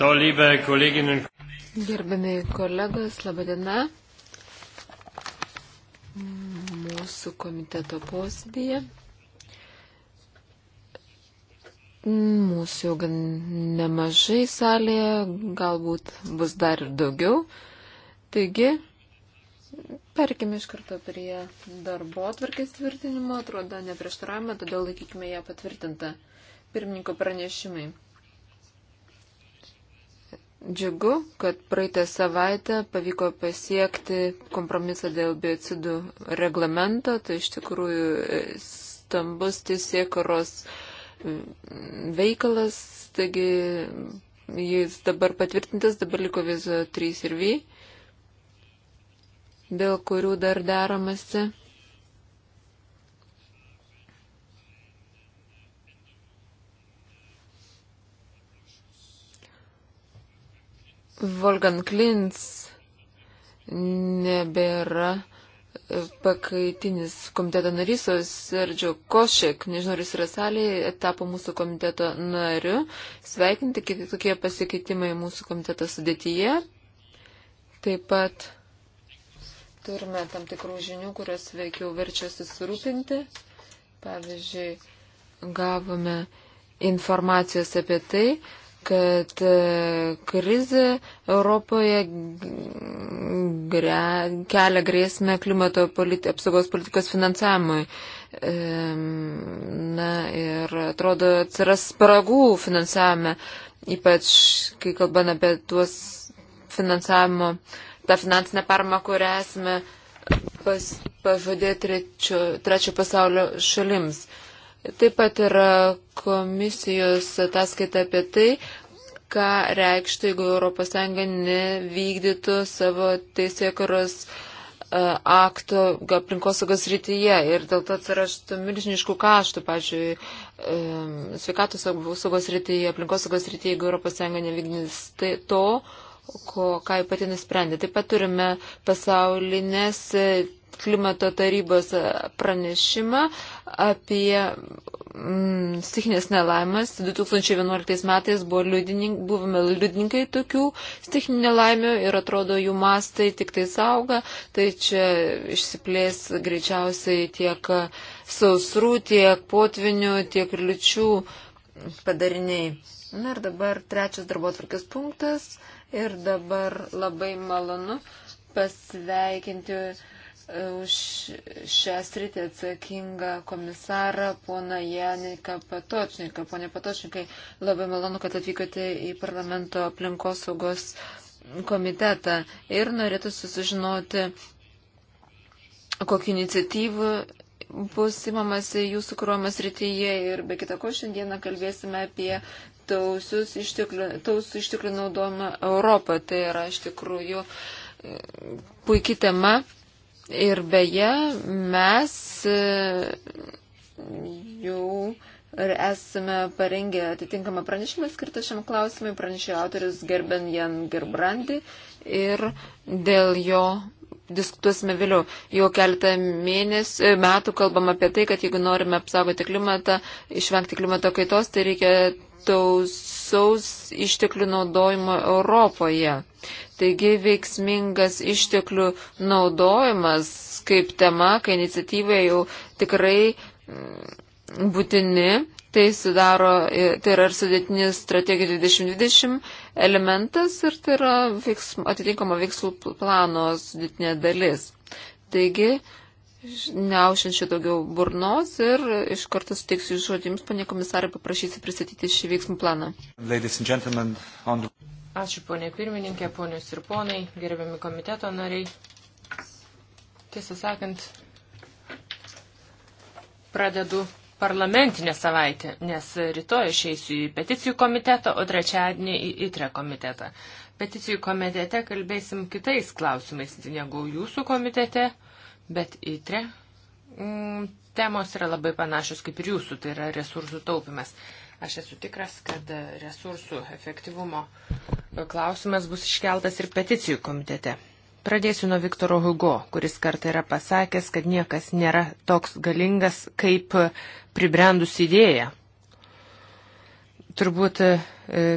So, liebe Kolleginnen. Gerbiami kolegos, laba diena. Mūsų komiteto posėdėje. Mūsų jau gan nemažai salėje, galbūt bus dar ir daugiau. Taigi, Perkime iš karto prie darbo atvarkės tvirtinimo, atrodo neprieštaravimą, todėl laikykime ją patvirtintą. Pirmininko pranešimai. Džiugu, kad praeitą savaitę pavyko pasiekti kompromisą dėl biocidų reglamento, tai iš tikrųjų stambus teisėkaros veikalas, taigi jis dabar patvirtintas, dabar liko vizo 3 ir V, dėl kurių dar deramasi. Volgan Klins nebėra e, pakaitinis komiteto narys, o Serdžio Košek, nežinau, ar jis yra salėje, tapo mūsų komiteto nariu. Sveikinti kiti tokie pasikeitimai mūsų komiteto sudėtyje. Taip pat turime tam tikrų žinių, kurios veikiau verčia susirūpinti. Pavyzdžiui, gavome informacijos apie tai, kad e, krizė Europoje kelia grėsmę klimato politi apsaugos politikos finansavimui. Na ir atrodo, atsiras spragų finansavime, ypač kai kalbame apie tuos finansavimo, tą finansinę paramą, kurią esame pas, pažadėję trečio, trečio pasaulio šalims. Taip pat yra komisijos ataskaita apie tai, ką reikštų, jeigu ES nevykdytų savo teisėkaros e, akto aplinkosaugos rytyje ir dėl to atsirastų milžiniškų kaštų, pavyzdžiui, e, sveikatos saugos rytyje, aplinkosaugos rytyje, jeigu ES nevykdys tai to, ko, ką ji pati nusprendė. Taip pat turime pasaulinės klimato tarybos pranešimą apie mm, stichinės nelaimės. 2011 metais buvo liudinink, buvome liudininkai tokių stichinių nelaimių ir atrodo jų mastai tik tai auga, tai čia išsiplės greičiausiai tiek sausrų, tiek potvinių, tiek ir liučių padariniai. Na ir dabar trečias darbo atvarkės punktas ir dabar labai malonu pasveikinti už šią sritį atsakingą komisarą, poną Janiką Patočniką. Pone Patočnikai, labai malonu, kad atvykote į parlamento aplinkosaugos komitetą ir norėtų susižinoti, kokiu iniciatyvu bus įmamasi jūsų kruomas rytyje ir be kitako šiandieną kalbėsime apie tausų išteklių, išteklių naudojimą Europą. Tai yra iš tikrųjų e, puikia tema. Ir beje, mes e, jau ir esame parengę atitinkamą pranešimą skirtą šiam klausimui, pranešė autorius Gerben Jan Gerbrandi ir dėl jo diskutuosime vėliau. Jau keletą mėnesių, e, metų kalbam apie tai, kad jeigu norime apsaugoti klimatą, išvengti klimato kaitos, tai reikia tausaus išteklių naudojimo Europoje. Taigi veiksmingas išteklių naudojimas kaip tema, kai iniciatyva jau tikrai mm, būtini, tai sudaro, tai yra ir sudėtinis strategija 2020 elementas ir tai yra veiksm, atitinkama veiksmų plano sudėtinė dalis. Taigi, neaušinčiau daugiau burnos ir iš karto suteiksiu žodį Jums, panė komisarė, paprašysiu pristatyti šį veiksmų planą. On... Ačiū ponė pirmininkė, ponios ir ponai, gerbiami komiteto nariai. Tiesą sakant, pradedu parlamentinę savaitę, nes rytoj išeisiu į peticijų komitetą, o trečiadienį į ITRE komitetą. Peticijų komitete kalbėsim kitais klausimais negu jūsų komitete, bet ITRE mm, temos yra labai panašios kaip ir jūsų, tai yra resursų taupimas. Aš esu tikras, kad resursų efektyvumo klausimas bus iškeltas ir peticijų komitete. Pradėsiu nuo Viktoro Hugo, kuris kartą yra pasakęs, kad niekas nėra toks galingas kaip pribrendusi idėja turbūt e,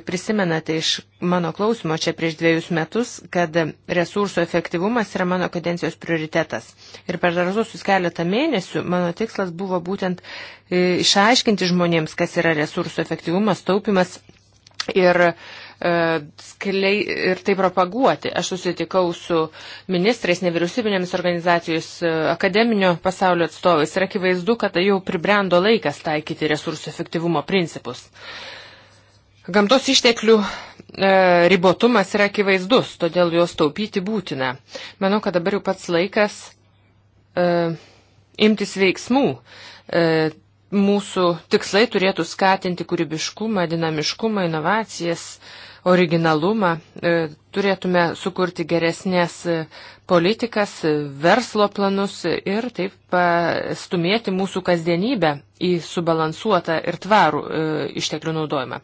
prisimenate iš mano klausimo čia prieš dviejus metus, kad resursų efektyvumas yra mano kadencijos prioritetas. Ir per darusius keletą mėnesių mano tikslas buvo būtent e, išaiškinti žmonėms, kas yra resursų efektyvumas, taupimas ir e, skliai ir tai propaguoti. Aš susitikau su ministrais, nevyriausybinėmis organizacijos, akademinio pasaulio atstovais ir akivaizdu, kad tai jau pribrendo laikas taikyti resursų efektyvumo principus. Uh, Gamtos išteklių e, ribotumas yra akivaizdus, todėl juos taupyti būtina. Manau, kad dabar jau pats laikas e, imtis veiksmų. E, mūsų tikslai turėtų skatinti kūrybiškumą, dinamiškumą, inovacijas, originalumą, e, turėtume sukurti geresnės politikas, verslo planus ir taip pastumėti mūsų kasdienybę į subalansuotą ir tvarų e, išteklių naudojimą.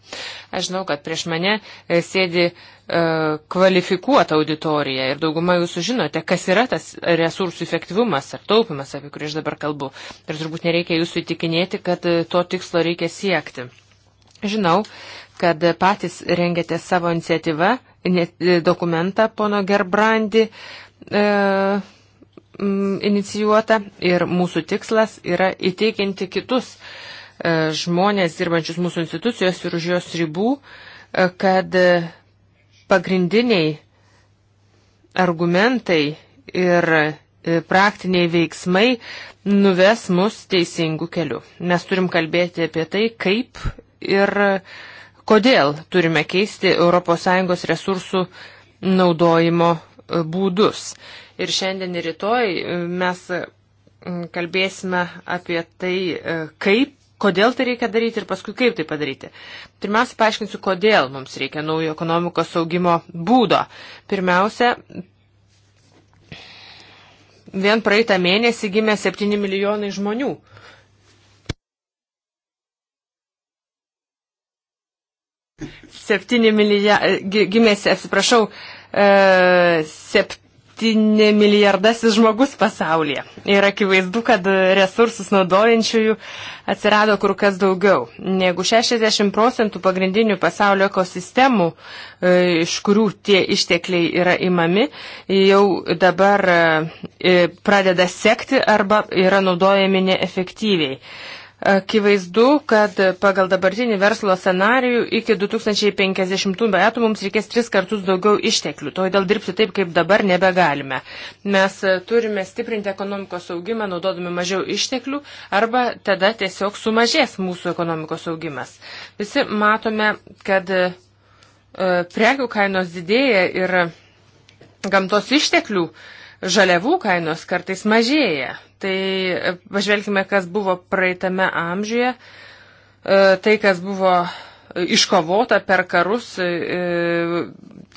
Aš žinau, kad prieš mane e, sėdi e, kvalifikuota auditorija ir dauguma jūsų žinote, kas yra tas resursų efektyvumas ar taupimas, apie kurį aš dabar kalbu. Ir turbūt nereikia jūsų įtikinėti, kad e, to tikslo reikia siekti. Žinau, kad patys rengėte savo iniciatyvą e, dokumentą pono Gerbrandi e, inicijuotą ir mūsų tikslas yra įteikinti kitus e, žmonės dirbančius mūsų institucijos ir už jos ribų, e, kad e, pagrindiniai argumentai ir e, praktiniai veiksmai nuves mus teisingų kelių. Mes turim kalbėti apie tai, kaip ir uh, Kodėl turime keisti ES resursų naudojimo e, būdus? Ir šiandien ir rytoj e, mes e, kalbėsime apie tai, kaip, kodėl tai reikia daryti ir paskui kaip tai padaryti. Pirmiausia, paaiškinsiu, kodėl mums reikia naujo ekonomikos saugimo būdo. Pirmiausia, vien praeitą mėnesį gimė 7 milijonai žmonių. 7 milijardai, e, gimėsi, atsiprašau, 7 e, milijardasis žmogus pasaulyje. Ir akivaizdu, kad resursus naudojančiųjų atsirado kur kas daugiau. Negu 60 procentų pagrindinių pasaulio ekosistemų, e, iš kurių tie ištekliai yra imami, jau dabar pradeda sekti arba yra naudojami neefektyviai. Akivaizdu, kad pagal dabartinį verslo scenarijų iki 2050 metų mums reikės tris kartus daugiau išteklių, todėl dirbti taip, kaip dabar nebegalime. Mes e, turime stiprinti ekonomikos augimą, naudodami mažiau išteklių, arba tada tiesiog sumažės mūsų ekonomikos augimas. Visi matome, kad e, prekių kainos didėja ir gamtos išteklių uh, žaliavų kainos kartais mažėja. Tai e, pažvelkime, kas buvo praeitame amžiuje, e, tai, kas buvo iškovota per karus, e,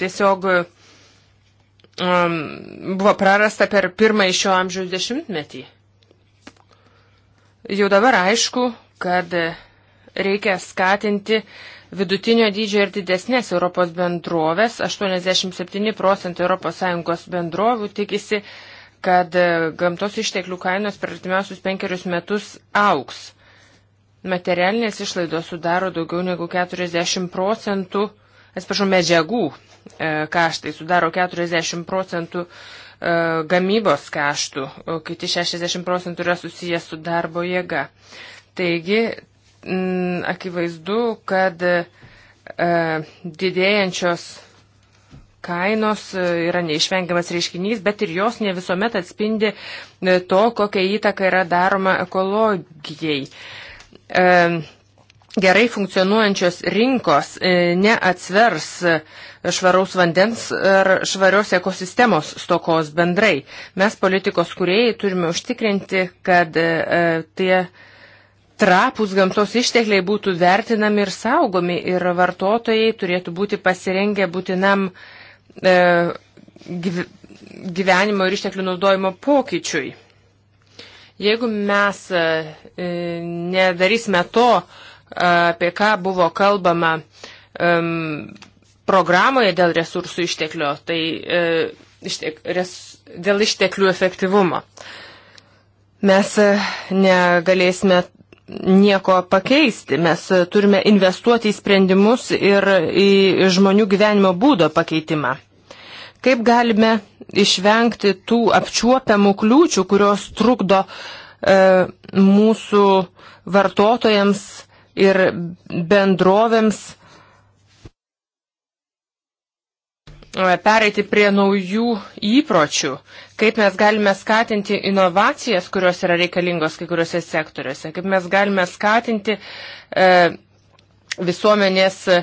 tiesiog um, buvo prarasta per pirmąjį šio amžiaus dešimtmetį. Jau dabar aišku, kad reikia skatinti Vidutinio dydžio ir didesnės Europos bendrovės, 87 procentai ES bendrovių tikisi, kad e, gamtos išteklių kainos per artimiausius penkerius metus auks. Materialinės išlaidos sudaro daugiau negu 40 procentų, atsiprašau, medžiagų e, kaštai sudaro 40 procentų e, gamybos kaštų, kiti 60 procentų yra susijęs su darbo jėga. Taigi m, mm, akivaizdu, kad e, didėjančios kainos e, yra neišvengiamas reiškinys, bet ir jos ne visuomet atspindi e, to, kokia įtaka yra daroma ekologijai. E, gerai funkcionuojančios rinkos e, neatsvers švaraus vandens ar švarios ekosistemos stokos bendrai. Mes politikos kuriejai turime užtikrinti, kad tie trapus gamtos ištekliai būtų vertinami ir saugomi ir vartotojai turėtų būti pasirengę būtinam e, gyvenimo ir išteklių naudojimo pokyčiui. Jeigu mes e, e nedarysime to, e, apie ką buvo kalbama e, programoje dėl resursų išteklio, tai e, ištek, res, dėl išteklių efektyvumo. Mes e, negalėsime nieko pakeisti. Mes turime investuoti į sprendimus ir į žmonių gyvenimo būdo pakeitimą. Kaip galime išvengti tų apčiuopiamų kliūčių, kurios trukdo e, mūsų vartotojams ir bendrovėms E, pereiti prie naujų įpročių, kaip mes galime skatinti inovacijas, kurios yra reikalingos kai kuriuose sektoriuose, kaip mes galime skatinti e, visuomenės e,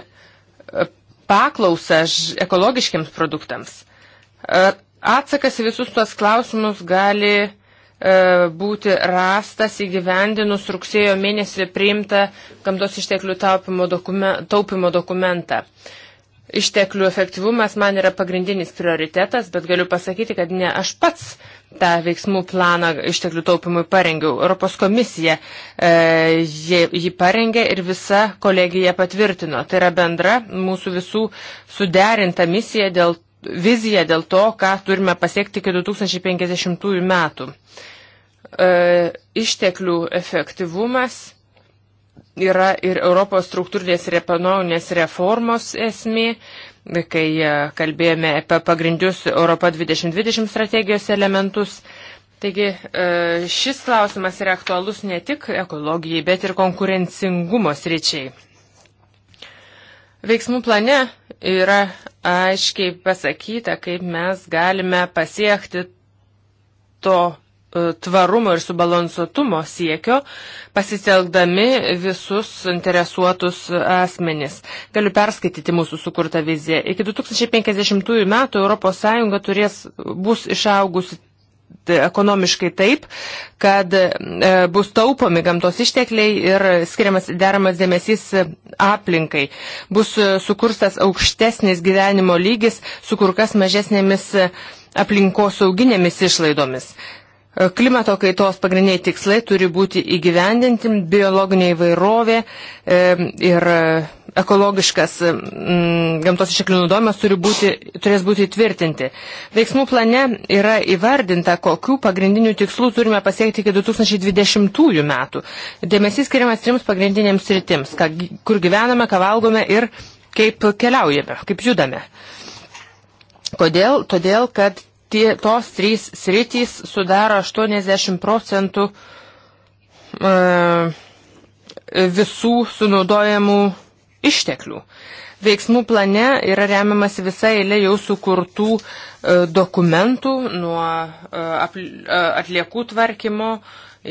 paklausą ekologiškiams produktams. E, atsakas į visus tuos klausimus gali e, būti rastas įgyvendinus rugsėjo mėnesį priimtą gamtos išteklių taupimo, dokumen, taupimo dokumentą. E, Išteklių efektyvumas man yra pagrindinis prioritetas, bet galiu pasakyti, kad ne aš pats tą veiksmų planą išteklių taupimui parengiau. Europos komisija e, jį, jį parengė ir visa kolegija patvirtino. Tai yra bendra mūsų visų suderinta misija dėl, vizija dėl to, ką turime pasiekti iki 2050 metų. E, išteklių efektyvumas yra ir Europos struktūrinės ir ekonominės reformos esmė, kai e, kalbėjome apie pagrindinius Europa 2020 strategijos elementus. Taigi e, šis klausimas yra aktualus ne tik ekologijai, bet ir konkurencingumo sričiai. Veiksmų plane yra aiškiai pasakyta, kaip mes galime pasiekti to E, tvarumo ir subalansuotumo siekio, pasitelkdami visus interesuotus asmenis. Galiu perskaityti mūsų sukurtą viziją. Iki 2050 metų ES turės, bus išaugusi ekonomiškai taip, kad e, bus taupomi gamtos ištekliai ir skiriamas deramas dėmesys aplinkai. Bus e, sukurstas aukštesnis gyvenimo lygis su kur kas mažesnėmis aplinkosauginėmis išlaidomis. Klimato kaitos pagrindiniai tikslai turi būti įgyvendinti, biologinė įvairovė e, ir ekologiškas mm, gamtos išteklių naudojimas turi būti, turės būti įtvirtinti. Veiksmų plane yra įvardinta, kokių pagrindinių tikslų turime pasiekti iki 2020 metų. Dėmesys skiriamas trims pagrindinėms sritims, kur gyvename, ką valgome ir kaip keliaujame, kaip judame. Kodėl? Todėl, kad tie, tos trys sritys sudaro 80 procentų e, visų sunaudojamų išteklių. Veiksmų plane yra remiamas visa eilė jau sukurtų e, dokumentų nuo e, e, atliekų tvarkymo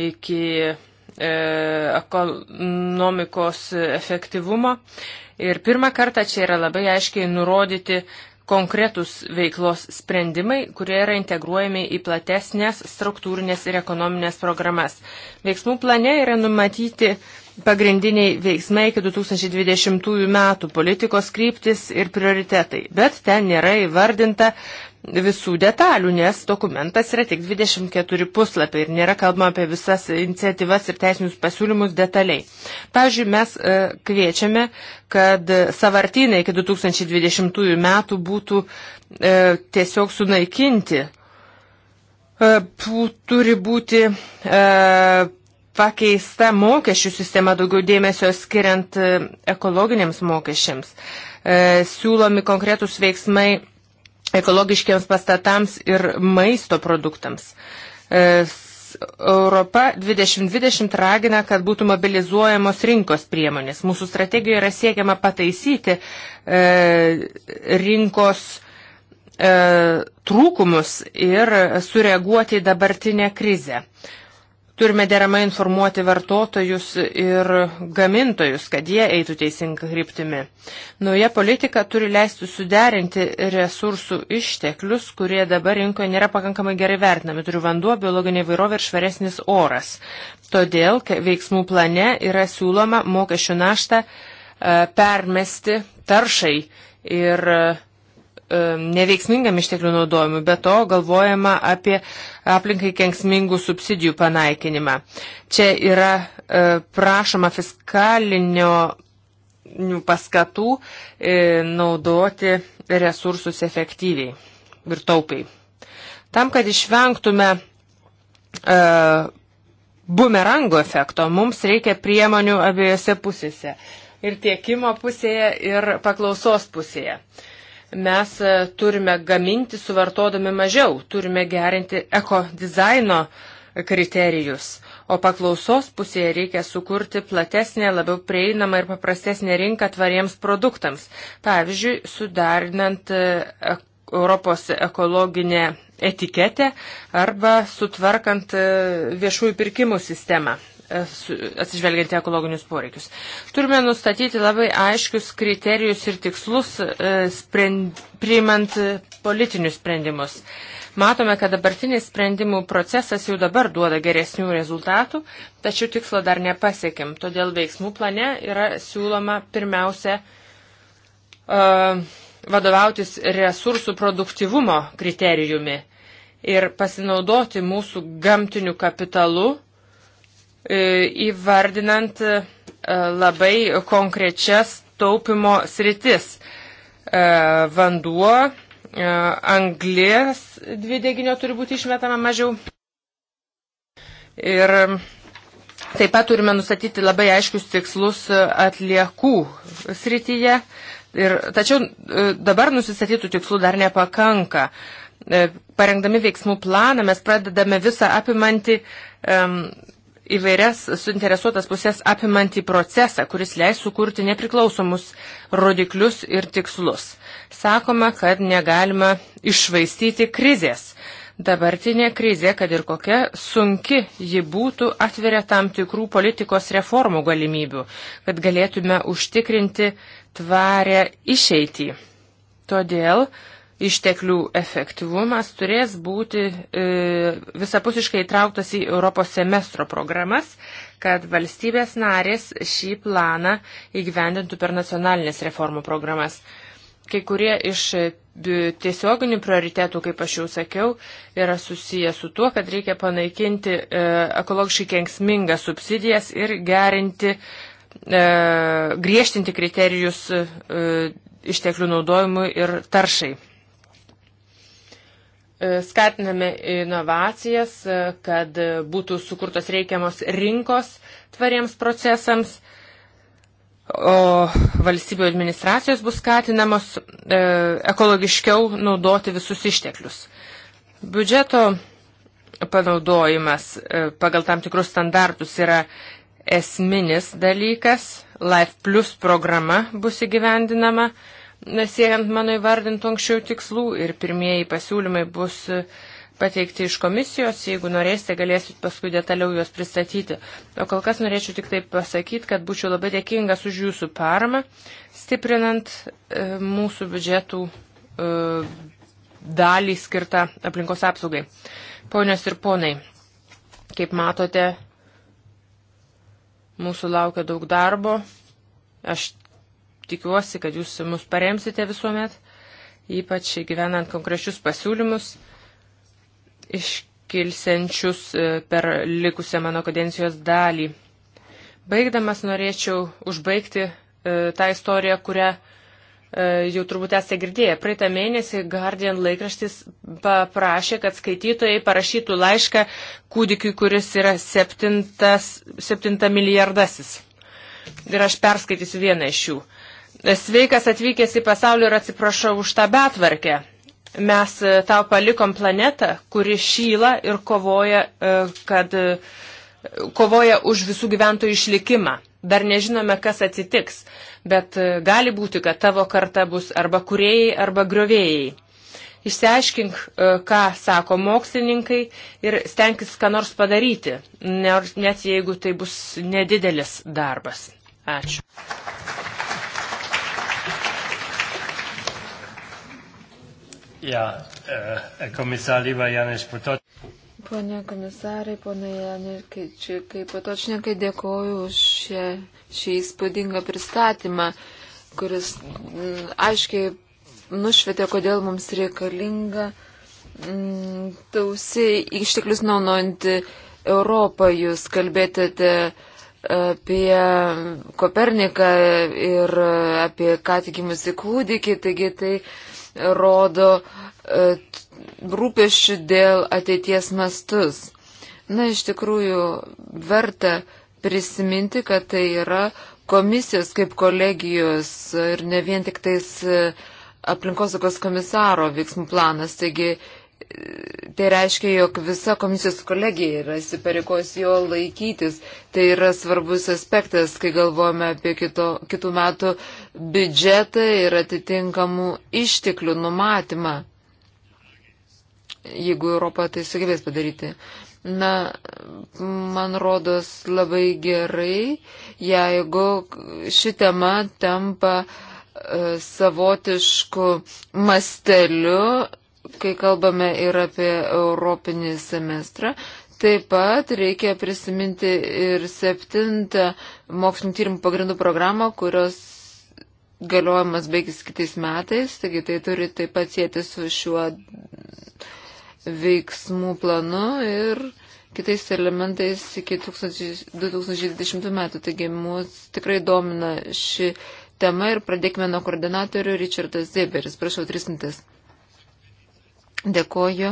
iki e, ekonomikos efektyvumo. Ir pirmą kartą čia yra labai aiškiai nurodyti konkretus veiklos sprendimai, kurie yra integruojami į platesnės struktūrinės ir ekonominės programas. Veiksmų plane yra numatyti pagrindiniai veiksmai iki 2020 metų politikos kryptis ir prioritetai, bet ten nėra įvardinta visų detalių, nes dokumentas yra tik 24 puslapiai ir nėra kalbama apie visas iniciatyvas ir teisinius pasiūlymus detaliai. Pavyzdžiui, mes e, kviečiame, kad savartinai iki 2020 metų būtų e, tiesiog sunaikinti. E, turi būti pakeista mokesčių sistema daugiau dėmesio skiriant ekologiniams mokesčiams. Siūlomi konkretus veiksmai ekologiškiams pastatams ir maisto produktams. E, Europa 2020 ragina, kad būtų mobilizuojamos rinkos priemonės. Mūsų strategijoje yra siekiama pataisyti e, rinkos e, trūkumus ir sureaguoti į dabartinę krizę. E, Turime deramai informuoti vartotojus ir gamintojus, kad jie eitų teisinga kryptimi. Nauja politika turi leisti suderinti resursų išteklius, kurie dabar rinkoje nėra pakankamai gerai vertinami. Turiu vanduo, biologinė vairovė ir švaresnis oras. Todėl veiksmų plane yra siūloma mokesčių naštą e, permesti taršai ir uh, Um, neveiksmingam išteklių naudojimui, bet to galvojama apie aplinkai kenksmingų subsidijų panaikinimą. Čia yra uh, prašoma fiskalinio nu, paskatų uh, naudoti resursus efektyviai ir taupiai. Tam, kad išvengtume uh, bumerango efekto, mums reikia priemonių abiejose pusėse. Ir tiekimo pusėje, ir paklausos pusėje. Uh, mes e, turime gaminti suvartodami mažiau, turime gerinti ekodizaino kriterijus. O paklausos pusėje reikia sukurti platesnę, labiau prieinamą ir paprastesnę rinką tvariems produktams. Pavyzdžiui, sudarinant e, Europos ekologinę etiketę arba sutvarkant e, viešųjų pirkimų sistemą. E, atsižvelgiant į ekologinius poreikius. Turime nustatyti labai aiškius kriterijus ir tikslus e, sprend, priimant politinius sprendimus. Matome, kad dabartinis sprendimų procesas jau dabar duoda geresnių rezultatų, tačiau tikslo dar nepasiekim. Todėl veiksmų plane yra siūloma pirmiausia uh, vadovautis resursų produktivumo kriterijumi ir pasinaudoti mūsų gamtiniu kapitalu E, įvardinant e, labai konkrečias taupimo sritis. E, vanduo, anglės dvideginio turi būti išmetama mažiau. Ir taip pat turime nustatyti labai aiškius tikslus atliekų srityje. Ir, tačiau dabar nusistatytų tikslų dar nepakanka. Parengdami veiksmų planą mes pradedame visą apimantį um, įvairias suinteresuotas pusės apimantį procesą, kuris leis sukurti nepriklausomus rodiklius ir tikslus. Sakoma, kad negalima išvaistyti krizės. Dabartinė krizė, kad ir kokia sunki ji būtų, atveria tam tikrų politikos reformų galimybių, kad galėtume užtikrinti tvarę išeitį. Todėl išteklių efektyvumas turės būti e, visapusiškai įtrauktas į Europos semestro programas, kad valstybės narės šį planą įgyvendintų per nacionalinės reformų programas. Kai kurie iš e, tiesioginių prioritetų, kaip aš jau sakiau, yra susiję su tuo, kad reikia panaikinti e, ekologiškai kenksmingas subsidijas ir gerinti, e, griežtinti kriterijus e, išteklių naudojimui ir taršai. E, skatiname inovacijas, e, kad būtų sukurtos reikiamos rinkos tvariems procesams, o valstybių administracijos bus skatinamos e, ekologiškiau naudoti visus išteklius. Biudžeto panaudojimas pagal tam tikrus standartus yra esminis dalykas, Life Plus programa bus įgyvendinama siekiant mano įvardintų anksčiau tikslų ir pirmieji pasiūlymai bus pateikti iš komisijos, jeigu norėsite, galėsiu paskui detaliau juos pristatyti. O kol kas norėčiau tik taip pasakyti, kad būčiau labai dėkingas už jūsų paramą, stiprinant e, mūsų biudžetų e, dalį skirtą aplinkos apsaugai. Ponios ir ponai, kaip matote, mūsų laukia daug darbo. Aš tikiuosi, kad jūs mus paremsite visuomet, ypač gyvenant konkrečius pasiūlymus iškilsenčius e, per likusią mano kadencijos dalį. Baigdamas norėčiau užbaigti e, tą istoriją, kurią e, jau turbūt esate girdėję. Praeitą mėnesį Guardian laikraštis paprašė, kad skaitytojai parašytų laišką kūdikiui, kuris yra septintas, septinta milijardasis. Ir aš perskaitysiu vieną iš jų. Sveikas atvykęs į pasaulį ir atsiprašau už tą betvarkę. Mes e, tau palikom planetą, kuri šyla ir kovoja, e, kad, e, kovoja už visų gyventojų išlikimą. Dar nežinome, kas atsitiks, bet gali būti, kad tavo karta bus arba kuriejai, arba griovėjai. Išsiaiškink, ką sako mokslininkai ir stenkis ką nors padaryti, net jeigu tai bus nedidelis darbas. Ačiū. Ja, e, eh, komisar, lieber Janis Potoč. Pone komisarai, pone Janerkičiukai, Potočnekai, dėkoju už šį, šį įspūdingą pristatymą, kuris m, mm, aiškiai nušvietė, kodėl mums reikalinga m, mm, tausi išteklius naunanti Europą. Jūs kalbėtėte apie Koperniką ir apie ką tikimusi kūdikį, taigi tai rodo e, rūpešių dėl ateities mastus. Na, iš tikrųjų, verta prisiminti, kad tai yra komisijos kaip kolegijos ir ne vien tik tais e, aplinkosaugos komisaro veiksmų planas. Taigi Tai reiškia, jog visa komisijos kolegija yra įsipareikos jo laikytis. Tai yra svarbus aspektas, kai galvojame apie kito, kitų metų biudžetą ir atitinkamų išteklių numatymą, jeigu Europa tai sugebės padaryti. Na, man rodos labai gerai, jeigu ši tema tampa e, savotišku masteliu kai kalbame ir apie Europinį semestrą. Taip pat reikia prisiminti ir septintą mokslinio tyrimų pagrindų programą, kurios galiojimas baigis kitais metais, taigi tai turi taip pat sėti su šiuo veiksmų planu ir kitais elementais iki 2020 metų. Taigi mus tikrai domina ši tema ir pradėkime nuo koordinatorių Richardas Zeberis. Prašau, tris mintis. Dėkoju.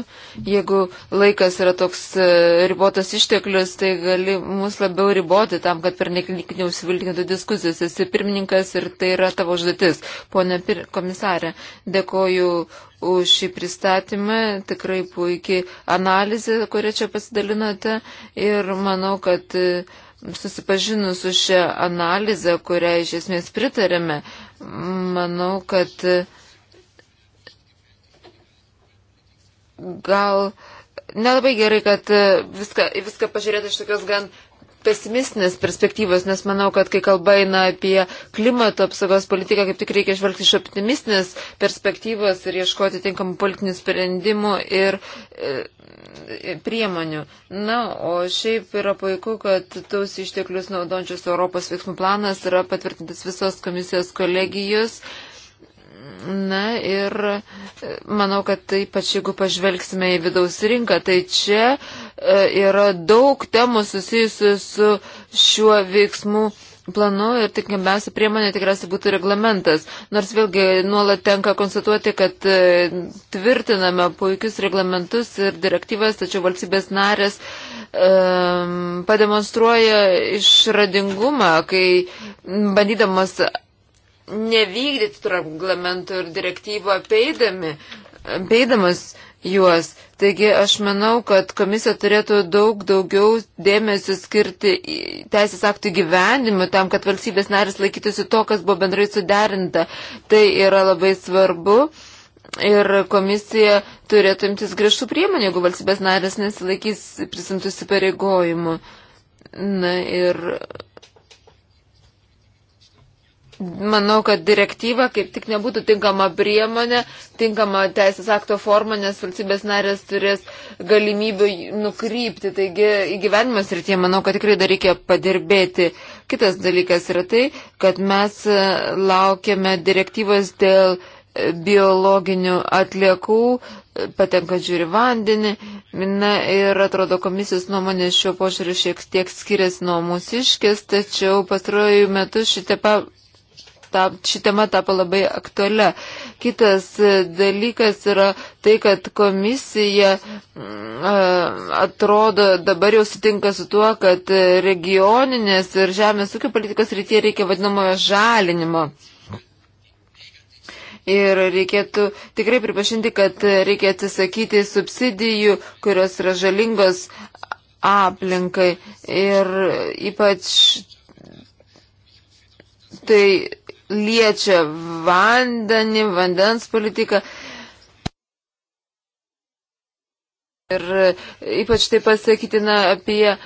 Jeigu laikas yra toks e, ribotas išteklius, tai gali mus labiau riboti tam, kad per neklinik neusivilkintų diskusijos. Esi pirmininkas ir tai yra tavo užduotis. Pone pir... komisarė, dėkoju už šį pristatymą. Tikrai puikiai analizė, kurią čia pasidalinote. Ir manau, kad e, susipažinus su šią analizę, kurią iš esmės pritarėme, manau, kad gal nelabai gerai, kad e, viską, viską pažiūrėti iš tokios gan pesimistinės perspektyvos, nes manau, kad kai kalba eina apie klimato apsaugos politiką, kaip tik reikia žvelgti iš optimistinės perspektyvos ir ieškoti tinkamų politinių sprendimų ir e, priemonių. Na, o šiaip yra puiku, kad taus išteklius naudojančios Europos veiksmų planas yra patvirtintas visos komisijos kolegijos. E, Na ir e, manau, kad ypač jeigu pažvelgsime į vidaus rinką, tai čia e, yra daug temų susijusių su šiuo veiksmu planu ir tinkamiausia priemonė tikriausiai būtų reglamentas. Nors vėlgi nuolat tenka konstatuoti, kad e, tvirtiname puikius reglamentus ir direktyvas, tačiau valstybės narės um, pademonstruoja išradingumą, kai bandydamas nevykdyti tų reglamentų ir direktyvų apeidami, apeidamas juos. Taigi aš manau, kad komisija turėtų daug daugiau dėmesio skirti teisės aktų gyvenimui tam, kad valstybės narės laikytųsi to, kas buvo bendrai suderinta. Tai yra labai svarbu. Ir komisija turėtų imtis griežtų priemonių, jeigu valstybės narės nesilaikys prisimtų įsipareigojimų. Na ir Manau, kad direktyva kaip tik nebūtų tinkama priemonė, tinkama teisės akto forma, nes valstybės narės turės galimybę nukrypti. Taigi įgyvenimas ir tie, manau, kad tikrai dar reikia padirbėti. Kitas dalykas yra tai, kad mes e, laukiame direktyvos dėl e, biologinių atliekų, e, patenkančių ir vandenį. Na ir atrodo, komisijos nuomonė šiuo požiūriu šiek tiek skiriasi nuo mūsiškės, tačiau pastarojų metų šitie pa ta, ši tema tapo labai aktualia. Kitas e, dalykas yra tai, kad komisija mm, e, atrodo dabar jau sutinka su tuo, kad regioninės ir žemės ūkio politikos rytyje reikia vadinamojo žalinimo. Ir reikėtų tikrai pripažinti, kad reikia atsisakyti subsidijų, kurios yra žalingos aplinkai. Ir ypač tai liečia vandenį, vandens politiką. Ir ypač tai pasakytina apie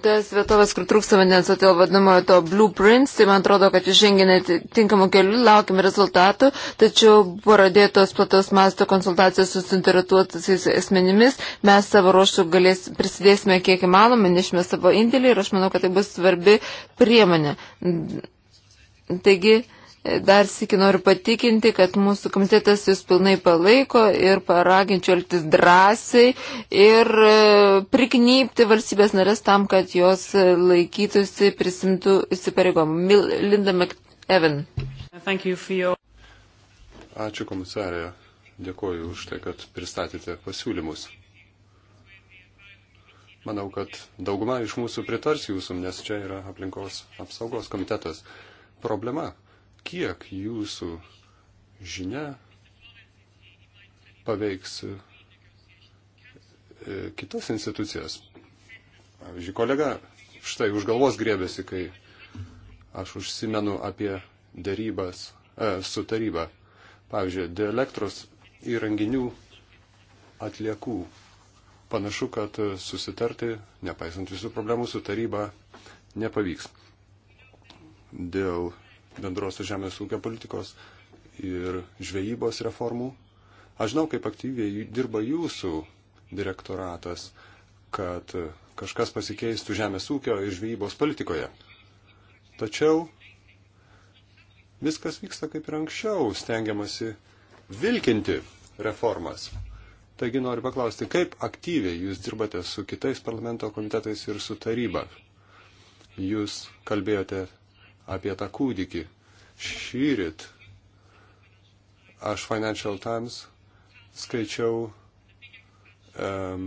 tas vietovės, kur trūksta vandens, o dėl vadinamojo to blueprints, tai man atrodo, kad žengėme tinkamų kelių, laukime rezultatų, tačiau buvo radėtos plataus masto konsultacijos su suinteresuotais asmenimis, mes savo ruošų galės, prisidėsime kiek įmanoma, nešime savo indėlį ir aš manau, kad tai bus svarbi priemonė. Taigi, Dar sėki noriu patikinti, kad mūsų komitetas jūs pilnai palaiko ir paraginčiau elgtis drąsiai ir e, priknypti valstybės narės tam, kad jos laikytųsi prisimtų įsipareigomų. Linda McEvan. Your... Ačiū komisarė. Dėkoju už tai, kad pristatėte pasiūlymus. Manau, kad dauguma iš mūsų pritars jūsų, nes čia yra aplinkos apsaugos komitetas. Problema kiek jūsų žinia paveiks e, kitas institucijas. Pavyzdžiui, kolega štai už galvos grėbėsi, kai aš užsimenu apie dėrybas e, su taryba. Pavyzdžiui, dėl elektros įrenginių atliekų. Panašu, kad susitarti, nepaisant visų problemų, su taryba nepavyks. Dėl bendrosios žemės ūkio politikos ir žvejybos reformų. Aš žinau, kaip aktyviai dirba jūsų direktoratas, kad kažkas pasikeistų žemės ūkio ir žvejybos politikoje. Tačiau viskas vyksta kaip ir anksčiau, stengiamasi vilkinti reformas. Taigi noriu paklausti, kaip aktyviai jūs dirbate su kitais parlamento komitetais ir su taryba? Jūs kalbėjote apie tą kūdikį. Šyrit aš Financial Times skaičiau um,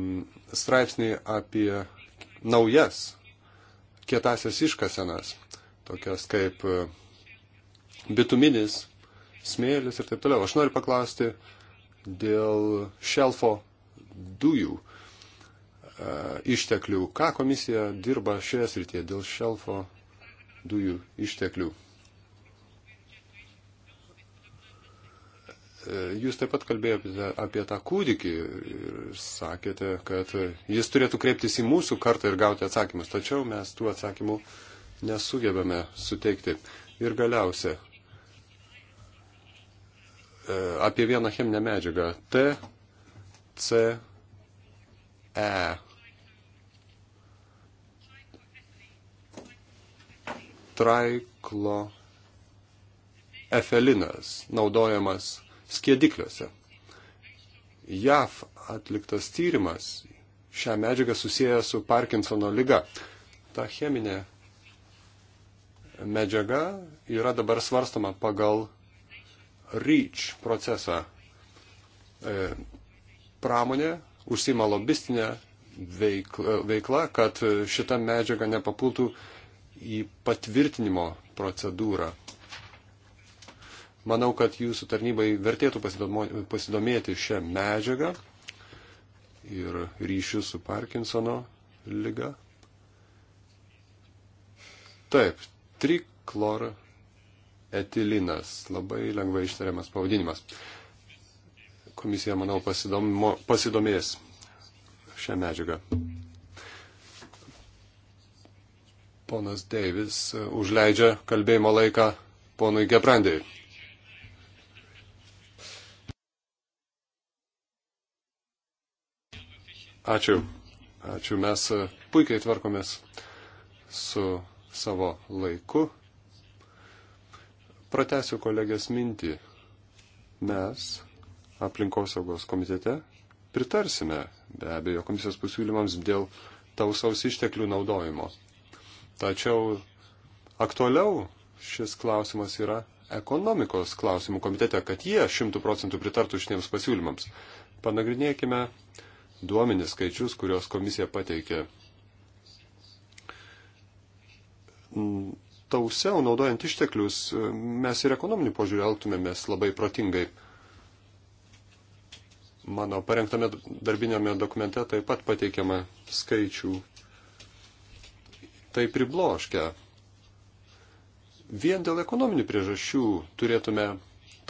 straipsnį apie naujas kietasias iškasenas, tokias kaip e, bituminis, smėlis ir taip toliau. Aš noriu paklausti dėl šelfo dujų e, išteklių. Ką komisija dirba šioje srityje dėl šelfo dujų išteklių. E, jūs taip pat kalbėjote apie tą kūdikį ir sakėte, kad jis turėtų kreiptis į mūsų kartą ir gauti atsakymus, tačiau mes tų atsakymų nesugebame suteikti. Ir galiausia, e, apie vieną cheminę medžiagą T, C, E traiklo efelinas naudojamas skėdikliuose. JAV atliktas tyrimas šią medžiagą susiję su Parkinsono lyga. Ta cheminė medžiaga yra dabar svarstama pagal REACH procesą. E, pramonė užsima lobistinę veikla, kad šita medžiaga nepapultų į patvirtinimo procedūrą. Manau, kad jūsų tarnybai vertėtų pasidomėti šią medžiagą ir ryšių su Parkinsono lyga. Taip, triklorretilinas, labai lengvai ištariamas pavadinimas. Komisija, manau, pasidomės šią medžiagą. Ponas Deivis e, užleidžia kalbėjimo laiką ponui Gebrandėjui. Ačiū. Ačiū. Mes e, puikiai tvarkomės su savo laiku. Pratesiu kolegės mintį. Mes aplinkosaugos komitete pritarsime be abejo komisijos pasiūlymams dėl tausaus išteklių naudojimo. Tačiau aktualiau šis klausimas yra ekonomikos klausimų komitete, kad jie šimtų procentų pritartų šitiems pasiūlymams. Panagrinėkime duomenis skaičius, kuriuos komisija pateikė. Tausiau naudojant išteklius mes ir ekonominių požiūrį elgtumėmės labai protingai. Mano parengtame darbinėme dokumente taip pat pateikiama skaičių tai pribloškia. Vien dėl ekonominių priežasčių turėtume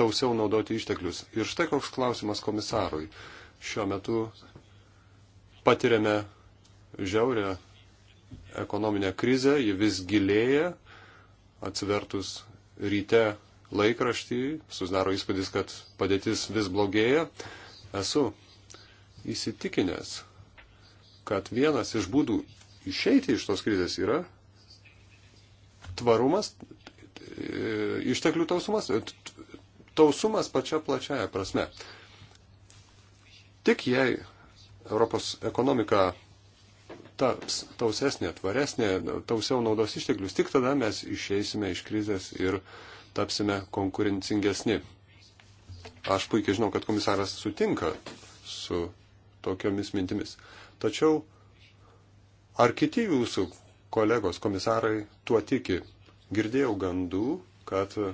tausiau naudoti išteklius. Ir štai koks klausimas komisarui. Šiuo metu patiriame žiaurę ekonominę krizę, ji vis gilėja, atsivertus ryte laikraštį, susidaro įspūdis, kad padėtis vis blogėja. Esu įsitikinęs, kad vienas iš būdų išeiti iš tos krizės yra tvarumas, e, išteklių tausumas, e, tausumas pačia plačiaja prasme. Tik jei Europos ekonomika taps tausesnė, tvaresnė, tausiau naudos išteklius, tik tada mes išeisime iš krizės ir tapsime konkurencingesni. Aš puikiai žinau, kad komisaras sutinka su tokiomis mintimis. Tačiau Ar kiti jūsų kolegos komisarai tuo tiki? Girdėjau gandų, kad e,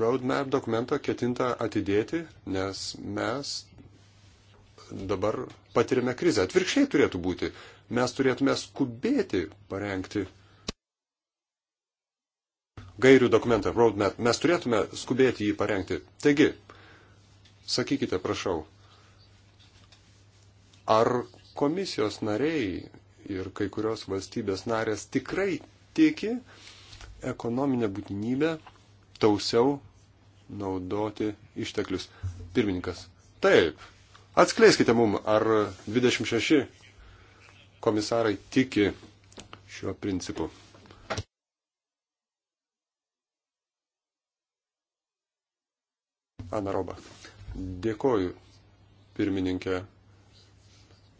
roadmap dokumentą ketinta atidėti, nes mes dabar patirime krizę. Atvirkščiai turėtų būti. Mes turėtume skubėti parengti gairių dokumentą, roadmap. Mes turėtume skubėti jį parengti. Taigi, sakykite, prašau, ar komisijos nariai ir kai kurios valstybės narės tikrai tiki ekonominę būtinybę tausiau naudoti išteklius. Pirmininkas. Taip. Atskleiskite mum, ar 26 komisarai tiki šiuo principu. Ana Roba. Dėkoju, pirmininkė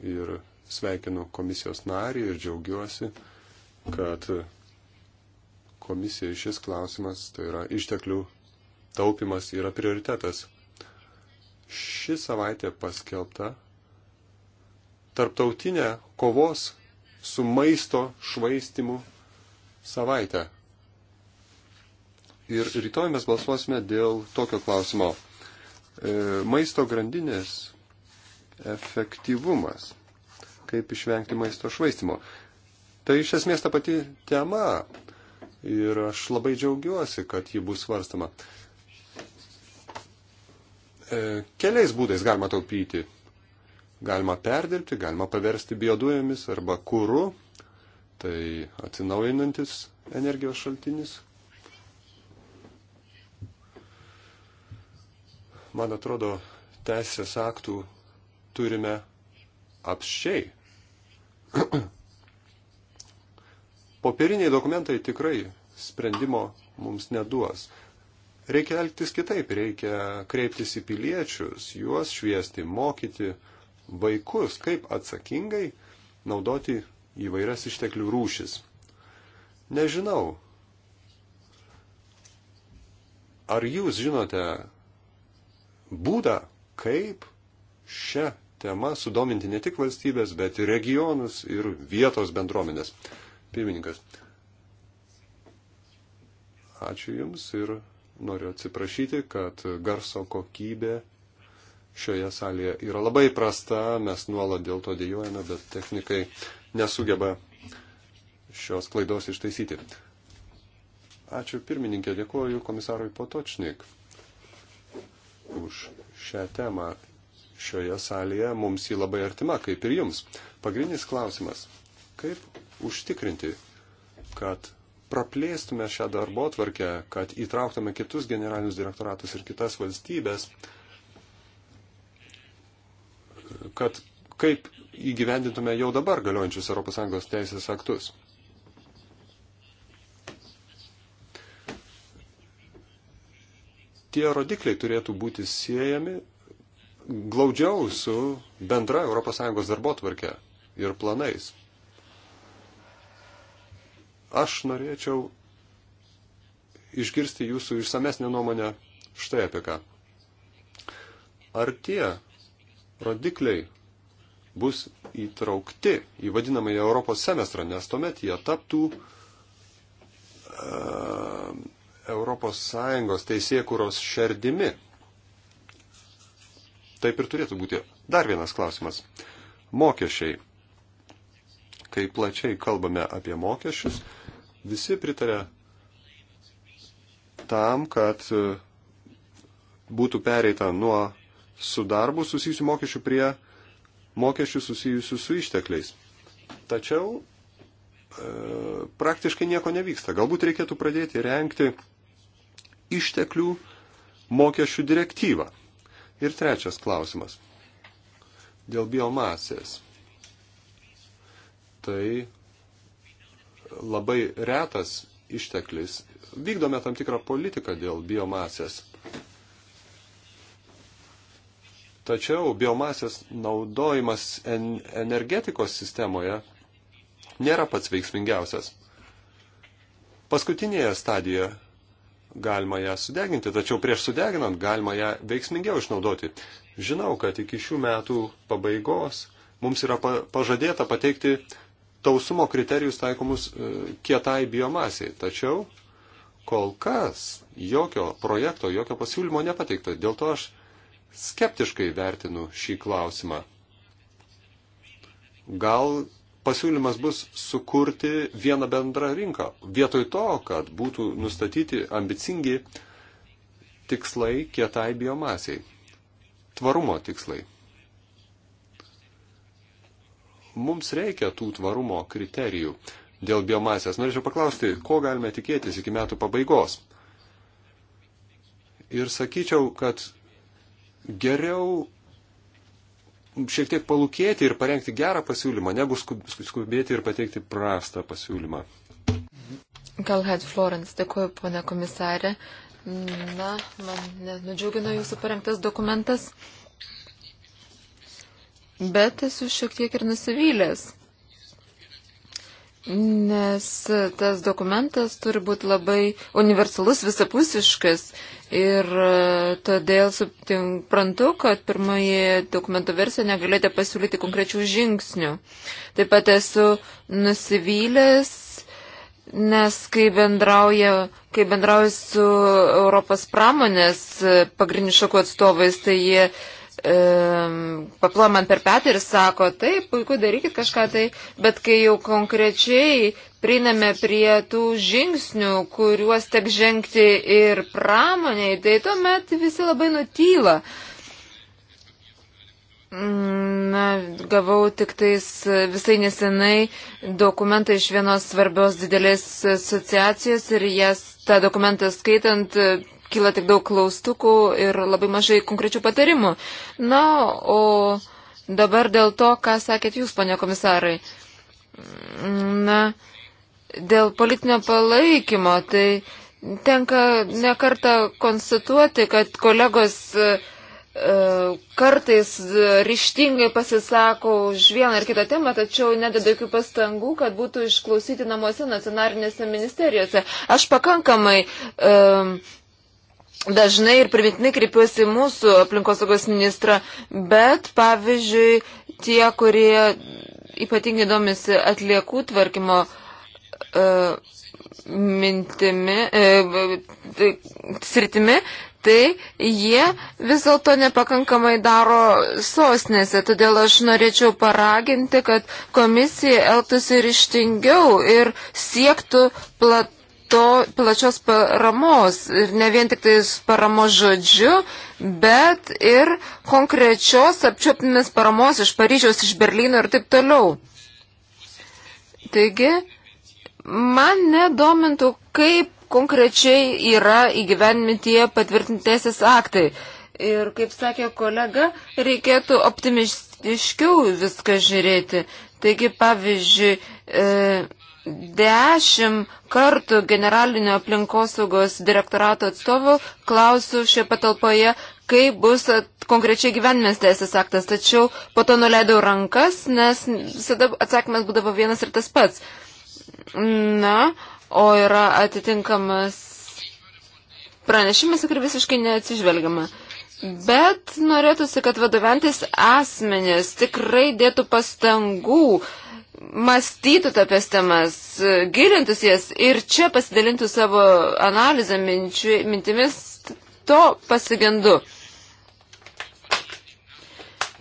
ir sveikinu komisijos narį ir džiaugiuosi, kad komisijai šis klausimas, tai yra išteklių taupimas, yra prioritetas. Ši savaitė paskelbta tarptautinė kovos su maisto švaistimu savaitę. Ir rytoj mes balsuosime dėl tokio klausimo. E, maisto grandinės efektyvumas, kaip išvengti maisto švaistimo. Tai iš esmės ta pati tema ir aš labai džiaugiuosi, kad ji bus svarstama. E, keliais būdais galima taupyti. Galima perdirbti, galima paversti biodujomis arba kūru, tai atsinaujinantis energijos šaltinis. Man atrodo, teisės aktų turime apščiai. Popieriniai dokumentai tikrai sprendimo mums neduos. Reikia elgtis kitaip, reikia kreiptis į piliečius, juos šviesti, mokyti vaikus, kaip atsakingai naudoti įvairias išteklių rūšis. Nežinau, ar jūs žinote būdą, kaip šią tema sudominti ne tik valstybės, bet ir regionus ir vietos bendruomenės. Pirmininkas. Ačiū Jums ir noriu atsiprašyti, kad garso kokybė šioje salėje yra labai prasta, mes nuolat dėl to dėjojame, bet technikai nesugeba šios klaidos ištaisyti. Ačiū pirmininkė, dėkuoju komisarui Potočnik už šią temą šioje salėje mums jį labai artima, kaip ir jums. Pagrindinis klausimas - kaip užtikrinti, kad praplėstume šią darbo tvarkę, kad įtrauktume kitus generalinius direktoratus ir kitas valstybės, kad kaip įgyvendintume jau dabar galiojančius ES teisės aktus. Tie rodikliai turėtų būti siejami glaudžiau su bendra ES darbotvarkė ir planais. Aš norėčiau išgirsti jūsų išsamesnę nuomonę štai apie ką. Ar tie rodikliai bus įtraukti į vadinamąją Europos semestrą, nes tuomet jie taptų uh, Europos Sąjungos teisėkuros šerdimi taip ir turėtų būti. Dar vienas klausimas. Mokesčiai. Kai plačiai kalbame apie mokesčius, visi pritarė tam, kad e, būtų pereita nuo su darbu susijusių mokesčių prie mokesčių susijusių su ištekliais. Tačiau e, praktiškai nieko nevyksta. Galbūt reikėtų pradėti renkti išteklių mokesčių direktyvą. Ir trečias klausimas. Dėl biomasės. Tai labai retas išteklis. Vykdome tam tikrą politiką dėl biomasės. Tačiau biomasės naudojimas en energetikos sistemoje nėra pats veiksmingiausias. Paskutinėje stadijoje galima ją sudeginti, tačiau prieš sudeginant galima ją veiksmingiau išnaudoti. Žinau, kad iki šių metų pabaigos mums yra pažadėta pateikti tausumo kriterijus taikomus e, kietai biomasiai, tačiau kol kas jokio projekto, jokio pasiūlymo nepateikta. Dėl to aš skeptiškai vertinu šį klausimą. Gal pasiūlymas bus sukurti vieną bendrą rinką. Vietoj to, kad būtų nustatyti ambicingi tikslai kietai biomasiai. Tvarumo tikslai. Mums reikia tų tvarumo kriterijų dėl biomasės. Norėčiau paklausti, ko galime tikėtis iki metų pabaigos. Ir sakyčiau, kad geriau šiek tiek palūkėti ir parengti gerą pasiūlymą, negu skubėti ir pateikti prastą pasiūlymą. Galhead Florence, dėkuoju, ponė komisarė. Na, man nudžiugino jūsų parengtas dokumentas, bet esu šiek tiek ir nusivylęs. Nes tas dokumentas turi būti labai universalus, visapusiškas Ir e, todėl suprantu, kad pirmoji dokumento versija negalėjote pasiūlyti konkrečių žingsnių. Taip pat esu nusivylęs, nes kai bendrauja kai bendrauju su Europos pramonės e, pagrindinių šakų atstovais, tai jie paplomant per petį ir sako, taip, puiku, darykit kažką tai, bet kai jau konkrečiai prieiname prie tų žingsnių, kuriuos tek žengti ir pramoniai, tai tuomet visi labai nutyla. Na, gavau tik tais visai nesenai dokumentą iš vienos svarbios didelės asociacijos ir jas tą dokumentą skaitant kyla tik daug klaustukų ir labai mažai konkrečių patarimų. Na, o dabar dėl to, ką sakėt jūs, pane komisarai. Na, dėl politinio palaikymo, tai tenka nekarta konstatuoti, kad kolegos e, e, kartais ryštingai pasisako už vieną ar kitą temą, tačiau nededa jokių pastangų, kad būtų išklausyti namuose nacionalinėse ministerijose. Aš pakankamai um, dažnai ir primiktinai kreipiuosi mūsų aplinkosaugos ministrą, bet pavyzdžiui, tie, kurie ypatingai domisi atliekų tvarkymo uh, mintimi, uh, sritimi, tai jie vis dėlto nepakankamai daro sosnėse. Todėl aš norėčiau paraginti, kad komisija elgtųsi ryštingiau ir siektų plat, to plačios paramos ir ne vien tik tais paramos žodžiu, bet ir konkrečios apčiopinės paramos iš Paryžiaus, iš Berlyno ir taip toliau. Taigi, man nedomintų, kaip konkrečiai yra įgyvenmintie patvirtinti teisės aktai. Ir kaip sakė kolega, reikėtų optimistiškiau viską žiūrėti. Taigi, pavyzdžiui, e, dešimt kartų generalinio aplinkosaugos direktorato atstovų klausiu šioje patalpoje, kaip bus konkrečiai gyvenimės teisės aktas, tačiau po to nuleidau rankas, nes visada atsakymas būdavo vienas ir tas pats. Na, o yra atitinkamas pranešimas, kur visiškai neatsižvelgiama. Bet norėtųsi, kad vadovantis asmenės tikrai dėtų pastangų uh, mastytų tokias temas, gilintus jas ir čia pasidalintų savo analizą minčių, mintimis, to pasigendu.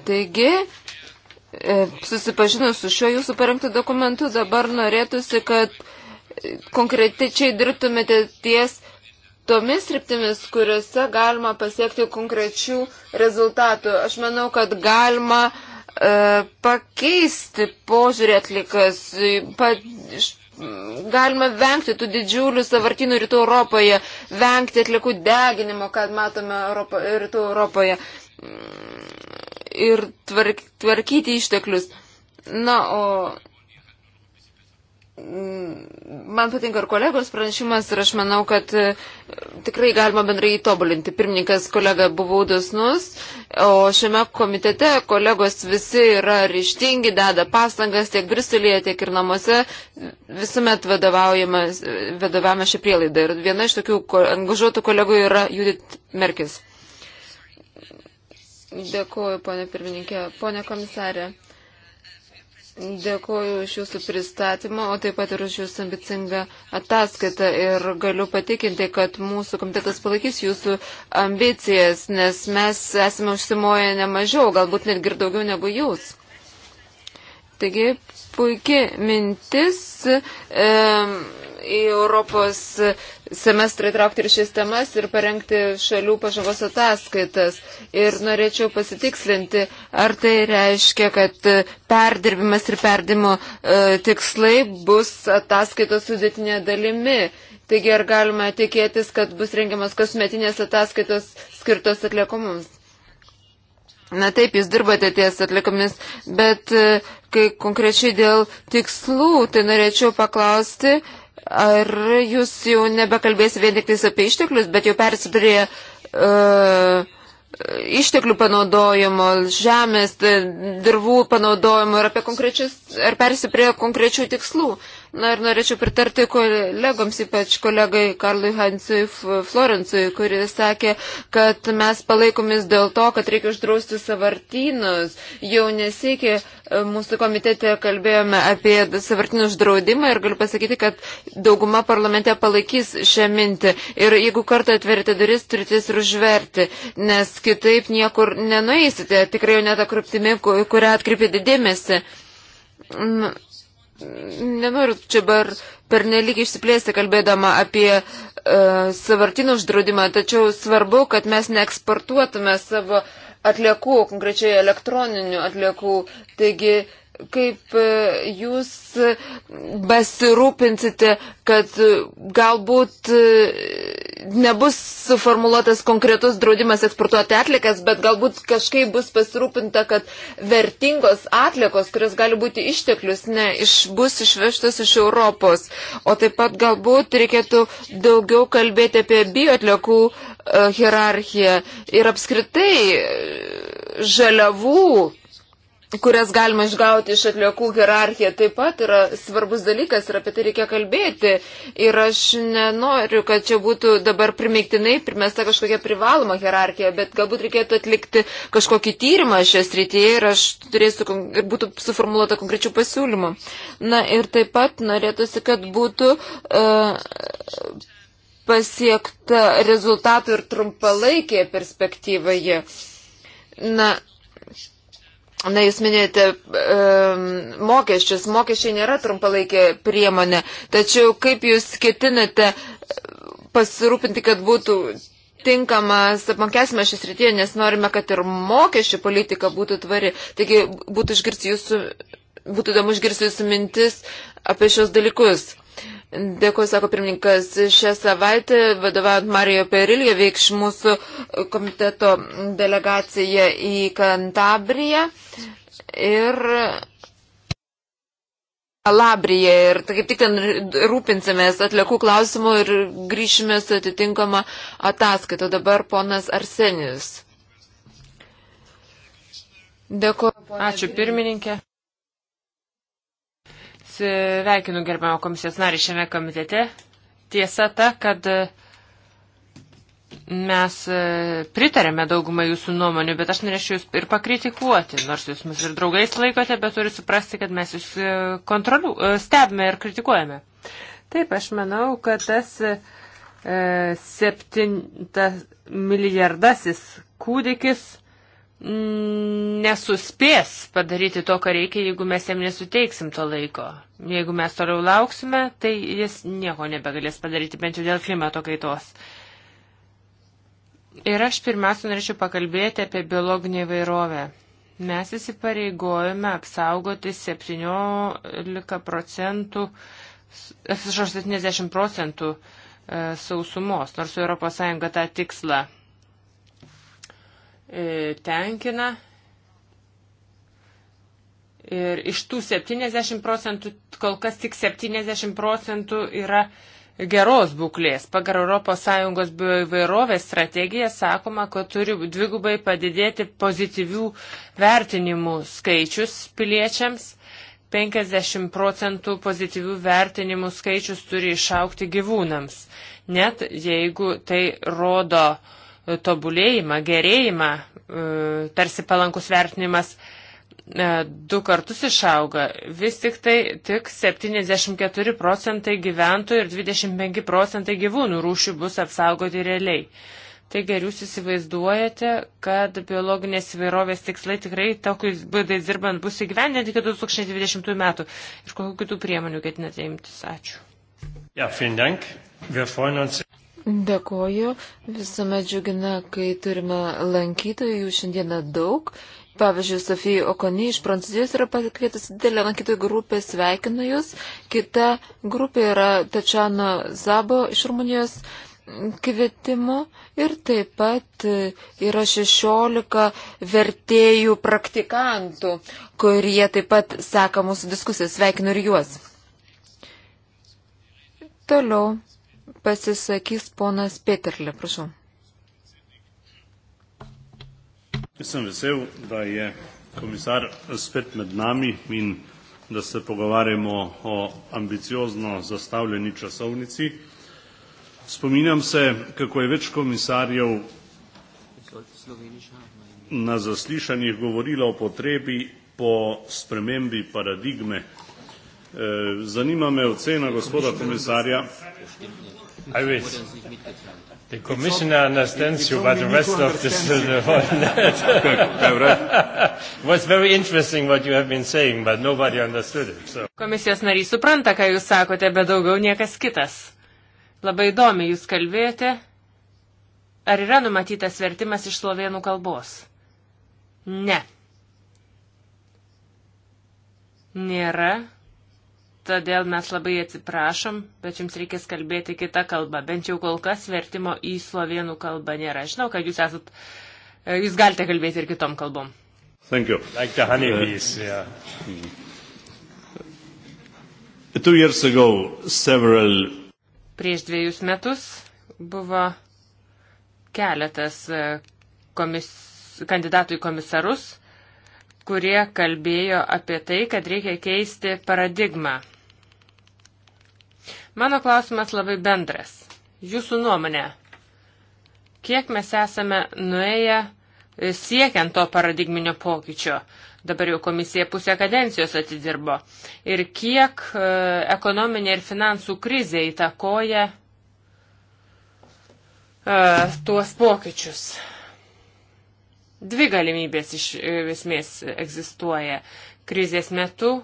Taigi, e, susipažinus su šiuo jūsų parengtu dokumentu, dabar norėtųsi, kad konkrečiai dirbtumėte ties tomis ryptimis, kuriuose galima pasiekti konkrečių rezultatų. Aš manau, kad galima uh, E, pakeisti požiūrį atlikas, pa, galima vengti tų didžiulių savartinių rytų Europoje, vengti atlikų deginimo, kad matome Europo, rytų Europoje mm, ir tvark, tvarkyti išteklius. Na, o Mm, man patinka ir kolegos pranešimas ir aš manau, kad e, tikrai galima bendrai įtobulinti. Pirmininkas kolega buvo dosnus, o šiame komitete kolegos visi yra ryštingi, deda pastangas tiek Briuselėje, tiek ir namuose. Visuomet vadovavome šią prielaidą. Ir viena iš tokių angažuotų kolegų yra Judith Merkis. Dėkuoju, ponė pirmininkė. Ponė komisarė. Dėkuoju už Jūsų pristatymą, o taip pat ir už Jūsų ambicingą ataskaitą. Ir galiu patikinti, kad mūsų komitetas palaikys Jūsų ambicijas, nes mes esame užsimoję nemažiau, galbūt netgi ir daugiau negu Jūs. Taigi, puikia mintis. E, į Europos semestrą įtraukti ir šias temas ir parengti šalių pažangos ataskaitas. Ir norėčiau pasitikslinti, ar tai reiškia, kad perdirbimas ir perdimo e, tikslai bus ataskaitos sudėtinė dalimi. Taigi ar galima tikėtis, kad bus rengiamas kosmetinės ataskaitos skirtos atliekomums? Na taip, jūs dirbate ties atlikomis, bet e, kai konkrečiai dėl tikslų, tai norėčiau paklausti, Ar jūs jau nebekalbėsite vien tik apie išteklius, bet jau persi prie uh, išteklių panaudojimo, žemės, dirvų panaudojimo ir apie konkrečius, ar persi prie konkrečių tikslų? Na ir norėčiau pritarti kolegoms, ypač kolegai Karlui Hansui Florencui, kuris sakė, kad mes palaikomis dėl to, kad reikia uždrausti savartynus. Jau nesikė e, mūsų komitete kalbėjome apie savartinių uždraudimą ir galiu pasakyti, kad dauguma parlamente palaikys šią mintį. Ir jeigu kartą atverite duris, turite ir užverti, nes kitaip niekur nenueisite, tikrai jau netą kryptimi, kurią atkreipėte dėmesį nenoriu čia bar per nelik išsiplėsti kalbėdama apie e, savartinų uždraudimą, tačiau svarbu, kad mes neeksportuotume savo atliekų, konkrečiai elektroninių atliekų. Taigi kaip e, jūs besirūpinsite, kad galbūt e, nebus suformuoluotas konkretus draudimas eksportuoti atlikas, bet galbūt kažkaip bus pasirūpinta, kad vertingos atlikos, kurios gali būti išteklius, ne, iš, bus išvežtos iš Europos. O taip pat galbūt reikėtų daugiau kalbėti apie bioatliekų e, hierarchiją ir apskritai žaliavų kurias galima išgauti iš atliekų hierarchija, taip pat yra svarbus dalykas ir apie tai reikia kalbėti. Ir aš nenoriu, kad čia būtų dabar primiktinai primesta kažkokia privaloma hierarchija, bet galbūt reikėtų atlikti kažkokį tyrimą šioje srityje ir aš turėsiu, ir būtų suformuoluota konkrečių pasiūlymų. Na ir taip pat norėtųsi, kad būtų. Uh, pasiekta rezultatų ir trumpalaikėje perspektyvoje. Na, Na, jūs minėjote um, mokesčius. Mokesčiai nėra trumpalaikė priemonė. Tačiau kaip jūs ketinate pasirūpinti, kad būtų tinkamas apmokesimas šis rytyje, nes norime, kad ir mokesčių politika būtų tvari. Taigi būtų, jūsų, būtų įdomu išgirsti jūsų mintis apie šios dalykus. Dėkuoju, sako pirmininkas. Šią savaitę, vadovaujant Marijo Perilje, veikš mūsų komiteto delegacija į Kantabriją ir Kalabriją. Ir tai kaip tik ten rūpinsimės atliekų klausimų ir grįšime su atitinkama ataskaita. Dabar ponas Arsenijus. Dėkuoju. Ačiū pirmininkė. Sveikinu gerbiamo komisijos narį šiame komitete. Tiesa ta, kad e, mes e, pritarėme daugumą jūsų nuomonių, bet aš norėčiau jūs ir pakritikuoti, nors jūs mus ir draugais laikote, bet turiu suprasti, kad mes jūs e, kontroliu, stebime ir kritikuojame. Taip, aš manau, kad tas e, septintas milijardasis kūdikis nesuspės padaryti to, ką reikia, jeigu mes jam nesuteiksim to laiko. Jeigu mes toliau lauksime, tai jis nieko nebegalės padaryti, bent jau dėl klimato kaitos. Ir aš pirmiausia norėčiau pakalbėti apie biologinį įvairovę. Mes įsipareigojame apsaugoti 17 procentų, 70 procentų e, sausumos, nors Europos Sąjunga tą tikslą E, tenkina. Ir iš tų 70 procentų, kol kas tik 70 procentų yra geros būklės. Pagal ES bioįvairovės strategiją sakoma, kad turi dvigubai padidėti pozityvių vertinimų skaičius piliečiams. 50 procentų pozityvių vertinimų skaičius turi išaukti gyvūnams. Net jeigu tai rodo uh, tobulėjimą, gerėjimą, e, tarsi palankus vertinimas e, du kartus išauga. Vis tik tai tik 74 procentai gyventojų ir 25 procentai gyvūnų rūšių bus apsaugoti realiai. Taigi ar jūs įsivaizduojate, kad biologinės įvairovės tikslai tikrai tokiais būdais dirbant bus įgyvendinti iki 2020 metų? Ir kokiu kitų priemonių ketinate imtis? Ačiū. Ja, vielen Dank. Wir freuen uns. Dėkoju. Visuomet džiugina, kai turime lankytojų, jų šiandieną daug. Pavyzdžiui, Sofija Okoni iš Prancūzijos yra pakvietusi didelę lankytojų grupę, sveikinu jūs. Kita grupė yra Tačiano Zabo iš Rumunijos kvietimu ir taip pat yra 16 vertėjų praktikantų, kurie taip pat seka mūsų diskusiją. Sveikinu ir juos. Toliau pasisakys ponas Peterle, prašau. Sem vesel, da je komisar spet med nami in da se pogovarjamo o ambiciozno zastavljeni časovnici. Spominjam se, kako je več komisarjev na zaslišanjih govorilo o potrebi po spremembi paradigme E, zanima me ocena gospoda komisarja. I wish. The commissioner understands you, but the rest of this uh, whole was very interesting what you have been saying, but nobody understood it. So. Komisijos narys supranta, ką jūs sakote, bet daugiau niekas kitas. Labai įdomiai jūs kalbėjote. Ar yra numatytas vertimas iš slovėnų kalbos? Ne. Nėra. Todėl mes labai atsiprašom, bet jums reikės kalbėti kitą kalbą. Bent jau kol kas vertimo į slovėnų kalbą nėra. Žinau, kad jūs esat, e, jūs galite kalbėti ir kitom kalbom. Thank you. Like the honeybees, uh, yeah. Mm. Two years ago, several. Prieš dviejus metus buvo keletas e, komis, kandidatų į komisarus, kurie kalbėjo apie tai, kad reikia keisti paradigmą Mano klausimas labai bendras. Jūsų nuomonė, kiek mes esame nuėję e, siekiant to paradigminio pokyčio? dabar jau komisija pusę kadencijos atidirbo. Ir kiek e, ekonominė ir finansų krizė įtakoja e, tuos pokyčius. Dvi galimybės iš esmės egzistuoja. Krizės metu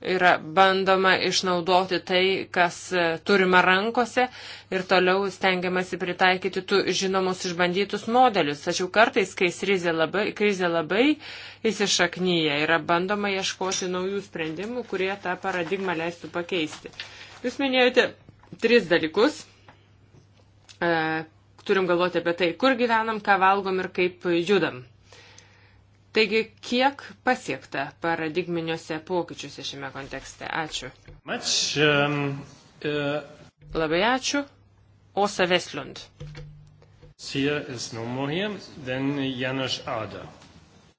yra bandoma išnaudoti tai, kas e, turima rankose ir toliau stengiamasi pritaikyti tų žinomus išbandytus modelius. Tačiau kartais, kai krizė labai, krizė labai įsišaknyja, yra bandoma ieškoti naujų sprendimų, kurie tą paradigmą leistų pakeisti. Jūs minėjote tris dalykus. E, turim galvoti apie tai, kur gyvenam, ką valgom ir kaip judam. Taigi, kiek pasiekta paradigminiuose pokyčiuose šiame kontekste? Ačiū. Much, um, uh... Labai ačiū. Osa Veslund. No here,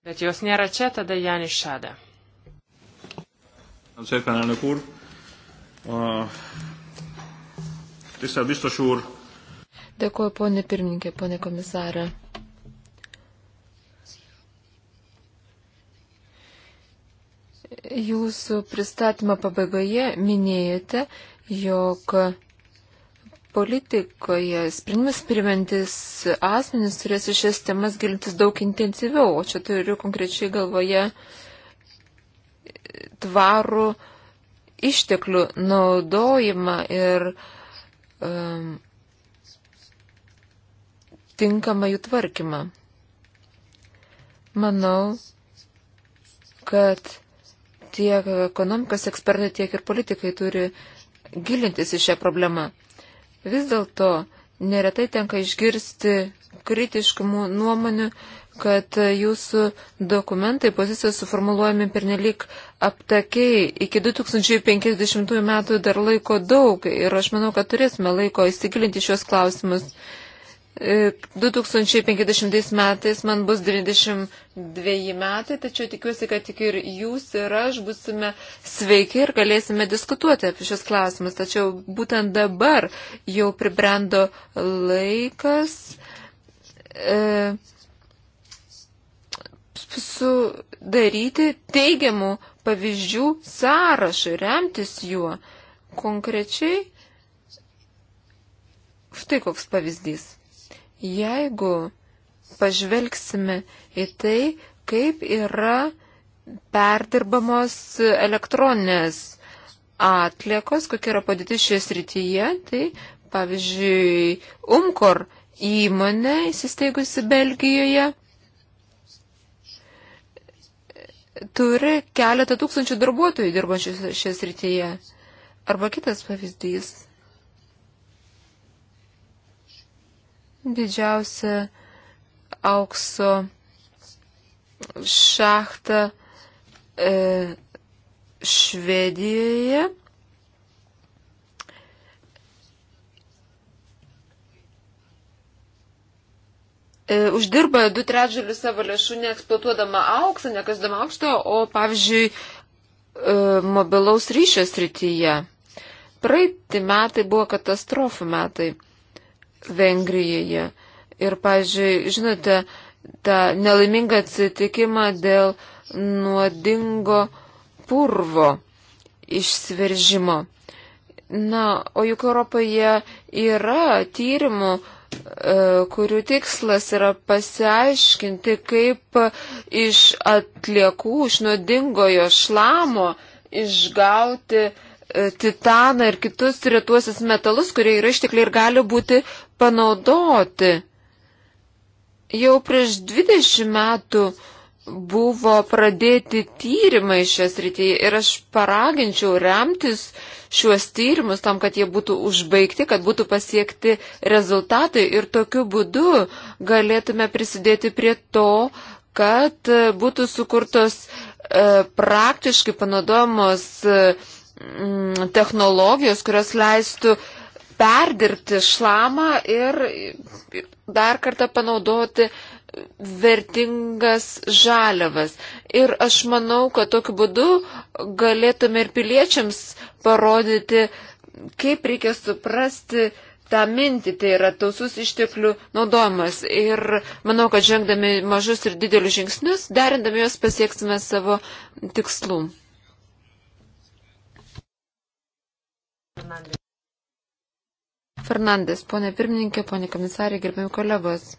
Bet jos nėra čia, tada Janis Šada. Szépen, elnök úr! Tisztelt biztos úr! Dėkuoju, ponė pirmininkė, ponė komisarė. Jūsų pristatymo pabaigoje minėjote, jog politikoje sprendimus primantis asmenys turės į šias temas gilintis daug intensyviau, o čia turiu konkrečiai galvoje tvarų išteklių naudojimą ir um, tinkamą jų tvarkymą. Manau, kad tiek ekonomikos ekspertai, tiek ir politikai turi gilintis į šią problemą. Vis dėlto neretai tenka išgirsti kritiškumų nuomonių, kad jūsų dokumentai, pozicijos suformuluojami pernelik aptakiai. Iki 2050 metų dar laiko daug ir aš manau, kad turėsime laiko įsigilinti šios klausimus. 2050 e, metais man bus 92 metai, tačiau tikiuosi, kad tik ir jūs ir aš busime sveiki ir galėsime diskutuoti apie šios klausimus. Tačiau būtent dabar jau pribrendo laikas e, sudaryti teigiamų pavyzdžių sąrašą, remtis juo konkrečiai. Štai koks pavyzdys. Jeigu pažvelgsime į tai, kaip yra perdirbamos elektroninės atliekos, kokia yra padėtis šioje srityje, tai pavyzdžiui, Umkor įmonė įsisteigusi Belgijoje turi keletą tūkstančių darbuotojų dirbančių šioje srityje. Arba kitas pavyzdys. didžiausia aukso šachtą e, Švedijoje. E, uždirba du trečdalius savo lėšų neeksploatuodama auksą, nekasdama aukšto, o pavyzdžiui, e, mobilaus ryšio srityje. Praeitį metai buvo katastrofų metai. Vengrijoje. Ir, pažiūrėjau, žinote, tą nelaimingą atsitikimą dėl nuodingo purvo išsiveržimo. Na, o juk Europoje yra tyrimų, e, kurių tikslas yra pasiaiškinti, kaip iš atliekų, iš nuodingojo šlamo išgauti uh, E, titaną ir kitus retuosius metalus, kurie yra ištekliai ir gali būti panaudoti. Jau prieš 20 metų buvo pradėti tyrimai šias rytyje ir aš paraginčiau remtis šiuos tyrimus tam, kad jie būtų užbaigti, kad būtų pasiekti rezultatai ir tokiu būdu galėtume prisidėti prie to, kad būtų sukurtos e, praktiškai panaudojamos uh, Mm, technologijos, kurios leistų perdirbti šlamą ir dar kartą panaudoti vertingas žaliavas. Ir aš manau, kad tokiu būdu galėtume ir piliečiams parodyti, kaip reikia suprasti tą mintį, tai yra tausus išteklių naudojimas. Ir manau, kad žengdami mažus ir didelius žingsnius, derindami juos pasieksime savo tikslų. Fernandės. Fernandės, ponė pirmininkė, ponė komisarė, gerbėjau kolegos.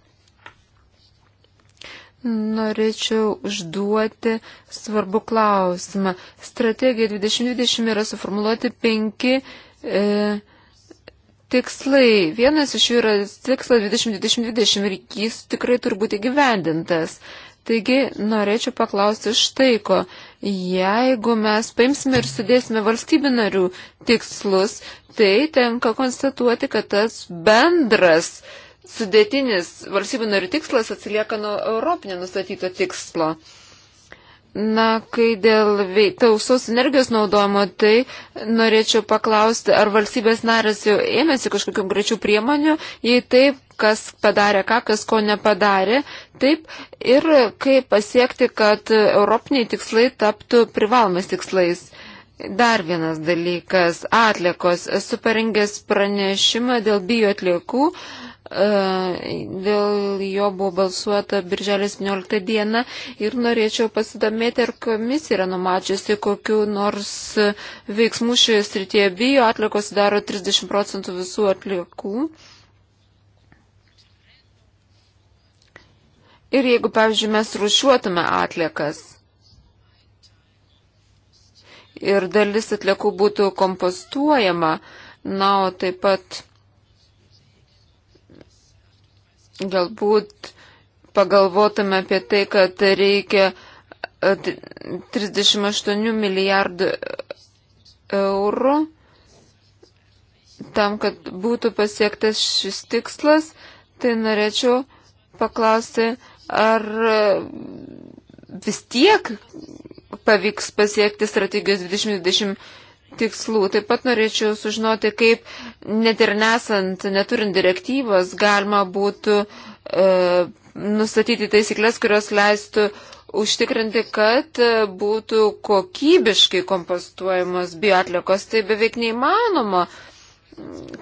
Norėčiau užduoti svarbu klausimą. Strategija 2020 yra suformuoluoti penki e, tikslai. Vienas iš jų yra tikslas 2020 ir jis tikrai turi būti gyvendintas. E, Taigi norėčiau paklausti štai ko. Jeigu mes paimsime ir sudėsime valstybių narių tikslus, tai tenka konstatuoti, kad tas bendras sudėtinis valstybių narių tikslas atsilieka nuo europinio nustatyto tikslo. Na, kai dėl tausos energijos naudojimo, tai norėčiau paklausti, ar valstybės narės jau ėmėsi kažkokių grečių priemonių, jei taip, kas padarė ką, kas ko nepadarė, taip, ir kaip pasiekti, kad europiniai tikslai taptų privalomais tikslais. Dar vienas dalykas - atlikos. Esu parengęs pranešimą dėl bio atliekų. Uh, E, dėl jo buvo balsuota birželio 17 dieną ir norėčiau pasidomėti, ar komisija yra numačiusi kokiu nors veiksmu šioje srityje. Bijo atlikos daro 30 procentų visų atlikų. Ir jeigu, pavyzdžiui, mes rušiuotume atliekas ir dalis atliekų būtų kompostuojama, na, o taip pat galbūt pagalvotume apie tai, kad reikia 38 e, milijardų eurų tam, kad būtų pasiektas šis tikslas, tai norėčiau paklausti, ar e, vis tiek pavyks pasiekti strategijos 2020 tikslų. Taip pat norėčiau sužinoti, kaip net ir nesant, neturint direktyvos, galima būtų e, nustatyti taisyklės, kurios leistų užtikrinti, kad e, būtų kokybiškai kompostuojamos bioatlikos. Tai beveik neįmanoma.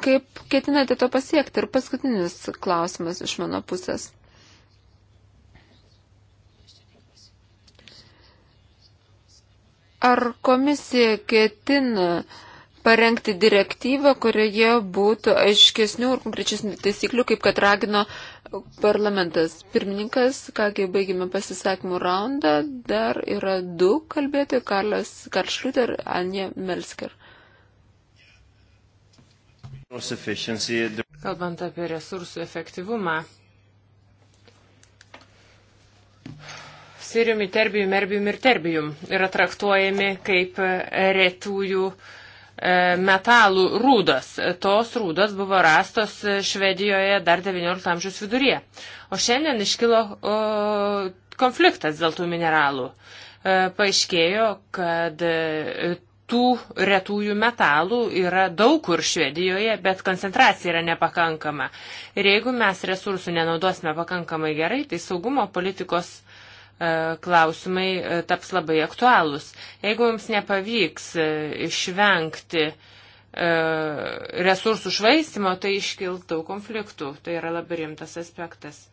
Kaip ketinate to pasiekti? Ir paskutinis klausimas iš mano pusės. Ar komisija ketina parengti direktyvą, kurioje būtų aiškesnių ir konkrečesnių taisyklių, kaip kad ragino parlamentas. Pirmininkas, kągi baigime pasisakymų raundą, dar yra du kalbėtojai, Karlas Karšliut ir Anja Melsker. Kalbant apie resursų efektyvumą, sirium, terbium, erbium ir terbium yra traktuojami kaip e, retųjų e, metalų rūdos. Tos rūdos buvo rastos e, Švedijoje dar XIX amžiaus viduryje. O šiandien iškilo o, konfliktas dėl tų mineralų. E, paaiškėjo, kad tų retųjų metalų yra daug kur Švedijoje, bet koncentracija yra nepakankama. Ir jeigu mes resursų nenaudosime pakankamai gerai, tai saugumo politikos klausimai e, taps labai aktualūs. Jeigu mums nepavyks e, išvengti e, resursų švaistimo, tai iškilt daug konfliktų. Tai yra labai rimtas aspektas.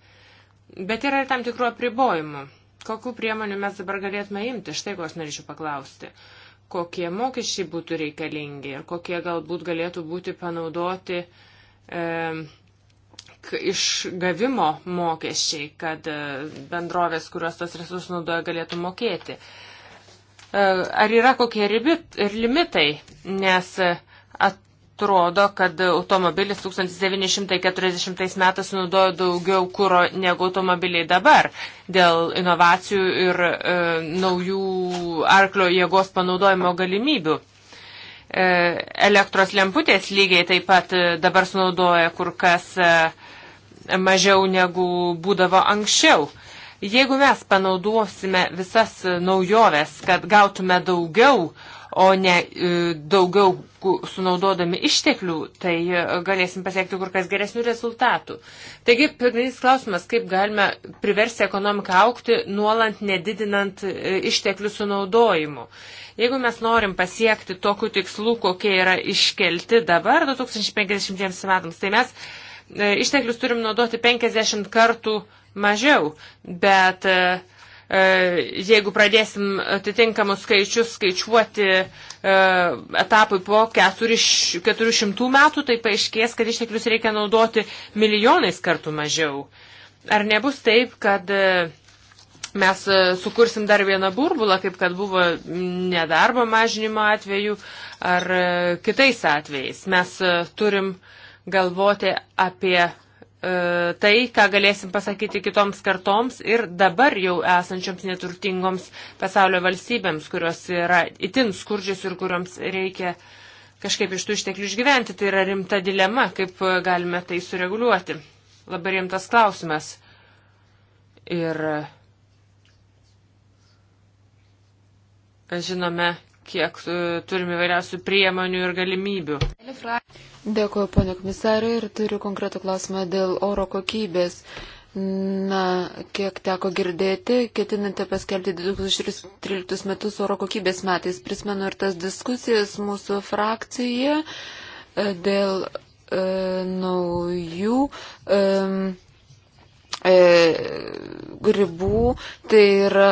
Bet yra ir tam tikrų apribojimų. Kokių priemonių mes dabar galėtume imti? Štai ko aš norėčiau paklausti. Kokie mokesčiai būtų reikalingi ir kokie galbūt galėtų būti panaudoti e, tik išgavimo mokesčiai, kad e, bendrovės, kurios tos resursus naudoja, galėtų mokėti. E, ar yra kokie ribit, limitai? Nes e, atrodo, kad automobilis 1940 metais sunaudojo daugiau kūro negu automobiliai dabar dėl inovacijų ir e, naujų arklio jėgos panaudojimo galimybių. E, elektros lemputės lygiai taip pat dabar sunaudoja kur kas. E, mažiau negu būdavo anksčiau. Jeigu mes panaudosime visas naujoves, kad gautume daugiau, o ne e, daugiau sunaudodami išteklių, tai e, galėsim pasiekti kur kas geresnių rezultatų. Taigi, pagrindinis klausimas, kaip galime priversti ekonomiką aukti, nuolant nedidinant e, išteklių sunaudojimu. Jeigu mes norim pasiekti tokių tikslų, kokie yra iškelti dabar 2050 metams, tai mes E, išteklius turim naudoti 50 kartų mažiau, bet e, e, jeigu pradėsim atitinkamus skaičius skaičiuoti etapui po 400 metų, tai paaiškės, kad išteklius reikia naudoti milijonais kartų mažiau. Ar nebus taip, kad mes sukursim dar vieną burbulą, kaip kad buvo nedarbo mažinimo atveju ar kitais atvejais? Mes turim uh, galvoti apie e, tai, ką galėsim pasakyti kitoms kartoms ir dabar jau esančioms neturtingoms pasaulio valstybėms, kurios yra itin skurdžius ir kurioms reikia kažkaip iš tų išteklių išgyventi. Tai yra rimta dilema, kaip galime tai sureguliuoti. Labai rimtas klausimas. Ir e, žinome, kiek e, turime vairiausių priemonių ir galimybių. Dėkuoju, ponė komisarė, ir turiu konkretų klausimą dėl oro kokybės. Na, kiek teko girdėti, ketinate paskelbti 2013 metus oro kokybės metais. Prisimenu ir tas diskusijas mūsų frakcijoje e, dėl e, naujų. E, E, ribų, tai yra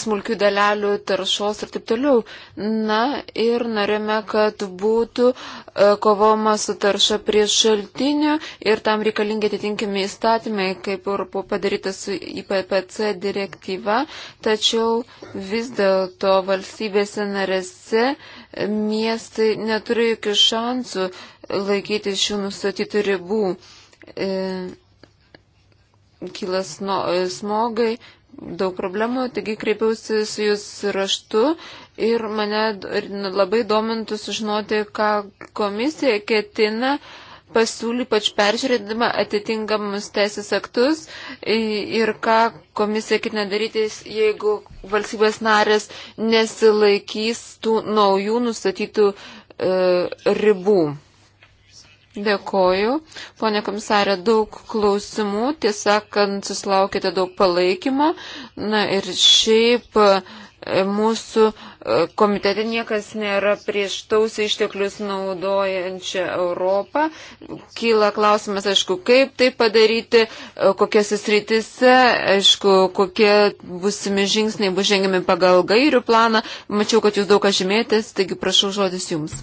smulkių dalelių taršos ir taip toliau. Na ir norime, kad būtų e, kovoma su tarša prie šaltinių ir tam reikalingi atitinkami įstatymai, kaip ir buvo padaryta su IPPC direktyva, tačiau vis dėlto valstybėse narėse miestai neturi jokių šansų laikyti šių nustatytų ribų. E, kyla e, smogai, daug problemų, taigi kreipiausi su jūs raštu ir mane labai domintų sužinoti, ką komisija ketina pasiūly pač peržiūrėdama atitinkamus teisės aktus ir ką komisija ketina daryti, jeigu valstybės narės nesilaikys tų naujų nustatytų e, ribų. Dėkoju. Pone komisarė, daug klausimų, tiesą sakant, susilaukite daug palaikymo. Na ir šiaip e, mūsų e, komitete niekas nėra prieš tausiai išteklius naudojančią Europą. Kyla klausimas, aišku, kaip tai padaryti, e, kokiose sritise, aišku, kokie busimi žingsniai bus žengiami pagal gairių planą. Mačiau, kad jūs daug ką žymėtės, taigi prašau žodis jums.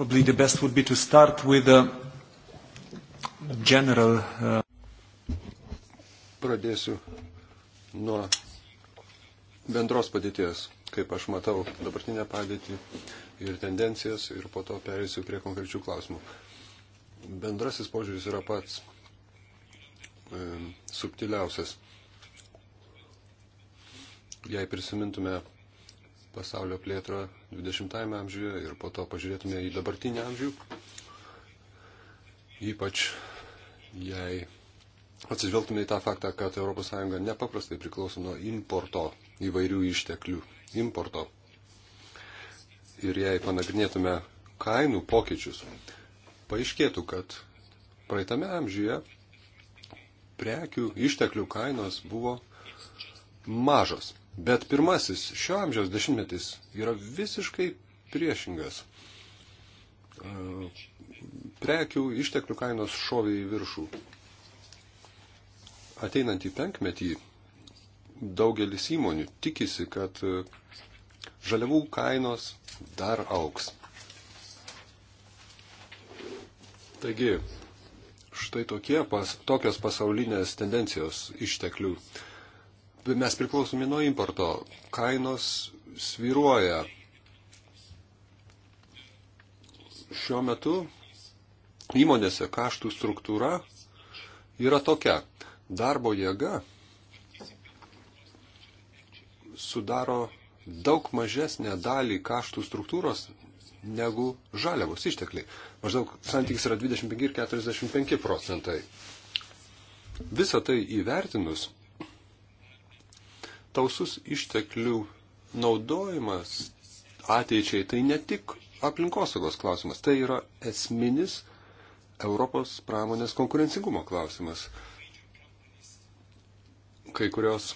Probably the best would be to start with a general. Uh... Pradėsiu nuo bendros padėties, kaip aš matau dabartinę padėtį ir tendencijas ir po to pereisiu prie konkrečių klausimų. Bendrasis požiūris yra pats e, subtiliausias. Jei prisimintume pasaulio plėtrą 20-ame amžiuje ir po to pažiūrėtume į dabartinį amžių, ypač jei atsižvelgtume į tą faktą, kad ES nepaprastai priklauso nuo importo įvairių išteklių. Importo. Ir jei panagrinėtume kainų pokyčius, paaiškėtų, kad praeitame amžiuje prekių išteklių kainos buvo mažos. Bet pirmasis šio amžiaus dešimtmetis yra visiškai priešingas. E, prekių išteklių kainos šovė į viršų. Ateinant į penkmetį daugelis įmonių tikisi, kad e, žaliavų kainos dar auks. Taigi, štai pas, tokios pasaulinės tendencijos išteklių mes priklausomi nuo importo. Kainos sviruoja. Šiuo metu įmonėse kaštų struktūra yra tokia. Darbo jėga sudaro daug mažesnę dalį kaštų struktūros negu žaliavos ištekliai. Maždaug santykis yra 25 ir 45 procentai. Visą tai įvertinus tausus išteklių naudojimas ateičiai tai ne tik aplinkosaugos klausimas, tai yra esminis Europos pramonės konkurencingumo klausimas. Kai kurios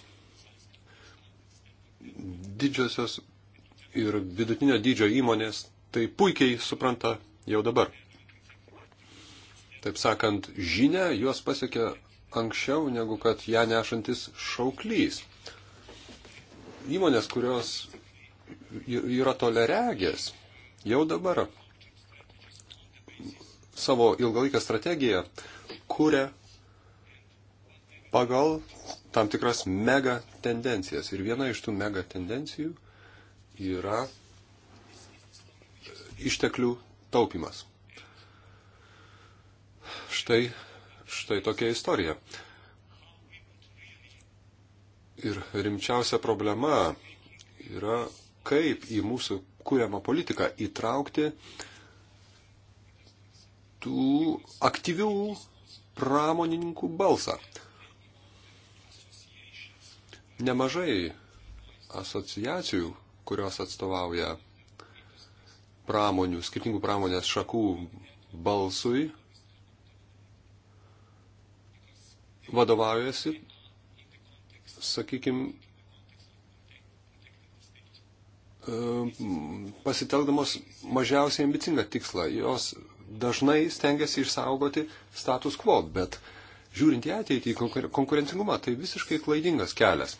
didžiosios ir vidutinio dydžio įmonės tai puikiai supranta jau dabar. Taip sakant, žinia juos pasiekia anksčiau negu kad ją nešantis šauklys įmonės, kurios yra toleregės, jau dabar savo ilgalaikę strategiją kūrė pagal tam tikras mega tendencijas. Ir viena iš tų mega tendencijų yra išteklių taupimas. Štai, štai tokia istorija. Ir rimčiausia problema yra, kaip į mūsų kūriamą politiką įtraukti tų aktyvių pramonininkų balsą. Nemažai asociacijų, kurios atstovauja pramonių, skirtingų pramonės šakų balsui, vadovaujasi sakykime, pasitelkdamos mažiausiai ambicingą tikslą. Jos dažnai stengiasi išsaugoti status quo, bet žiūrint į ateitį, į konkurencingumą, tai visiškai klaidingas kelias.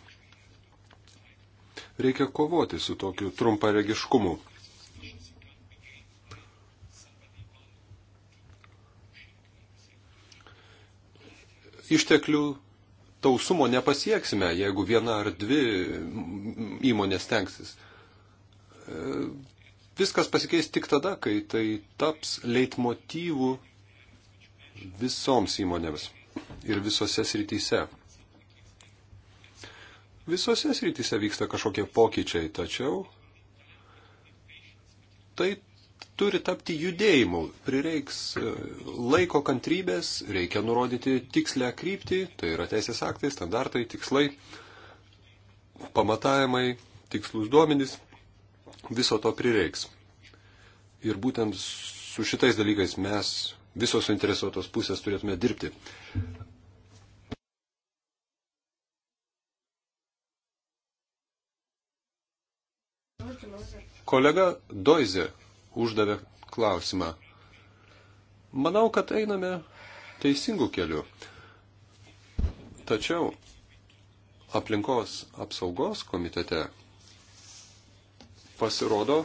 Reikia kovoti su tokiu trumparegiškumu. Išteklių tausumo nepasieksime, jeigu viena ar dvi įmonės tenksis. E, viskas pasikeis tik tada, kai tai taps leitmotyvų visoms įmonėms ir visose srityse. Visose srityse vyksta kažkokie pokyčiai, tačiau tai turi tapti judėjimu. Prireiks e, laiko kantrybės, reikia nurodyti tikslę kryptį, tai yra teisės aktai, standartai, tikslai, pamatavimai, tikslus duomenys, viso to prireiks. Ir būtent su šitais dalykais mes visos suinteresuotos pusės turėtume dirbti. Kolega Doize uždavė klausimą. Manau, kad einame teisingų kelių. Tačiau aplinkos apsaugos komitete pasirodo,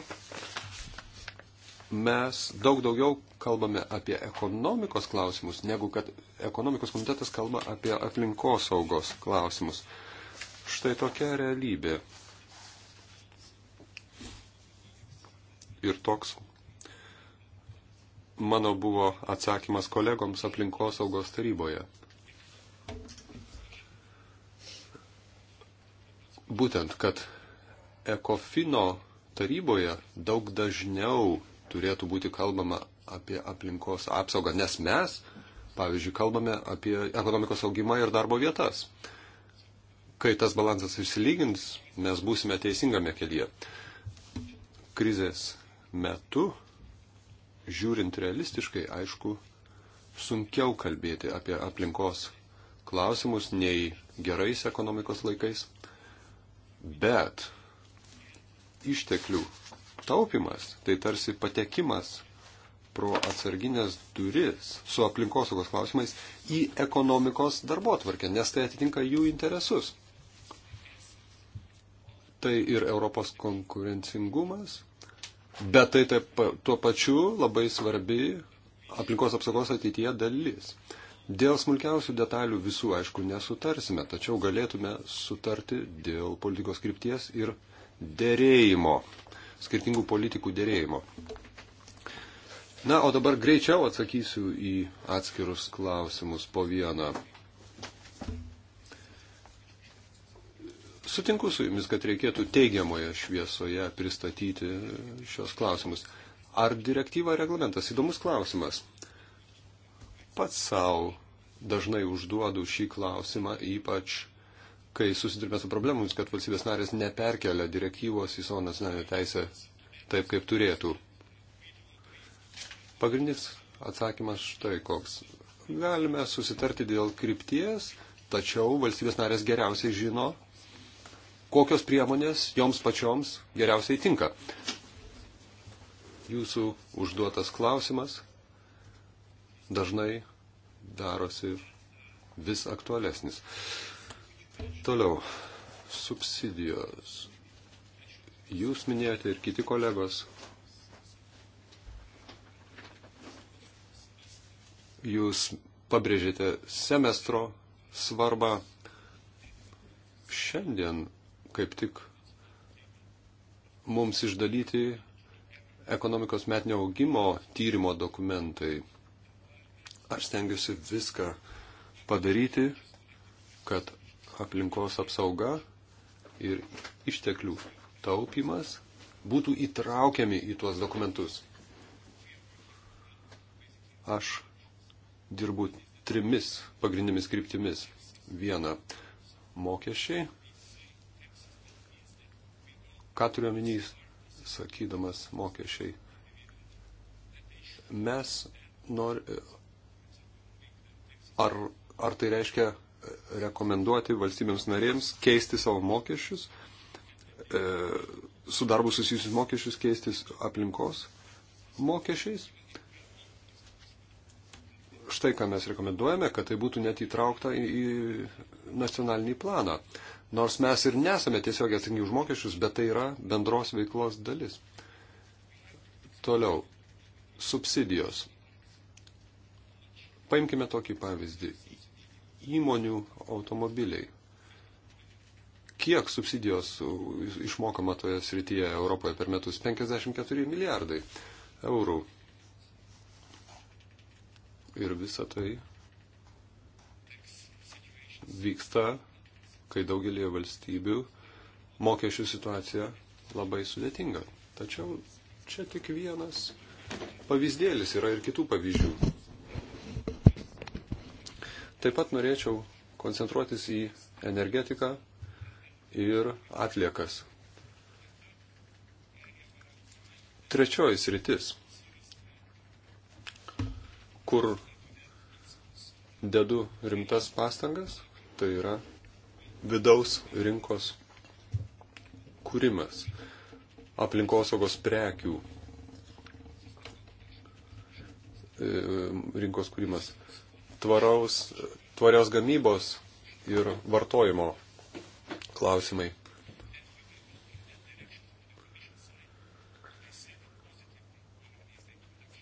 mes daug daugiau kalbame apie ekonomikos klausimus, negu kad ekonomikos komitetas kalba apie aplinkos saugos klausimus. Štai tokia realybė. ir toks mano buvo atsakymas kolegoms aplinkosaugos taryboje. Būtent, kad ekofino taryboje daug dažniau turėtų būti kalbama apie aplinkos apsaugą, nes mes, pavyzdžiui, kalbame apie ekonomikos augimą ir darbo vietas. Kai tas balansas išsilygins, mes būsime teisingame kelyje. Krizės metu, žiūrint realistiškai, aišku, sunkiau kalbėti apie aplinkos klausimus nei gerais ekonomikos laikais, bet išteklių taupimas tai tarsi patekimas pro atsarginės duris su aplinkosaugos klausimais į ekonomikos darbo atvarkę, nes tai atitinka jų interesus. Tai ir Europos konkurencingumas, Bet tai taip, tuo pačiu labai svarbi aplinkos apsaugos ateityje dalis. Dėl smulkiausių detalių visų, aišku, nesutarsime, tačiau galėtume sutarti dėl politikos krypties ir dėrėjimo, skirtingų politikų dėrėjimo. Na, o dabar greičiau atsakysiu į atskirus klausimus po vieną. Sutinku su jumis, kad reikėtų teigiamoje šviesoje pristatyti šios klausimus. Ar direktyva reglamentas? Įdomus klausimas. Pats savo dažnai užduodu šį klausimą, ypač kai susidurime su problemomis, kad valstybės narės neperkelia direktyvos į savo nacionalinę teisę taip, kaip turėtų. Pagrindinis atsakymas štai koks. Galime susitarti dėl krypties, tačiau valstybės narės geriausiai žino, kokios priemonės joms pačioms geriausiai tinka. Jūsų užduotas klausimas dažnai darosi vis aktualesnis. Toliau, subsidijos. Jūs minėjote ir kiti kolegos. Jūs pabrėžėte semestro svarbą. Šiandien kaip tik mums išdalyti ekonomikos metinio augimo tyrimo dokumentai. Aš stengiuosi viską padaryti, kad aplinkos apsauga ir išteklių taupimas būtų įtraukiami į tuos dokumentus. Aš dirbu trimis pagrindinėmis kryptimis. Viena - mokesčiai, Ką turiu omenys, sakydamas mokesčiai? Mes nor... Ar, ar tai reiškia e, rekomenduoti valstybėms narėms keisti savo mokesčius, e, su darbu susijusius mokesčius keistis aplinkos mokesčiais? štai ką mes rekomenduojame, kad tai būtų net įtraukta į nacionalinį planą. Nors mes ir nesame tiesiog atsakingi už mokesčius, bet tai yra bendros veiklos dalis. Toliau. Subsidijos. Paimkime tokį pavyzdį. Įmonių automobiliai. Kiek subsidijos išmokama toje srityje Europoje per metus? 54 milijardai eurų. Ir visa tai vyksta kai daugelie valstybių mokesčių situacija labai sudėtinga. Tačiau čia tik vienas pavyzdėlis yra ir kitų pavyzdžių. Taip pat norėčiau koncentruotis į energetiką ir atliekas. Trečioji sritis, kur dedu rimtas pastangas, tai yra vidaus rinkos kūrimas, aplinkosaugos prekių e, rinkos kūrimas, tvaraus, tvarios gamybos ir vartojimo klausimai.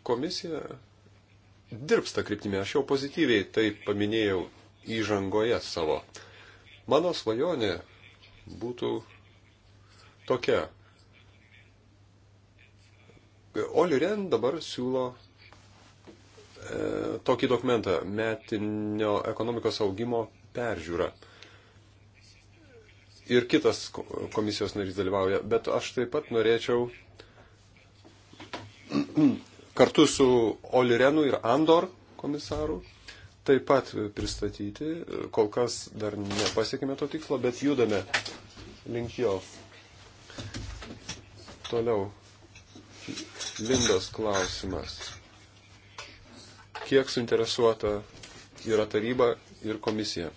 Komisija dirbsta kryptimi, aš jau pozityviai tai paminėjau įžangoje savo. Mano svajonė būtų tokia. Oli Ren dabar siūlo e, tokį dokumentą - metinio ekonomikos augimo peržiūra. Ir kitas komisijos narys dalyvauja, bet aš taip pat norėčiau kartu su Olirenu ir Andor komisaru taip pat pristatyti. Kol kas dar nepasiekime to tikslo, bet judame link jo. Toliau. Lindos klausimas. Kiek suinteresuota yra taryba ir komisija?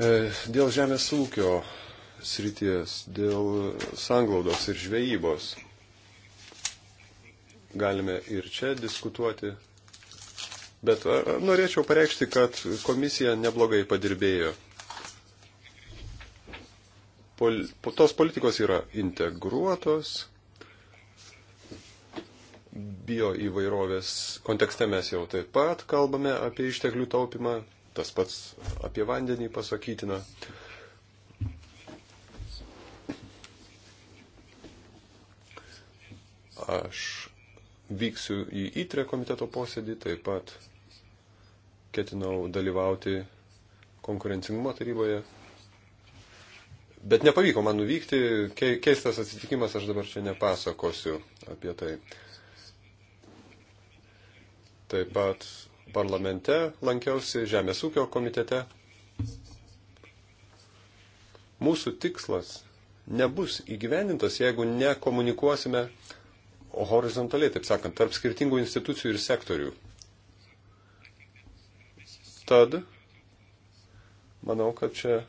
E, dėl žemės ūkio srities, dėl sanglaudos ir žvejybos galime ir čia diskutuoti. Bet e, norėčiau pareikšti, kad komisija neblogai padirbėjo. Pol, tos politikos yra integruotos, bio įvairovės kontekste mes jau taip pat kalbame apie išteklių taupimą, Tas pats apie vandenį pasakytina. Aš vyksiu į įtrę komiteto posėdį, taip pat ketinau dalyvauti konkurencingumo taryboje. Bet nepavyko man nuvykti, keistas atsitikimas, aš dabar čia nepasakosiu apie tai. Taip pat parlamente lankiausi, Žemės ūkio komitete. Mūsų tikslas nebus įgyvendintas, jeigu nekomunikuosime horizontaliai, taip sakant, tarp skirtingų institucijų ir sektorių. Tad manau, kad čia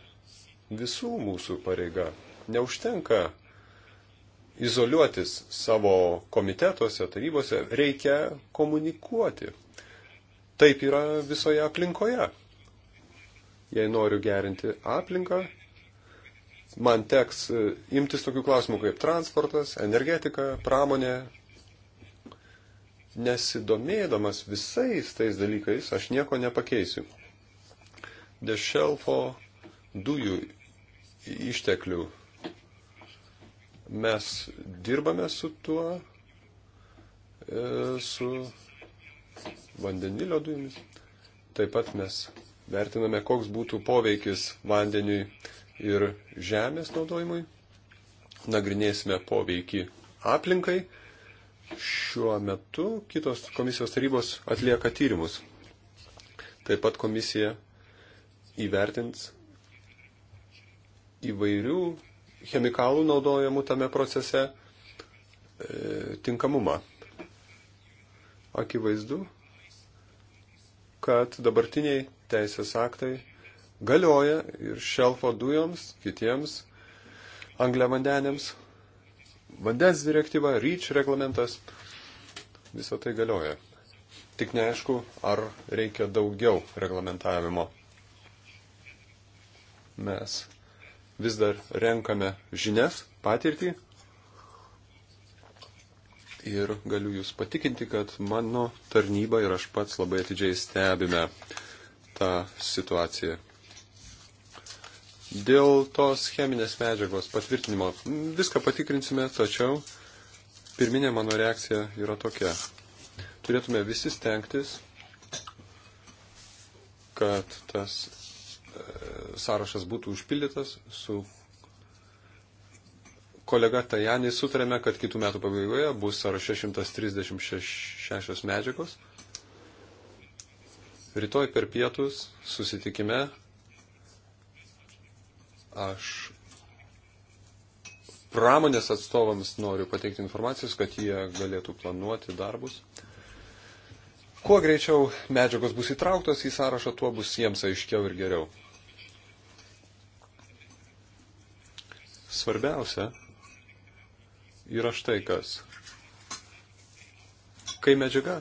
visų mūsų pareiga. Neužtenka izoliuotis savo komitetuose, tarybose, reikia komunikuoti. Taip yra visoje aplinkoje. Jei noriu gerinti aplinką, man teks e, imtis tokių klausimų kaip transportas, energetika, pramonė. Nesidomėdamas visais tais dalykais aš nieko nepakeisiu. Dėl šelfo dujų išteklių mes dirbame su tuo, e, su vandenilio dujomis. Taip pat mes vertiname, koks būtų poveikis vandeniui ir žemės naudojimui. Nagrinėsime poveikį aplinkai. Šiuo metu kitos komisijos tarybos atlieka tyrimus. Taip pat komisija įvertins įvairių chemikalų naudojamų tame procese e, tinkamumą akivaizdu, kad dabartiniai teisės aktai galioja ir šelfo dujoms, kitiems angliavandeniams, vandens direktyva, ryč reglamentas, visą tai galioja. Tik neaišku, ar reikia daugiau reglamentavimo. Mes vis dar renkame žinias, patirtį ir galiu Jūs patikinti, kad mano tarnyba ir aš pats labai atidžiai stebime tą situaciją. Dėl tos cheminės medžiagos patvirtinimo viską patikrinsime, tačiau pirminė mano reakcija yra tokia. Turėtume visi stengtis, kad tas e, sąrašas būtų užpildytas su kolega Tajanį sutarėme, kad kitų metų pabaigoje bus sąraše 136 medžiagos. Rytoj per pietus susitikime aš pramonės atstovams noriu pateikti informacijos, kad jie galėtų planuoti darbus. Kuo greičiau medžiagos bus įtrauktos į sąrašą, tuo bus jiems aiškiau ir geriau. Svarbiausia, yra štai kas. Kai medžiaga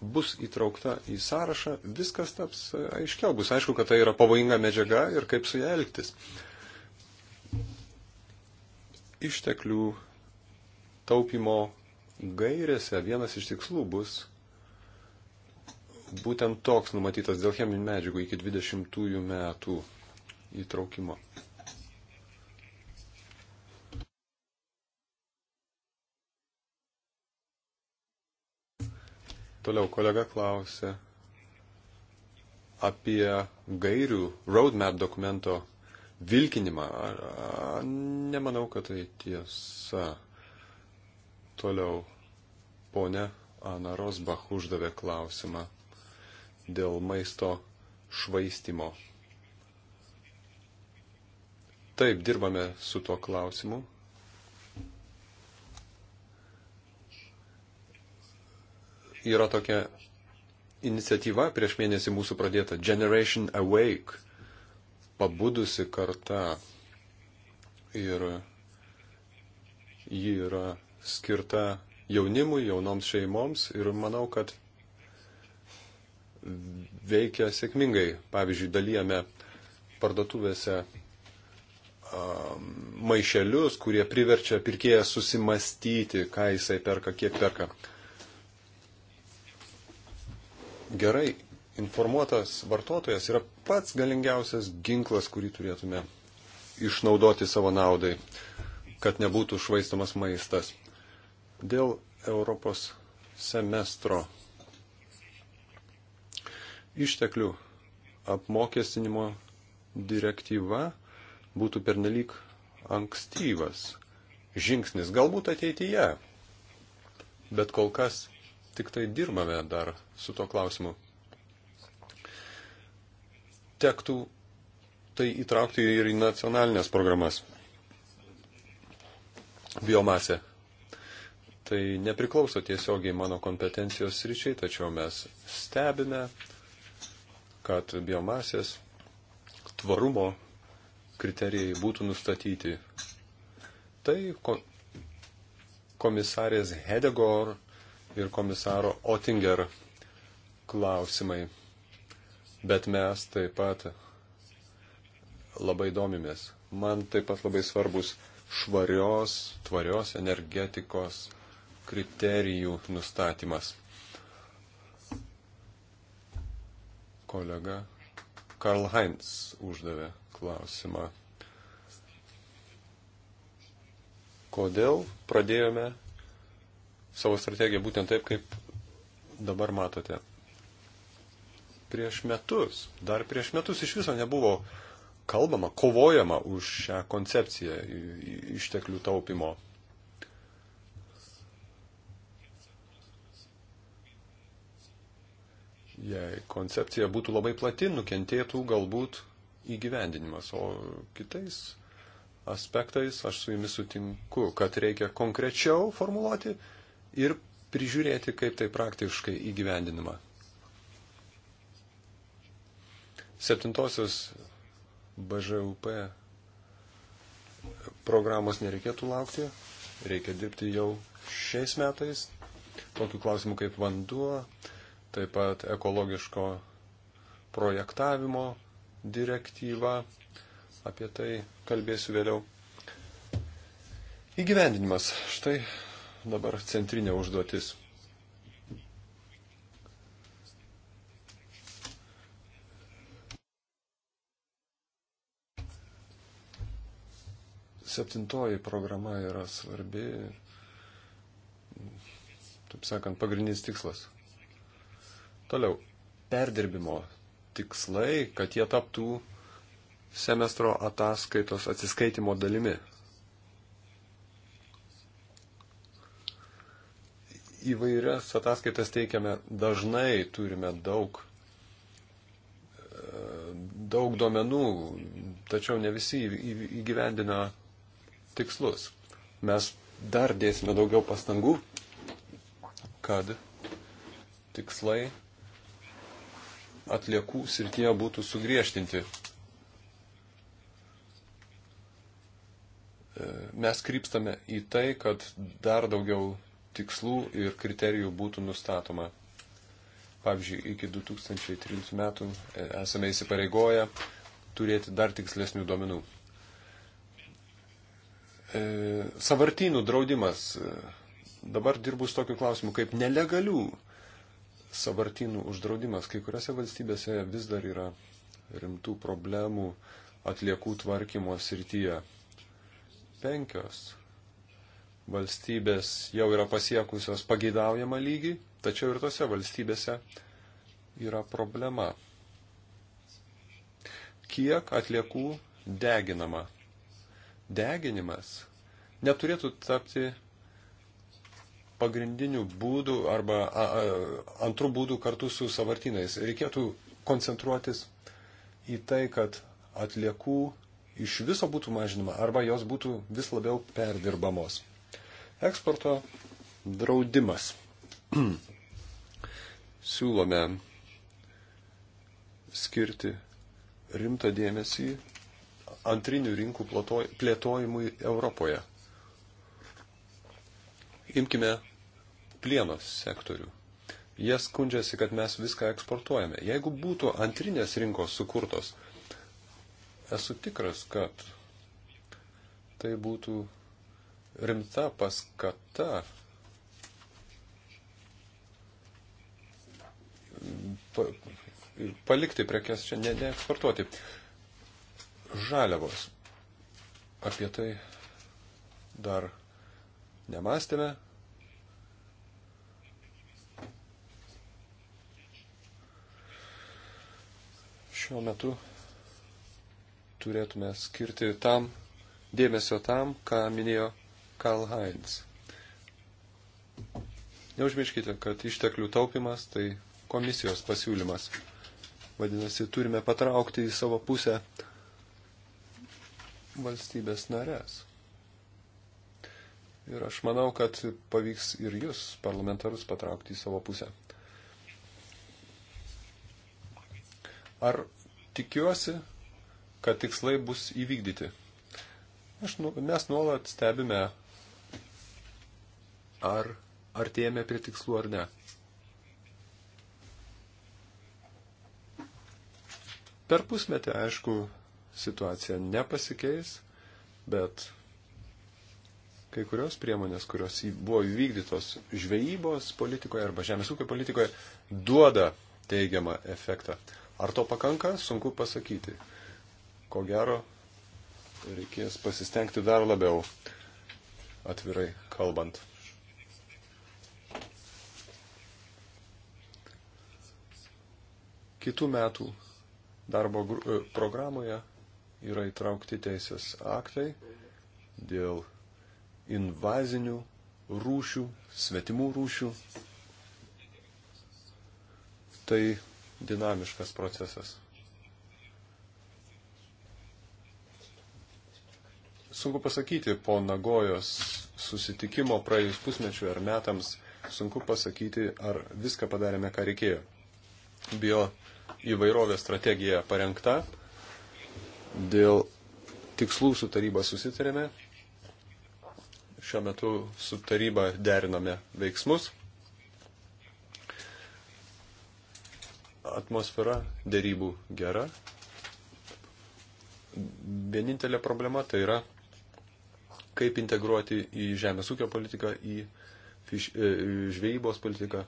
bus įtraukta į sąrašą, viskas taps e, aiškiau. Bus aišku, kad tai yra pavojinga medžiaga ir kaip su ją elgtis. Išteklių taupimo gairėse vienas iš tikslų bus būtent toks numatytas dėl cheminių medžiagų iki 20 metų įtraukimo. Toliau kolega klausė apie gairių roadmap dokumento vilkinimą. Nemanau, kad tai tiesa. Toliau ponė Ana Rosbach uždavė klausimą dėl maisto švaistimo. Taip, dirbame su tuo klausimu yra tokia iniciatyva prieš mėnesį mūsų pradėta Generation Awake, pabudusi karta. Ir ji yra skirta jaunimui, jaunoms šeimoms ir manau, kad veikia sėkmingai. Pavyzdžiui, dalyjame parduotuvėse um, maišelius, kurie priverčia pirkėją susimastyti, ką jisai perka, kiek perka gerai informuotas vartotojas yra pats galingiausias ginklas, kurį turėtume išnaudoti savo naudai, kad nebūtų švaistamas maistas. Dėl Europos semestro išteklių apmokestinimo direktyva būtų pernelyg ankstyvas žingsnis, galbūt ateityje, bet kol kas tik tai dirbame dar su tuo klausimu. Tektų tai įtraukti ir į nacionalinės programas. Biomasė. Tai nepriklauso tiesiogiai mano kompetencijos ryčiai, tačiau mes stebime, kad biomasės tvarumo kriterijai būtų nustatyti. Tai komisarės Hedegor ir komisaro Otinger klausimai. Bet mes taip pat labai domimės. Man taip pat labai svarbus švarios, tvarios energetikos kriterijų nustatymas. Kolega Karl Heinz uždavė klausimą. Kodėl pradėjome savo strategiją būtent taip, kaip dabar matote. Prieš metus, dar prieš metus iš viso nebuvo kalbama, kovojama už šią koncepciją išteklių taupimo. Jei koncepcija būtų labai plati, nukentėtų galbūt įgyvendinimas, o kitais aspektais aš su jumis sutinku, kad reikia konkrečiau formuluoti ir prižiūrėti, kaip tai praktiškai įgyvendinama. Septintosios BŽUP programos nereikėtų laukti, reikia dirbti jau šiais metais. Tokių klausimų kaip vanduo, taip pat ekologiško projektavimo direktyva, apie tai kalbėsiu vėliau. Įgyvendinimas. Štai dabar centrinė užduotis. Septintoji programa yra svarbi, taip sakant, pagrindinis tikslas. Toliau, perdirbimo tikslai, kad jie taptų semestro ataskaitos atsiskaitimo dalimi. įvairias ataskaitas teikiame dažnai, turime daug, e, daug duomenų, tačiau ne visi įgyvendina tikslus. Mes dar dėsime daugiau pastangų, kad tikslai atliekų srityje būtų sugriežtinti. E, mes krypstame į tai, kad dar daugiau tikslų ir kriterijų būtų nustatoma. Pavyzdžiui, iki 2013 metų e, esame įsipareigoję turėti dar tikslesnių duomenų. E, savartynų draudimas. E, dabar dirbu su tokiu klausimu, kaip nelegalių savartynų uždraudimas. Kai kuriuose valstybėse vis dar yra rimtų problemų atliekų tvarkymo srityje. Penkios valstybės jau yra pasiekusios pageidaujamą lygį, tačiau ir tose valstybėse yra problema. Kiek atliekų deginama? Deginimas neturėtų tapti pagrindinių būdų arba a, a, antrų būdų kartu su savartinais. Reikėtų koncentruotis į tai, kad atliekų iš viso būtų mažinama arba jos būtų vis labiau perdirbamos. Eksporto draudimas. Siūlome skirti rimtą dėmesį antrinių rinkų plėtojimui Europoje. Imkime plieno sektorių. Jie skundžiasi, kad mes viską eksportuojame. Jeigu būtų antrinės rinkos sukurtos, esu tikras, kad tai būtų rimta paskata pa, palikti prekes čia, ne, neeksportuoti. Žaliavos. Apie tai dar nemastėme. Šiuo metu turėtume skirti tam dėmesio tam, ką minėjo Karl Heinz. Neužmirškite, kad išteklių taupimas tai komisijos pasiūlymas. Vadinasi, turime patraukti į savo pusę valstybės narės. Ir aš manau, kad pavyks ir jūs, parlamentarus, patraukti į savo pusę. Ar tikiuosi, kad tikslai bus įvykdyti? Aš, nu, mes nuolat stebime ar artėjame prie tikslų ar ne. Per pusmetį, aišku, situacija nepasikeis, bet kai kurios priemonės, kurios buvo įvykdytos žvejybos politikoje arba žemės ūkio politikoje, duoda teigiamą efektą. Ar to pakanka, sunku pasakyti. Ko gero, reikės pasistengti dar labiau, atvirai kalbant. Kitų metų darbo e, programoje yra įtraukti teisės aktai dėl invazinių rūšių, svetimų rūšių. Tai dinamiškas procesas. Sunku pasakyti po Nagojos susitikimo praėjus pusmečiu ar metams, sunku pasakyti, ar viską padarėme, ką reikėjo bio įvairovės strategija parengta. Dėl tikslų su taryba susitarėme. Šiuo metu su taryba deriname veiksmus. Atmosfera dėrybų gera. Vienintelė problema tai yra, kaip integruoti į žemės ūkio politiką, į e, žvejybos politiką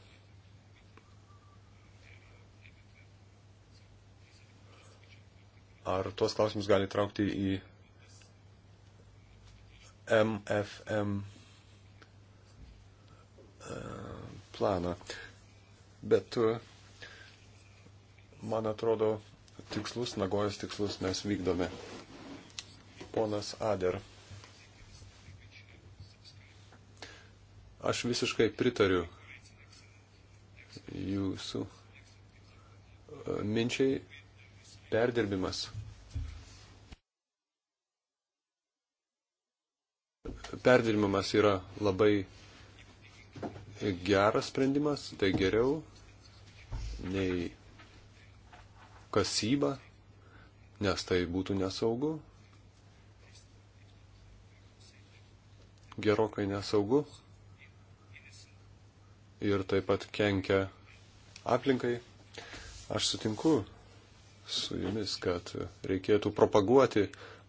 ar tuos klausimus gali traukti į MFM e, planą. Bet e, man atrodo, tikslus, Nagojos tikslus mes vykdome. Ponas Ader. Aš visiškai pritariu jūsų e, minčiai perdirbimas. Perdirbimas yra labai geras sprendimas, tai geriau nei kasyba, nes tai būtų nesaugu. Gerokai nesaugu. Ir taip pat kenkia aplinkai. Aš sutinku su jumis, kad reikėtų propaguoti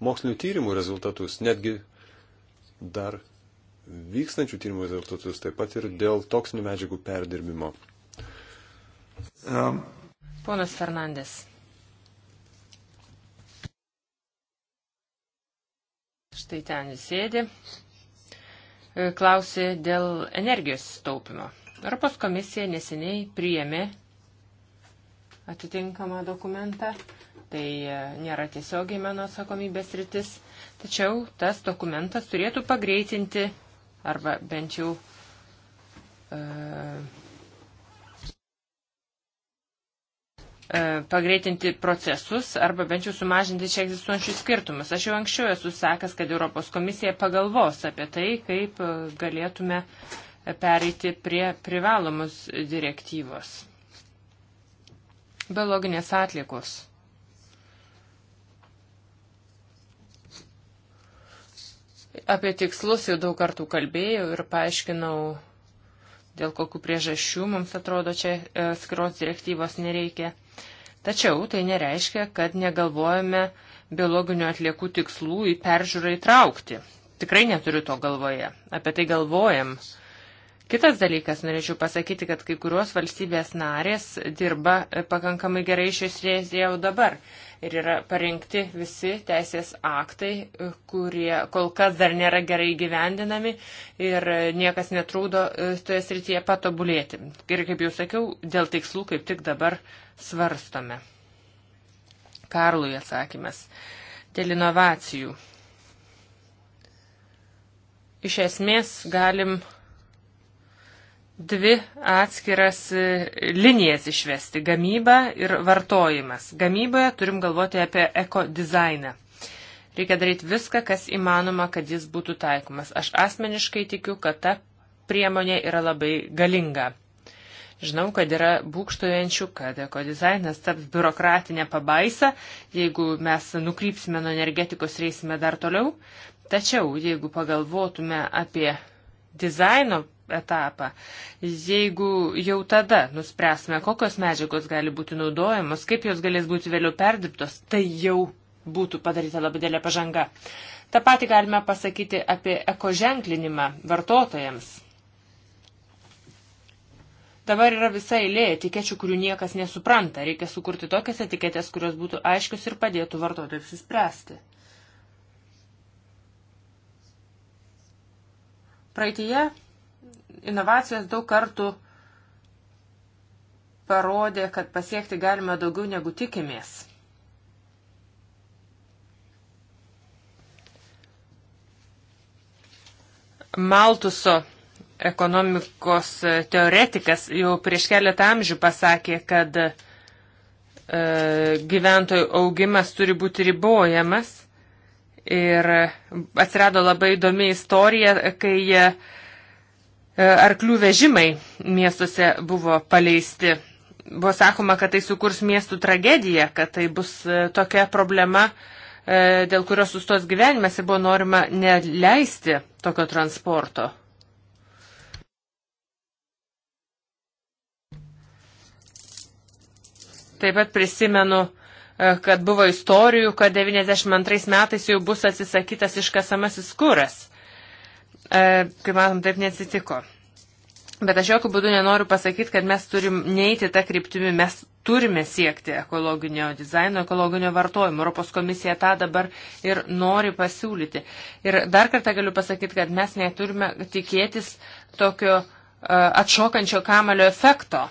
mokslinių tyrimų rezultatus, netgi dar vykstančių tyrimų rezultatus, taip pat ir dėl toksinių medžiagų perdirbimo. Um. Ponas Fernandės. Štai ten jis sėdi. E, klausė dėl energijos taupimo. Europos komisija neseniai priėmė atitinkamą dokumentą. Tai e, nėra tiesiogiai mano atsakomybės rytis. Tačiau tas dokumentas turėtų pagreitinti arba bent jau uh, pagreitinti procesus arba bent jau sumažinti čia egzistuojančius skirtumus. Aš jau anksčiau esu sakęs, kad Europos komisija pagalvos apie tai, kaip galėtume pereiti prie privalomus direktyvos. Biologinės atliekos. Apie tikslus jau daug kartų kalbėjau ir paaiškinau, dėl kokių priežasčių mums atrodo čia e, skiros direktyvos nereikia. Tačiau tai nereiškia, kad negalvojame biologinių atliekų tikslų į peržiūrą įtraukti. Tikrai neturiu to galvoje. Apie tai galvojam. Uh, Kitas dalykas, norėčiau pasakyti, kad kai kurios valstybės narės dirba pakankamai gerai šios rės jau dabar. Ir yra parengti visi teisės aktai, kurie kol kas dar nėra gerai gyvendinami ir niekas netrūdo e, toje srityje patobulėti. Ir kaip jau sakiau, dėl tikslų kaip tik dabar svarstome. Karlui atsakymas. Dėl inovacijų. Iš esmės galim dvi atskiras e, linijas išvesti - gamyba ir vartojimas. Gamyboje turim galvoti apie ekodizainą. Reikia daryti viską, kas įmanoma, kad jis būtų taikomas. Aš asmeniškai tikiu, kad ta priemonė yra labai galinga. Žinau, kad yra būkštojančių, kad ekodizainas taps biurokratinė pabaisa, jeigu mes nukrypsime nuo energetikos reisime dar toliau. Tačiau, jeigu pagalvotume apie dizaino etapą. Jeigu jau tada nuspręsime, kokios medžiagos gali būti naudojamos, kaip jos galės būti vėliau perdirbtos, tai jau būtų padaryta labai dėlė pažanga. Ta pati galime pasakyti apie ekoženklinimą vartotojams. Dabar yra visa eilė etikečių, kurių niekas nesupranta. Reikia sukurti tokias etiketės, kurios būtų aiškios ir padėtų vartotojui apsispręsti. Praeitie Inovacijos daug kartų parodė, kad pasiekti galima daugiau negu tikimės. Maltuso ekonomikos teoretikas jau prieš keletą amžių pasakė, kad e, gyventojų augimas turi būti ribojamas. Ir atsirado labai įdomi istorija, kai e, E, arklių vežimai miestuose buvo paleisti. Buvo sakoma, kad tai sukurs miestų tragediją, kad tai bus e, tokia problema, e, dėl kurios sustos gyvenimas ir buvo norima neleisti tokio transporto. Taip pat prisimenu, kad buvo istorijų, kad 92 metais jau bus atsisakytas iškasamasis kuras. E, kaip matom, taip neatsitiko. Bet aš jokių būdų nenoriu pasakyti, kad mes turim neiti tą kryptimį, mes turime siekti ekologinio dizaino, ekologinio vartojimo. Europos komisija tą dabar ir nori pasiūlyti. Ir dar kartą galiu pasakyti, kad mes neturime tikėtis tokio uh, atšokančio kamalio efekto.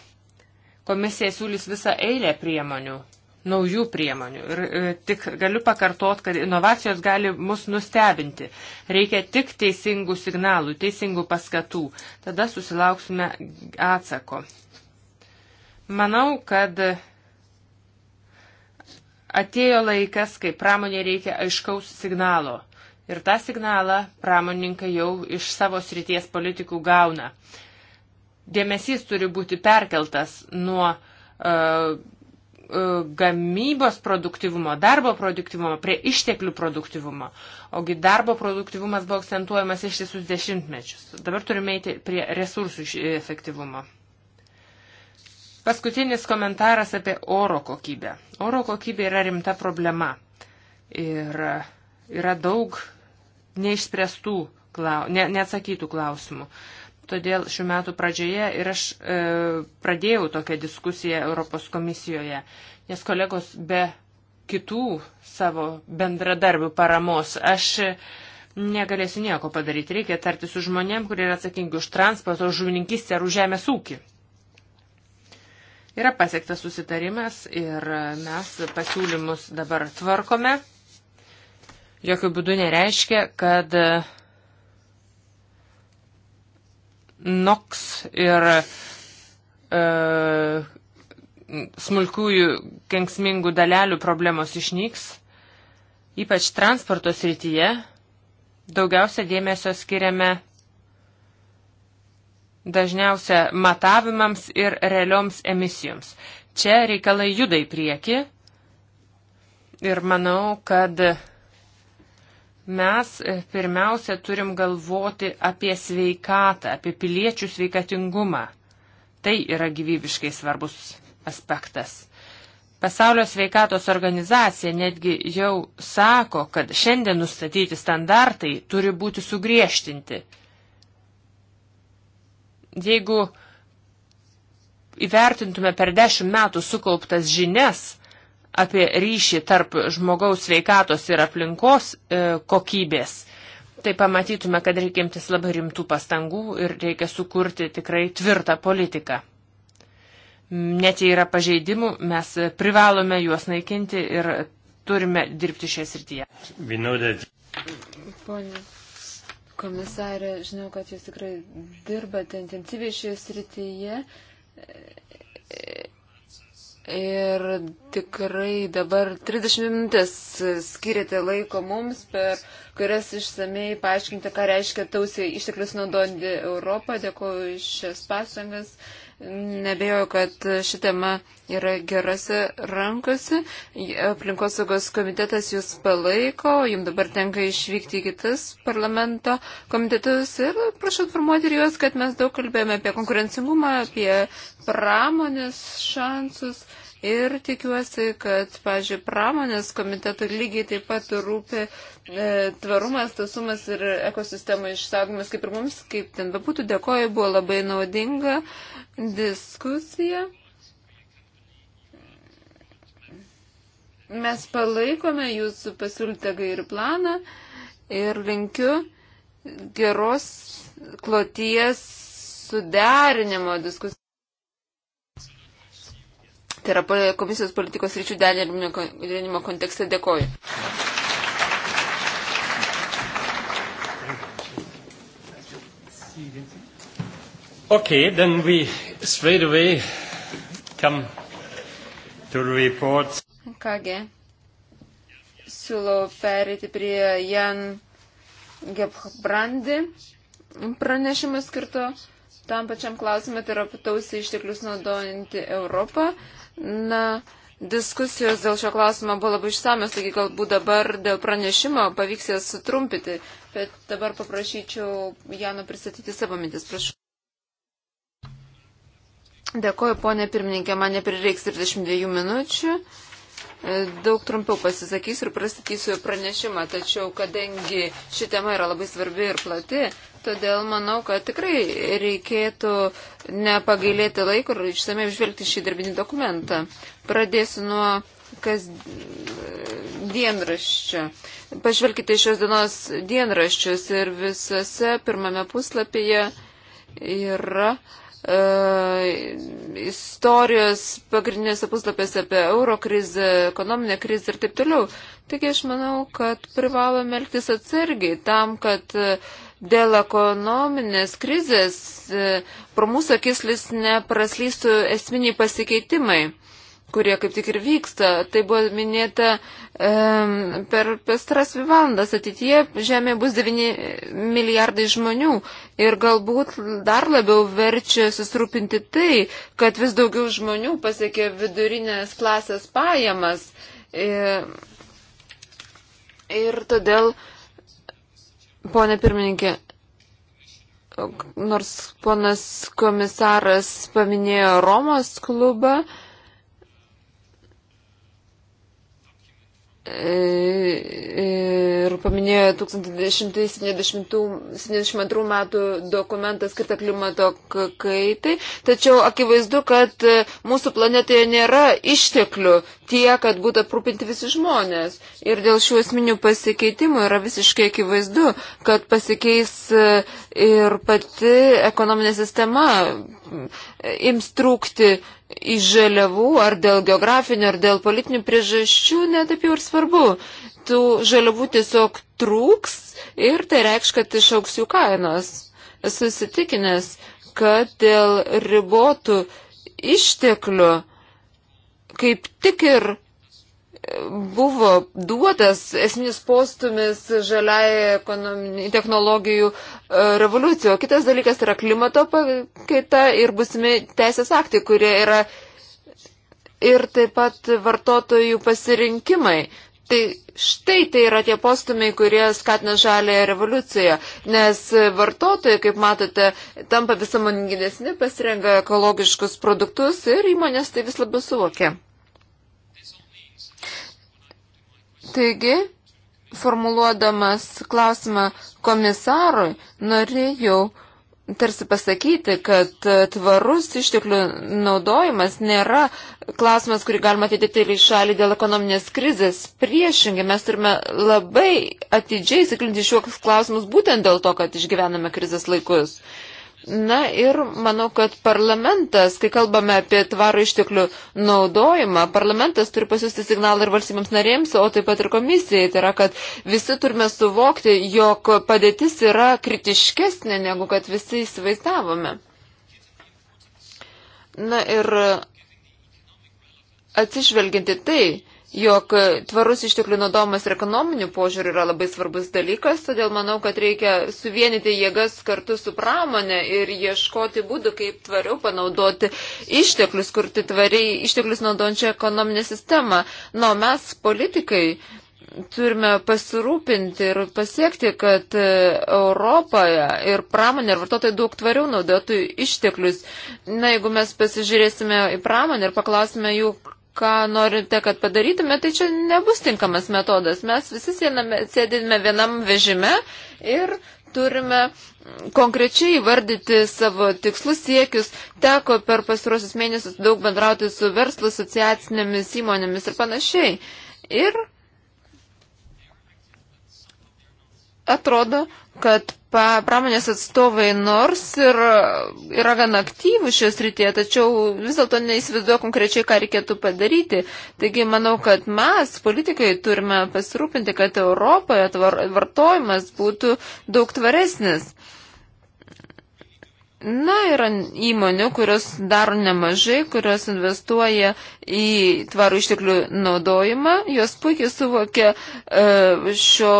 Komisija siūlys visą eilę priemonių naujų priemonių. Ir e, tik galiu pakartot, kad inovacijos gali mus nustebinti. Reikia tik teisingų signalų, teisingų paskatų. Tada susilauksime atsako. Manau, kad atėjo laikas, kai pramonė reikia aiškaus signalo. Ir tą signalą pramoninkai jau iš savo srities politikų gauna. Dėmesys turi būti perkeltas nuo uh, E, gamybos produktivumo, darbo produktivumo, prie išteklių produktivumo. Ogi darbo produktivumas buvo akcentuojamas ištisus dešimtmečius. Dabar turime eiti prie resursų efektyvumo. Paskutinis komentaras apie oro kokybę. Oro kokybė yra rimta problema. Ir yra daug neišspręstų, klau, ne, neatsakytų klausimų. Uh, Todėl šių metų pradžioje ir aš e, pradėjau tokią diskusiją Europos komisijoje, nes kolegos be kitų savo bendradarbių paramos aš negalėsiu nieko padaryti. Reikia tarti su žmonėm, kurie yra atsakingi už transportą, už žuvininkistę ar už žemės ūkį. Yra pasiektas susitarimas ir mes pasiūlymus dabar tvarkome. Jokių būdų nereiškia, kad e, NOX ir e, smulkiųjų kenksmingų dalelių problemos išnyks, ypač transporto srityje, daugiausia dėmesio skiriame dažniausia matavimams ir realioms emisijoms. Čia reikalai juda į priekį ir manau, kad Mes e, pirmiausia turim galvoti apie sveikatą, apie piliečių sveikatingumą. Tai yra gyvybiškai svarbus aspektas. Pasaulio sveikatos organizacija netgi jau sako, kad šiandien nustatyti standartai turi būti sugriežtinti. Jeigu įvertintume per dešimt metų sukauptas žinias, apie ryšį tarp žmogaus sveikatos ir aplinkos e, kokybės, tai pamatytume, kad reikia imtis labai rimtų pastangų ir reikia sukurti tikrai tvirtą politiką. Net jei yra pažeidimų, mes privalome juos naikinti ir turime dirbti šią srityje. Pone komisarė, žinau, kad jūs tikrai dirbate intensyviai šioje srityje Ir tikrai dabar 30 minutės skiriate laiko mums, per kurias išsamei paaiškinti, ką reiškia tausiai išteklius naudojant Europą. Dėkuoju šias pasangas Nebejoju, kad ši tema yra gerose rankose. Aplinkosaugos komitetas jūs palaiko, jums dabar tenka išvykti į kitas parlamento komitetus ir prašau informuoti ir juos, kad mes daug kalbėjome apie konkurencingumą, apie pramonės šansus Ir tikiuosi, kad, pažiūrėjau, pramonės komitetų lygiai taip pat rūpi e, tvarumas, tasumas ir ekosistemų išsaugomas, kaip ir mums, kaip ten bebūtų. Dėkoju, buvo labai naudinga diskusija. Mes palaikome jūsų pasiūlytą gairių planą ir linkiu geros kloties suderinimo diskusijos. Tai yra komisijos politikos ryčių derinimo kontekste dėkoju. Okay, then we straight away come to the reports. Kągi, siūlau perėti prie Jan Gebbrandi pranešimą skirto tam pačiam klausimui, tai yra tausiai išteklius naudojanti Europą. Na, diskusijos dėl šio klausimo buvo labai išsamios, taigi galbūt dabar dėl pranešimo pavyks jas sutrumpyti, bet dabar paprašyčiau Jano pristatyti savo mintis, prašau. Dėkoju, ponė pirmininkė, man neprireiks 32 minučių. E, daug trumpiau pasisakysiu ir pristatysiu pranešimą, tačiau kadangi ši tema yra labai svarbi ir plati, todėl manau, kad tikrai reikėtų nepagailėti laiko ir išsamei apžvelgti šį darbinį dokumentą. Pradėsiu nuo kas e, dienraščio. Pažvelkite šios dienos dienraščius ir visose pirmame puslapyje yra. Uh, E, istorijos pagrindinėse puslapėse apie euro krizę, ekonominę krizę ir taip toliau. Taigi aš manau, kad privalome elgtis atsargiai tam, kad e, dėl ekonominės krizės e, pro mūsų akislis nepraslystų esminiai pasikeitimai kurie kaip tik ir vyksta. Tai buvo minėta um, per pastras valandas. Ateityje Žemė bus 9 milijardai žmonių ir galbūt dar labiau verčia susirūpinti tai, kad vis daugiau žmonių pasiekė vidurinės klasės pajamas. Ir, e, ir todėl, ponė pirmininkė, nors ponas komisaras paminėjo Romos klubą, uh, E, ir paminėjo 1972 metų dokumentą skirtą klimato kaitai, tačiau akivaizdu, kad mūsų planetoje nėra išteklių tie, kad būtų aprūpinti visi žmonės. Ir dėl šių esminių pasikeitimų yra visiškai akivaizdu, kad pasikeis e, ir pati ekonominė sistema, ims trūkti iš žaliavų ar dėl geografinių, ar dėl politinių priežasčių, net apie ir svarbu. Tų žaliavų tiesiog trūks ir tai reikš, kad išauks jų kainos. Esu įsitikinęs, kad dėl ribotų išteklių kaip tik ir buvo duotas esminis postumis žaliai technologijų e, revoliucijų. O kitas dalykas yra klimato kaita ir busimi teisės aktai, kurie yra ir taip pat vartotojų pasirinkimai. Tai štai tai yra tie postumiai, kurie skatina žalę revoliuciją, nes vartotojai, kaip matote, tampa visamoningesni, pasirenka ekologiškus produktus ir įmonės tai vis labiau suvokia. Taigi, formuluodamas klausimą komisarui, norėjau tarsi pasakyti, kad tvarus išteklių naudojimas nėra klausimas, kurį galima atidėti į šalį dėl ekonominės krizės. Priešingai, mes turime labai atidžiai įsiklinti šiuos klausimus būtent dėl to, kad išgyvename krizės laikus. Na ir manau, kad parlamentas, kai kalbame apie tvarų išteklių naudojimą, parlamentas turi pasiūsti signalą ir valstybėms narėms, o taip pat ir komisijai. Tai yra, kad visi turime suvokti, jog padėtis yra kritiškesnė, negu kad visi įsivaizdavome. Na ir atsižvelginti tai, jog tvarus išteklių naudojimas ir ekonominių požiūrių yra labai svarbus dalykas, todėl manau, kad reikia suvienyti jėgas kartu su pramonė ir ieškoti būdų, kaip tvariau panaudoti išteklius, kurti tvariai išteklius naudojančią ekonominę sistemą. Na, nu, mes politikai turime pasirūpinti ir pasiekti, kad e, Europoje ir pramonė ir vartotojai daug tvariau naudotų išteklius. Na, jeigu mes pasižiūrėsime į pramonę ir paklausime jų, ką norite, kad padarytume, tai čia nebus tinkamas metodas. Mes visi sėdame, sėdime vienam vežime ir turime konkrečiai įvardyti savo tikslus siekius. Teko per pasirosius mėnesius daug bendrauti su verslo asociacinėmis įmonėmis ir panašiai. Ir atrodo, kad pramonės atstovai nors ir e, yra gan aktyvų šios rytėje, tačiau vis dėlto neįsivaizduoju konkrečiai, ką reikėtų padaryti. Taigi manau, kad mes, politikai, turime pasirūpinti, kad Europoje vartojimas būtų daug tvaresnis. Na, yra įmonių, kurios daro nemažai, kurios investuoja į tvarų išteklių naudojimą. Jos puikiai suvokia e, šio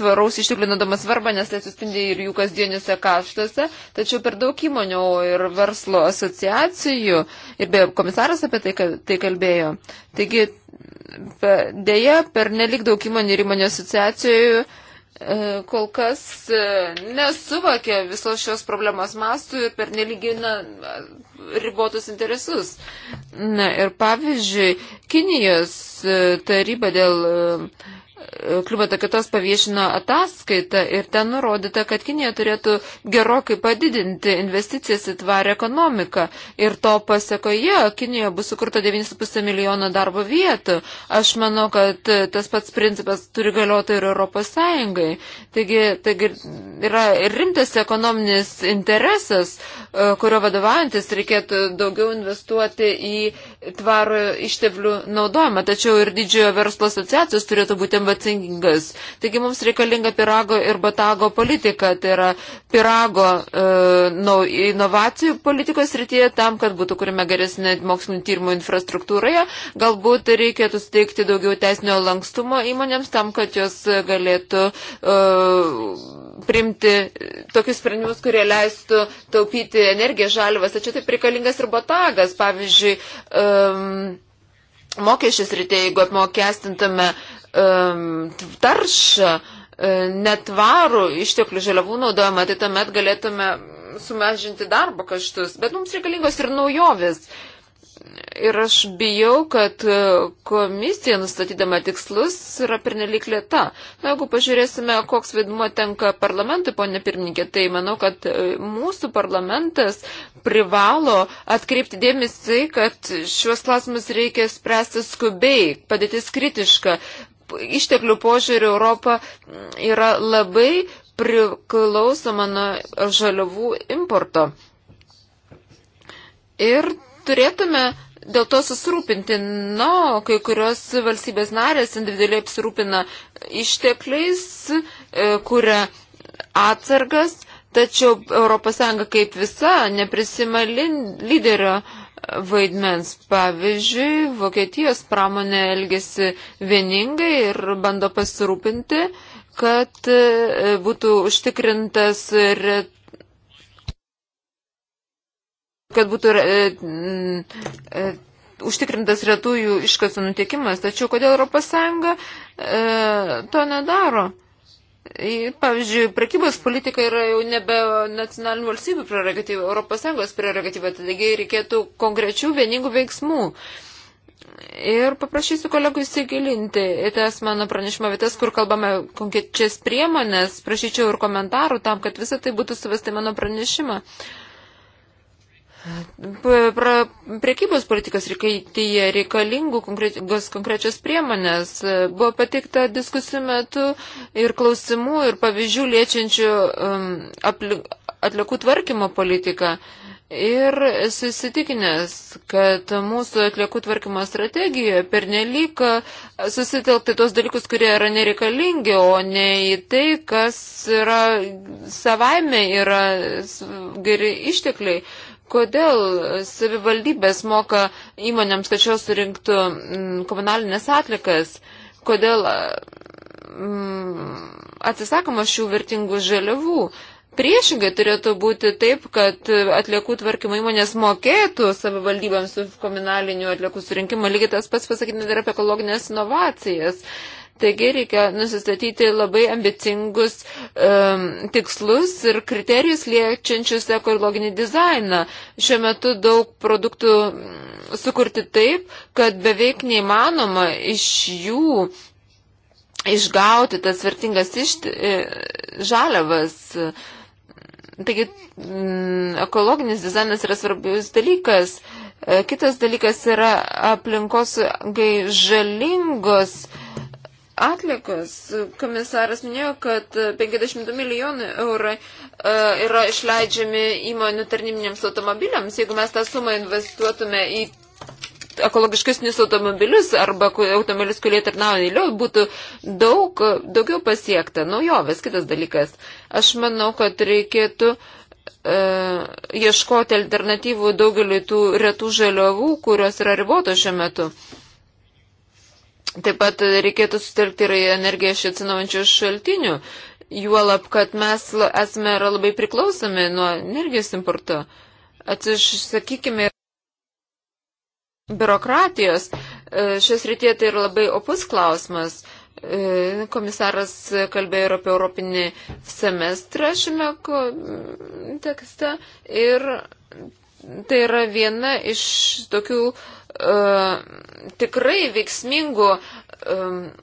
tvaraus išteklių naudojimo svarbą, nes tai atsispindi ir jų kasdieniuose kaštuose. Tačiau per daug įmonių ir verslo asociacijų, ir be komisaras apie tai, tai kalbėjo. Taigi, dėja, per nelik daug įmonių ir įmonių asociacijų E, kol kas e, nesuvokia visos šios problemos mastų ir per neligina ribotus interesus. Na, ir pavyzdžiui, Kinijos e, taryba dėl klimato kitos paviešino ataskaitą ir ten nurodyta, kad Kinija turėtų gerokai padidinti investicijas į tvarę ekonomiką ir to pasiekoje Kinijoje bus sukurta 9,5 milijono darbo vietų. Aš manau, kad tas pats principas turi galioti ir Europos Sąjungai. Taigi, taigi yra rimtas ekonominis interesas, e, kurio vadovaujantis reikėtų daugiau investuoti į tvarų išteblių naudojimą, tačiau ir didžiojo verslo asociacijos turėtų būti ambicingas. Taigi mums reikalinga pirago ir batago politika, tai yra pirago e, inovacijų politikos rytyje tam, kad būtų kurime geresnė mokslinio tyrimų infrastruktūroje. Galbūt reikėtų steigti daugiau teisinio lankstumo įmonėms tam, kad jos galėtų e, primti e, tokius sprendimus, kurie leistų taupyti energiją žalvas, tačiau taip reikalingas ir botagas, pavyzdžiui, um, mokesčius rytė, jeigu apmokestintume um, taršą, e, netvarų išteklių žaliavų naudojimą, tai tuomet galėtume sumažinti darbo kaštus. Bet mums reikalingos ir naujovės. Uh, Ir aš bijau, kad e, komisija, nustatydama tikslus, yra pernelik lėta. Na, jeigu pažiūrėsime, koks vaidmuo tenka parlamentui, ponė pirmininkė, tai manau, kad e, mūsų parlamentas privalo atkreipti dėmesį, kad šiuos klausimus reikia spręsti skubiai, padėtis kritiška. Išteklių požiūrį Europą yra labai priklausoma nuo žaliavų importo. Ir turėtume dėl to susirūpinti. Na, kai kurios valstybės narės individualiai apsirūpina ištekliais, e, kuria atsargas, tačiau ES kaip visa neprisima lyderio vaidmens. Pavyzdžiui, Vokietijos pramonė elgesi vieningai ir bando pasirūpinti, kad e, būtų užtikrintas retas kad būtų e, e, užtikrintas retųjų iškasenų tiekimas. Tačiau kodėl ES e, to nedaro? Pavyzdžiui, prekybos politika yra jau nebe nacionalinių valstybių prerogatyva, ES prerogatyva, taigi reikėtų konkrečių vieningų veiksmų. Ir paprašysiu kolegų įsigilinti į tas mano pranešimo vietas, kur kalbame konkrečias priemonės, prašyčiau ir komentarų tam, kad visą tai būtų suvesti mano pranešimą. Uh, Pra, priekybos politikos reikaityje tai reikalingų konkrečios priemonės. Buvo patikta diskusijų metu ir klausimų, ir pavyzdžių liečiančių um, atliekų tvarkymo politiką. Ir susitikinęs, kad mūsų atliekų tvarkymo strategijoje pernelyg susitelkti tos dalykus, kurie yra nereikalingi, o ne į tai, kas yra savaime yra geri ištekliai. Kodėl savivaldybės moka įmonėms, kad šios surinktų mm, komunalinės atlikas? Kodėl mm, atsisakoma šių vertingų žaliavų? Priešingai turėtų būti taip, kad atliekų tvarkymo įmonės mokėtų savivaldybėms su komunaliniu atliekų surinkimu. Lygiai tas pats pasakyti ir apie ekologinės inovacijas. Uh, Taigi reikia nusistatyti labai ambicingus um, tikslus ir kriterijus liečiančius ekologinį dizainą. Šiuo metu daug produktų mm, sukurti taip, kad beveik neįmanoma iš jų išgauti tas vertingas išti, e, žaliavas. Taigi mm, ekologinis dizainas yra svarbus dalykas. E, kitas dalykas yra aplinkos žalingos atlikos. Komisaras minėjo, kad 52 milijonai eurų yra išleidžiami įmonių tarnybiniams automobiliams. Jeigu mes tą sumą investuotume į ekologiškesnius automobilius arba automobilius, kurie tarnauja ilgiau, būtų daug, daugiau pasiekta. Naujovės, kitas dalykas. Aš manau, kad reikėtų uh, ieškoti alternatyvų daugeliu tų retų žaliavų, kurios yra ribotos šiuo metu. Uh, Taip pat reikėtų sutelkti ir energiją iš atsinaujančių šaltinių, juolab, kad mes esame labai priklausomi nuo energijos importo. Atsižsakykime biurokratijos. E, šios rytie tai yra labai opus klausimas. E, komisaras kalbėjo ir apie Europinį semestrą šiame tekste ir tai yra viena iš tokių E, tikrai veiksmingų e,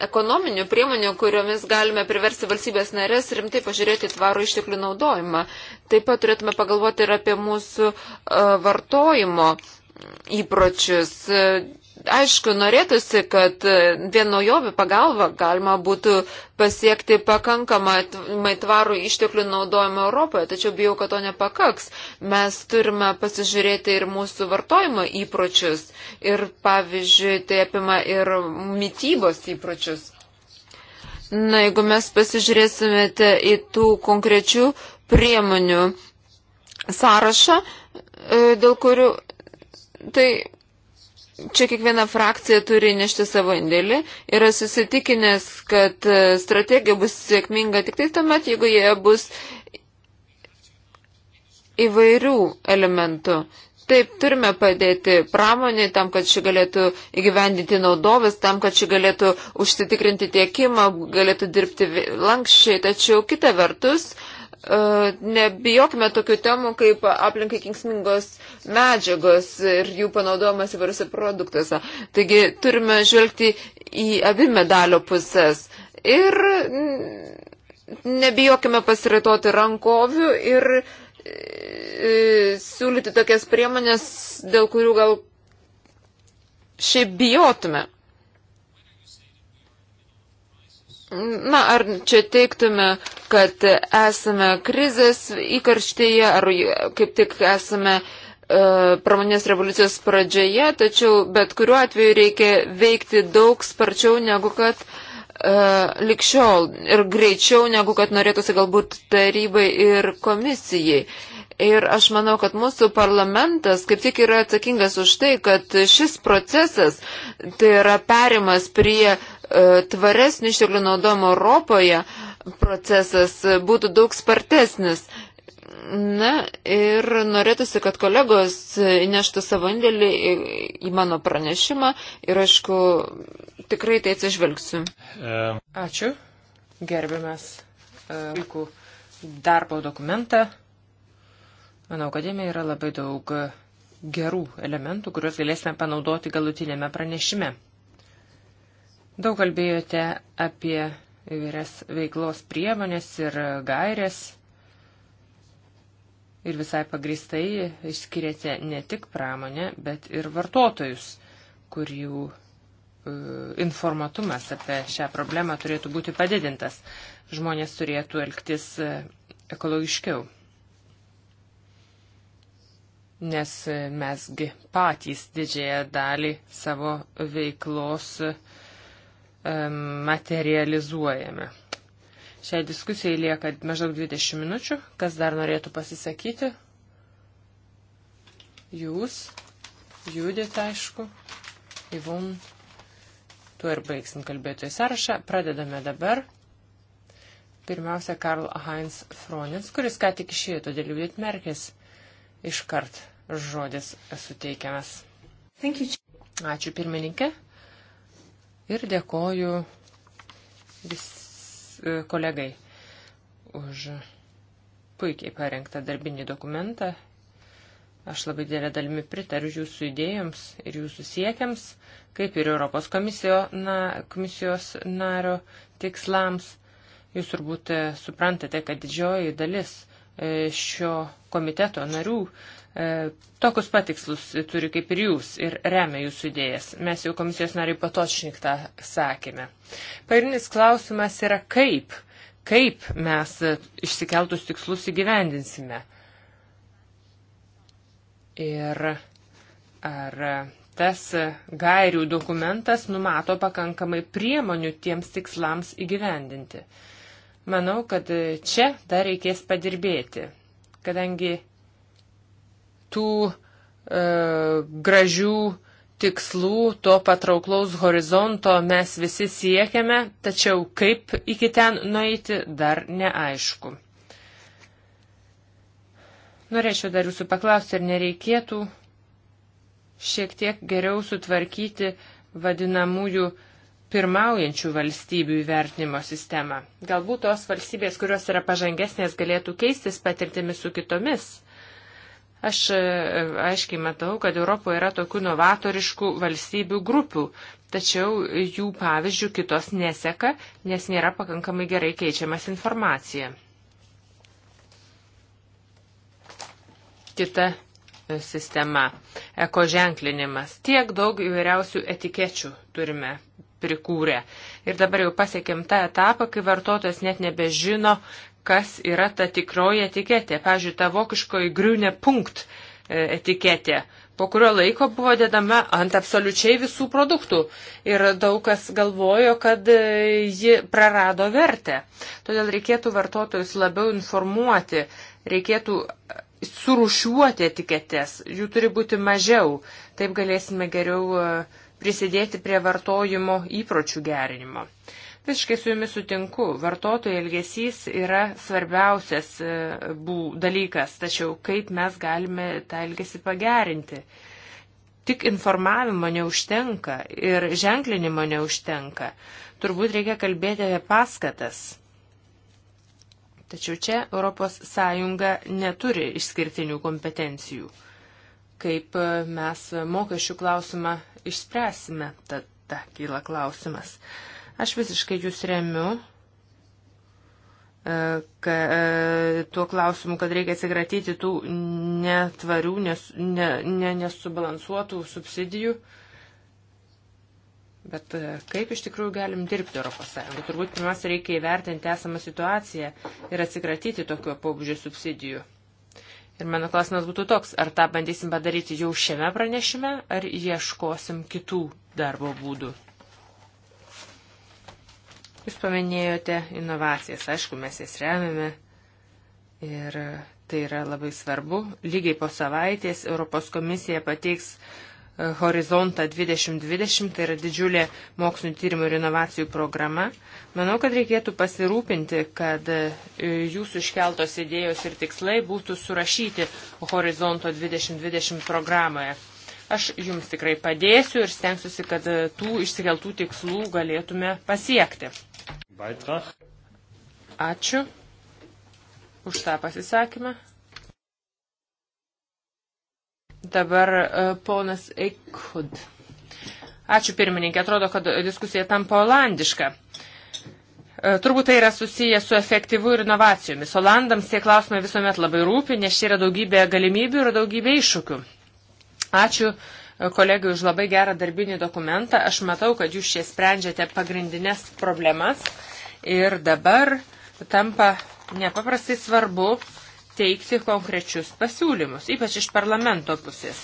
ekonominių priemonių, kuriomis galime priversti valstybės narės rimtai pažiūrėti tvarų išteklių naudojimą. Taip pat turėtume pagalvoti ir apie mūsų e, vartojimo įpročius. Aišku, norėtųsi, kad e, vien naujovių pagalba galima būtų pasiekti pakankamai tvarų išteklių naudojimą Europoje, tačiau bijau, kad to nepakaks. Mes turime pasižiūrėti ir mūsų vartojimo įpročius ir, pavyzdžiui, tai apima ir mytybos įpročius. Na, jeigu mes pasižiūrėsimėte į tų konkrečių priemonių sąrašą, e, dėl kurių tai čia kiekviena frakcija turi nešti savo indėlį ir esu įsitikinęs, kad e, strategija bus sėkminga tik tai tuomet, jeigu jie bus įvairių elementų. Taip, turime padėti pramonį tam, kad ši galėtų įgyvendinti naudovės, tam, kad ši galėtų užsitikrinti tiekimą, galėtų dirbti lankščiai, tačiau kita vertus, uh, E, nebijokime tokių temų kaip aplinkai kingsmingos medžiagos ir jų panaudojimas įvairiuose produktuose. Taigi turime žvelgti į abi medalio pusės. Ir nebijokime pasiretoti rankovių ir e, siūlyti tokias priemonės, dėl kurių gal šiaip bijotume. Na, ar čia teiktume, kad esame krizės įkarštėje, ar kaip tik esame e, pramonės revoliucijos pradžioje, tačiau bet kuriuo atveju reikia veikti daug sparčiau negu kad uh, e, likščiol ir greičiau negu kad norėtųsi galbūt tarybai ir komisijai. Ir aš manau, kad mūsų parlamentas kaip tik yra atsakingas už tai, kad šis procesas, tai yra perimas prie uh, E, tvaresnio išteklių naudojimo Europoje procesas būtų daug spartesnis. Na ir norėtųsi, kad kolegos neštų savo indėlį į, į mano pranešimą ir aišku, tikrai tai atsižvelgsiu. Ačiū. Gerbiamas e, vaikų darbo dokumentą. Manau, kad jame yra labai daug gerų elementų, kuriuos galėsime panaudoti galutinėme pranešime. Daug kalbėjote apie įvairias veiklos priemonės ir gairės. Ir visai pagristai išskiriate ne tik pramonę, bet ir vartotojus, kurių e, informatumas apie šią problemą turėtų būti padidintas. Žmonės turėtų elgtis e, ekologiškiau. Nes e, mesgi patys didžiąją dalį savo veiklos uh, materializuojame. Šiai diskusijai lieka maždaug 20 minučių. Kas dar norėtų pasisakyti? Jūs, Judit, aišku, Ivon. Tuo ir baigsim kalbėtojų sąrašą. Pradedame dabar. Pirmiausia, Karl Heinz Fronins, kuris ką tik išėjo, todėl Judit Merkis iškart žodis suteikiamas. Ačiū pirmininkė ir dėkoju vis e, kolegai už puikiai parengtą darbinį dokumentą. Aš labai dėlė dalimi pritariu jūsų idėjoms ir jūsų siekiams, kaip ir Europos komisijo, na, komisijos nario tikslams. Jūs turbūt e, suprantate, kad didžioji dalis e, šio komiteto narių E, tokius patikslus turi kaip ir jūs ir remia jūsų idėjas. Mes jau komisijos nariai patočnik tą sakėme. Pagrindinis klausimas yra kaip, kaip mes išsikeltus tikslus įgyvendinsime. Ir ar tas gairių dokumentas numato pakankamai priemonių tiems tikslams įgyvendinti. Manau, kad čia dar reikės padirbėti, kadangi tų e, gražių tikslų, to patrauklaus horizonto mes visi siekiame, tačiau kaip iki ten nueiti dar neaišku. Norėčiau dar jūsų paklausti, ar nereikėtų šiek tiek geriau sutvarkyti vadinamųjų pirmaujančių valstybių įvertinimo sistemą. Galbūt tos valstybės, kurios yra pažangesnės, galėtų keistis patirtimis su kitomis Aš e, aiškiai matau, kad Europoje yra tokių novatoriškų valstybių grupių, tačiau jų pavyzdžių kitos neseka, nes nėra pakankamai gerai keičiamas informacija. Kita e, sistema - ekoženklinimas. Tiek daug įvairiausių etikečių turime prikūrę. Ir dabar jau pasiekėm tą etapą, kai vartotojas net nebežino, kas yra ta tikroji etiketė. Pavyzdžiui, ta vokiškoji griūne punkt e, etiketė, po kurio laiko buvo dedama ant absoliučiai visų produktų. Ir daug kas galvojo, kad e, ji prarado vertę. Todėl reikėtų vartotojus labiau informuoti, reikėtų surušiuoti etiketes, jų turi būti mažiau. Taip galėsime geriau e, prisidėti prie vartojimo įpročių gerinimo. Visiškai su jumis sutinku, vartotojų elgesys yra svarbiausias e, bū, dalykas, tačiau kaip mes galime tą elgesį pagerinti. Tik informavimo neužtenka ir ženklinimo neužtenka. Turbūt reikia kalbėti apie paskatas. Tačiau čia ES neturi išskirtinių kompetencijų. Kaip e, mes mokesčių klausimą išspręsime, tada kyla klausimas. Aš visiškai jūs remiu e, ka, e, tuo klausimu, kad reikia atsigratyti tų netvarių, nes, ne, ne, nesubalansuotų subsidijų. Bet e, kaip iš tikrųjų galim dirbti ES? Turbūt pirmiausia reikia įvertinti esamą situaciją ir atsikratyti tokio pobūdžio subsidijų. Ir mano klausimas būtų toks, ar tą bandysim padaryti jau šiame pranešime, ar ieškosim kitų darbo būdų. Jūs paminėjote inovacijas, aišku, mes jas remiame ir tai yra labai svarbu. Lygiai po savaitės Europos komisija pateiks e, Horizontą 2020, tai yra didžiulė mokslinio tyrimų ir inovacijų programa. Manau, kad reikėtų pasirūpinti, kad e, jūsų iškeltos idėjos ir tikslai būtų surašyti Horizonto 2020 programoje. Aš jums tikrai padėsiu ir stengsiuosi, kad e, tų išsikeltų tikslų galėtume pasiekti. Beitrag. Ačiū už tą pasisakymą. Dabar e, ponas Eikhud. Ačiū pirmininkė, atrodo, kad diskusija tampa olandiška. E, turbūt tai yra susiję su efektyvu ir inovacijomis. Olandams tie klausimai visuomet labai rūpi, nes čia yra daugybė galimybių ir daugybė iššūkių. Ačiū kolegai už labai gerą darbinį dokumentą. Aš matau, kad jūs čia sprendžiate pagrindinės problemas ir dabar tampa nepaprastai svarbu teikti konkrečius pasiūlymus, ypač iš parlamento pusės.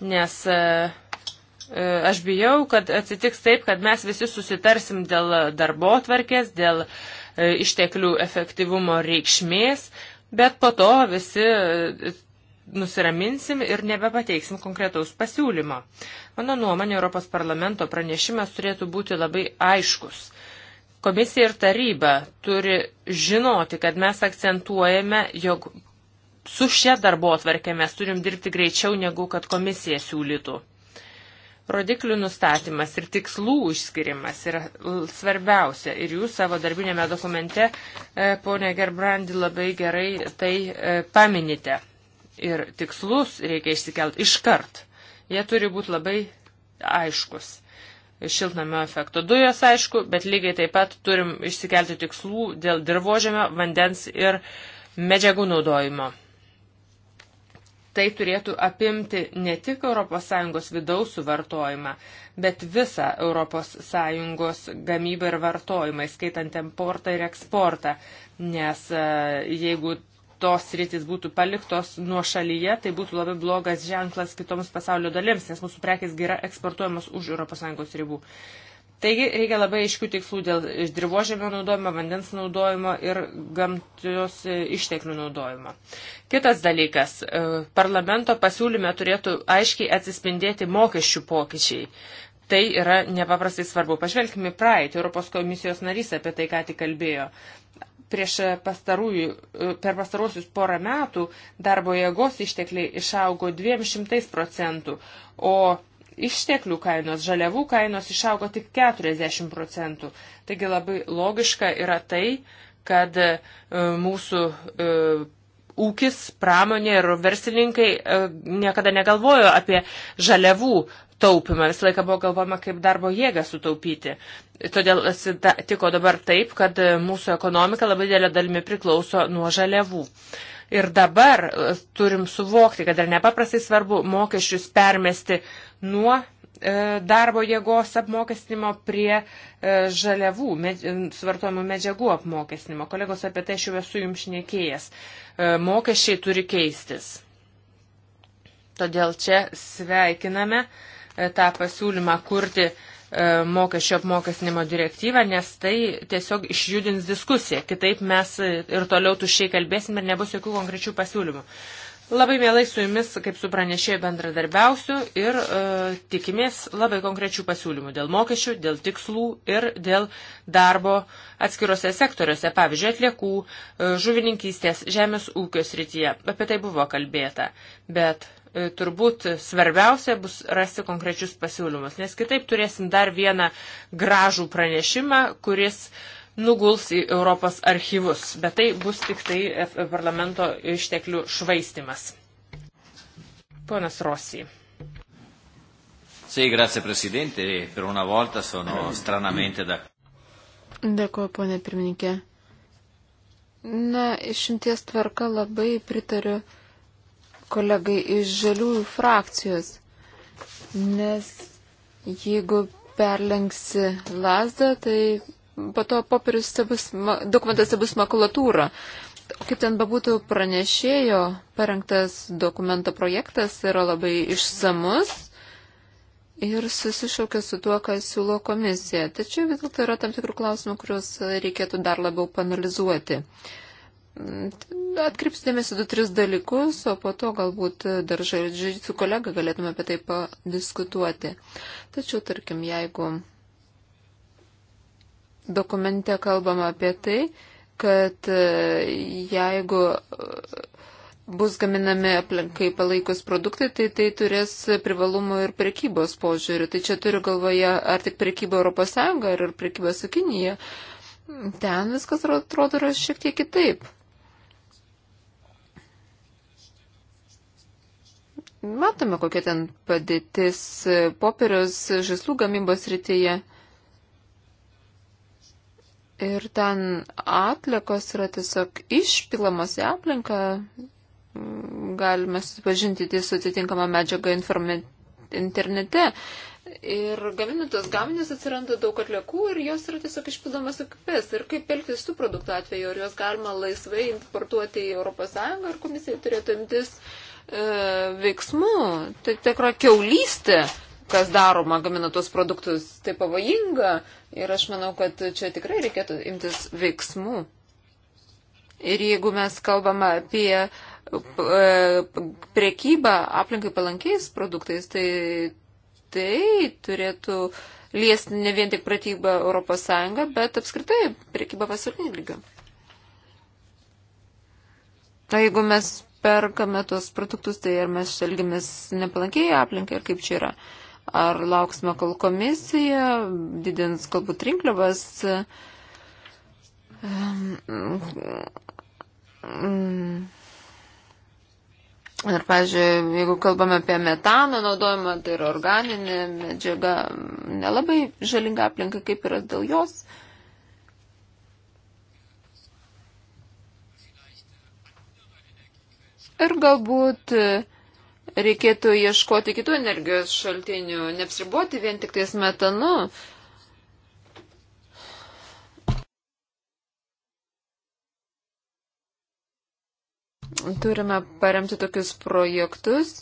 Nes e, e, aš bijau, kad atsitiks taip, kad mes visi susitarsim dėl darbo tvarkės, dėl e, išteklių efektyvumo reikšmės, bet po to visi nusiraminsim ir nebepateiksim konkretaus pasiūlymo. Mano nuomonė, Europos parlamento pranešimas turėtų būti labai aiškus. Komisija ir taryba turi žinoti, kad mes akcentuojame, jog su šia darbo atvarkė mes turim dirbti greičiau, negu kad komisija siūlytų. Rodiklių nustatymas ir tikslų išskirimas yra svarbiausia. Ir jūs savo darbinėme dokumente, e, ponė Gerbrandi, labai gerai tai e, paminite ir tikslus reikia išsikelt iškart. Jie turi būti labai aiškus. Šiltnamio efekto dujos, aišku, bet lygiai taip pat turim išsikelti tikslų dėl dirbožėmio, vandens ir medžiagų naudojimo. Tai turėtų apimti ne tik ES vidaus suvartojimą, bet visą ES gamybą ir vartojimą, skaitant importą ir eksportą. Nes e, jeigu tos rytis būtų paliktos nuo šalyje, tai būtų labai blogas ženklas kitoms pasaulio dalims, nes mūsų prekės yra eksportuojamos už ES ribų. Taigi reikia labai aiškių tikslų dėl dirbožėmio naudojimo, vandens naudojimo ir gamtos e, išteklių naudojimo. Kitas dalykas, e, parlamento pasiūlyme turėtų aiškiai atsispindėti mokesčių pokyčiai. Tai yra nepaprastai svarbu. Pažvelkime praeitį, Europos komisijos narys apie tai ką tik kalbėjo prieš e, pastarųjų, e, per pastarosius porą metų darbo jėgos ištekliai išaugo 200 procentų, o išteklių kainos, žaliavų kainos išaugo tik 40 procentų. Taigi labai logiška yra tai, kad e, mūsų ūkis, pramonė ir verslininkai niekada negalvojo apie žaliavų taupimą. Visą laiką buvo galvojama, kaip darbo jėgą sutaupyti. Todėl atsitiko dabar taip, kad mūsų ekonomika labai dėlė dalimi priklauso nuo žaliavų. Ir dabar e, turim suvokti, kad yra nepaprastai svarbu mokesčius permesti nuo e, darbo jėgos apmokestinimo prie e, žaliavų, med, suvartojimų medžiagų apmokestinimo. Kolegos, apie tai aš jau esu jums šnekėjęs. Mokesčiai turi keistis. Todėl čia sveikiname uh, E, tą pasiūlymą kurti e, mokesčio apmokestinimo direktyvą, nes tai tiesiog išjudins diskusiją. Kitaip mes ir toliau tušiai kalbėsim ir nebus jokių konkrečių pasiūlymų. Labai mielai su jumis, kaip su pranešėjai, bendradarbiausiu ir e, tikimės labai konkrečių pasiūlymų dėl mokesčių, dėl tikslų ir dėl darbo atskirose sektoriuose, pavyzdžiui, atliekų, e, žuvininkystės, žemės ūkio srityje. Apie tai buvo kalbėta, bet e, turbūt svarbiausia bus rasti konkrečius pasiūlymus, nes kitaip turėsim dar vieną gražų pranešimą, kuris e, nuguls į Europos archyvus, bet tai bus tik tai parlamento išteklių švaistimas. Ponas Rosijai. Sì, grazie Presidente, per una volta sono stranamente da... Dėkuoju, ponė pirmininkė. Na, išimties tvarka labai pritariu kolegai iš žaliųjų frakcijos, nes jeigu perlenksi lasdą, tai po to popierius bus, dokumentas bus makulatūra. Kaip ten bebūtų pranešėjo, parengtas dokumento projektas yra labai išsamus ir susišaukia su tuo, ką siūlo komisija. Tačiau vis dėlto yra tam tikrų klausimų, kuriuos reikėtų dar labiau panalizuoti. Atkreipsiu dėmesį du, tris dalykus, o po to galbūt dar žaidžiu su kolega galėtume apie tai padiskutuoti. Tačiau, tarkim, jeigu Dokumente kalbama apie tai, kad e, jeigu e, bus gaminami aplinkai palaikus produktai, tai tai turės privalumų ir prekybos požiūrį. Tai čia turiu galvoje ar tik prekyba ES ar ir prekyba su Kinija. Ten viskas atrodo yra šiek tiek kitaip. Matome, kokia ten padėtis e, popieriaus žaislų gamybos rytyje. Ir ten atlikos yra tiesiog išpilamos į aplinką. Galime susipažinti su atitinkama medžiaga internete. Ir gaminant tos gaminius atsiranda daug atliekų ir jos yra tiesiog išpildomas akipės. Ir kaip elgtis tų produktų atveju, ar juos galima laisvai importuoti į ES, ar komisija turėtų imtis e, veiksmų. Tai tikra keulystė kas daroma, gamina tuos produktus, tai pavojinga ir aš manau, kad čia tikrai reikėtų imtis veiksmų. Ir jeigu mes kalbame apie e, prekybą aplinkai palankiais produktais, tai tai turėtų liesti ne vien tik pratybą ES, bet apskritai prekybą pasaulinį lygą. Tai jeigu mes perkame tuos produktus, tai ar mes elgiamės nepalankiai aplinkai, ar kaip čia yra. Uh, Ar lauksime, kol komisija didins galbūt rinkliavas? Ir, mm, pažiūrėjau, jeigu kalbame apie metano naudojimą, tai yra organinė medžiaga, nelabai žalinga aplinka, kaip yra dėl jos. Ir galbūt uh, reikėtų ieškoti kitų energijos šaltinių, neapsiriboti vien tik tais metanu. Turime paremti tokius projektus,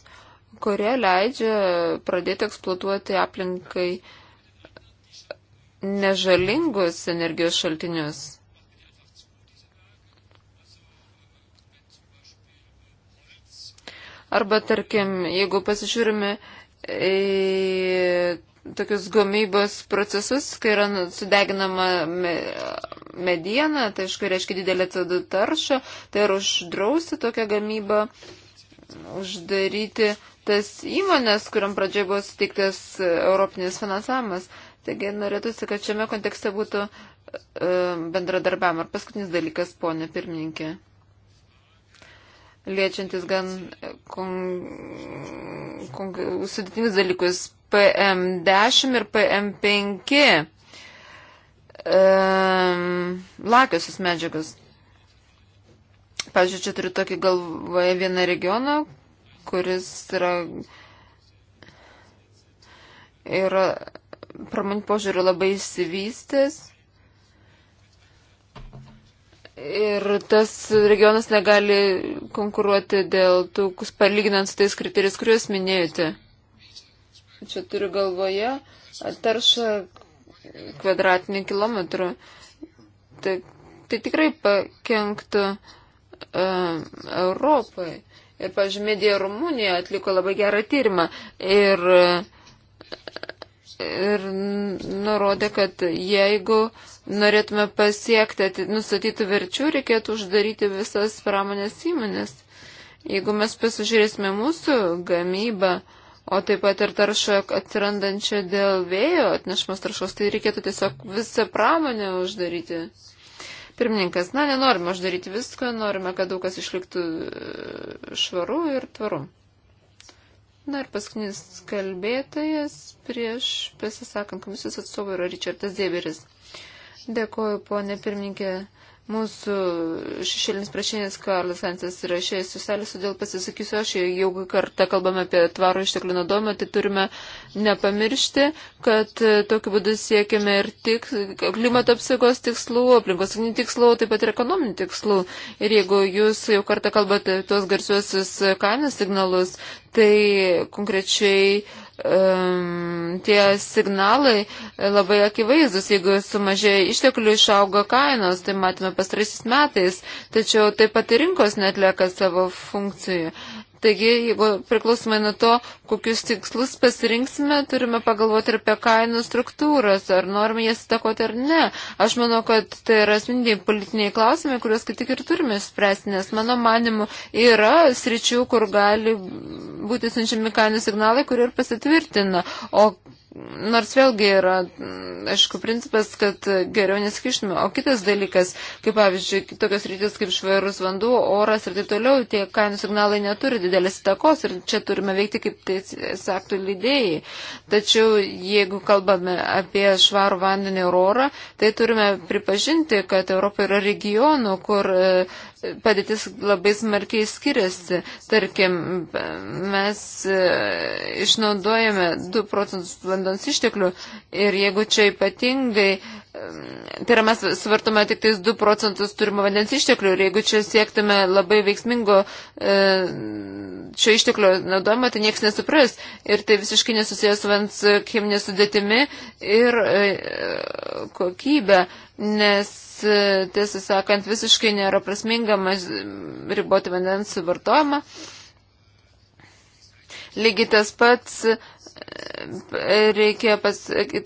kurie leidžia pradėti eksploatuoti aplinkai nežalingus energijos šaltinius. Arba, tarkim, jeigu pasižiūrime į tokius gamybos procesus, kai yra nu, sudeginama mediena, tai aišku, reiškia didelė CO2 tarša, tai yra uždrausti tokią gamybą, uždaryti tas įmonės, kuriam pradžioje buvo suteiktas europinis finansavimas. Taigi norėtųsi, kad šiame kontekste būtų e, bendradarbiam. Ar paskutinis dalykas, ponė pirmininkė? liečiantis gan e, sudėtingus dalykus PM10 ir PM5 um, lakiosios medžiagos. Pavyzdžiui, čia turiu tokį galvoje vieną regioną, kuris yra, yra pramonių požiūrių labai įsivystęs. Ir tas regionas negali konkuruoti dėl tų, palyginant su tais kriterijais, kuriuos minėjote. Čia turiu galvoje taršą kvadratinį kilometrą. Tai, tai tikrai pakenktų uh, Europai. Ir, pavyzdžiui, Medija Rumunija atliko labai gerą tyrimą ir, e, ir nurodė, kad jeigu uh, norėtume pasiekti nustatytų verčių, reikėtų uždaryti visas pramonės įmonės. Jeigu mes pasižiūrėsime mūsų gamybą, o taip pat ir taršą atsirandančią dėl vėjo atnešmas taršos, tai reikėtų tiesiog visą pramonę uždaryti. Pirmininkas, na, nenorime uždaryti visko, norime, kad daug kas išliktų e, švaru ir tvaru. Na ir paskutinis kalbėtojas prieš pasisakant komisijos atstovą yra Richardas Dėberis. Dėkuoju, ponė pirmininkė. Mūsų šešėlinis prašinės Karlas Hansas yra išėjęs iš salės, todėl pasisakysiu aš, jeigu kartą kalbame apie tvarų išteklių naudojimą, tai turime nepamiršti, kad tokiu būdu siekiame ir tik, klimato apsaugos tikslų, aplinkos tikslų, taip pat ir ekonominių tikslų. Ir jeigu jūs jau kartą kalbate tuos garsiuosius kainos signalus, tai konkrečiai uh, tie signalai labai akivaizdus. Jeigu sumažėja išteklių, išauga kainos, tai matome pastraisiais metais, tačiau taip pat ir rinkos netlieka savo funkcijų. E, Taigi, jeigu priklausomai nuo to, kokius tikslus pasirinksime, turime pagalvoti ir apie kainų struktūras, ar norime jas įtakoti ar ne. Aš manau, kad tai yra asmeniniai politiniai klausimai, kuriuos kaip tik ir turime spręsti, nes mano manimu yra sričių, kur gali būti siunčiami kainų signalai, kurie ir pasitvirtina. O nors vėlgi yra, aišku, principas, kad geriau nesikištume. O kitas dalykas, kaip pavyzdžiui, tokios rytis kaip švarus vanduo, oras ir taip toliau, tie kainų signalai neturi didelės įtakos ir čia turime veikti kaip teisės aktų lydėjai. Tačiau jeigu kalbame apie švarų vandenį ir orą, tai turime pripažinti, kad Europoje yra regionų, kur padėtis labai smarkiai skiriasi. Tarkim, mes e, išnaudojame 2 procentus vandens išteklių ir jeigu čia ypatingai, e, tai yra mes suvartome tik tais 2 procentus turimo vandens išteklių ir jeigu čia siektume labai veiksmingo e, šio išteklio naudojimo, tai niekas nesupras ir tai visiškai nesusijęs su vandens cheminė sudėtimi ir kokybė, nes E, tiesą sakant, visiškai nėra prasminga riboti vandens suvartojimą. Lygiai tas pats e, reikia, pas,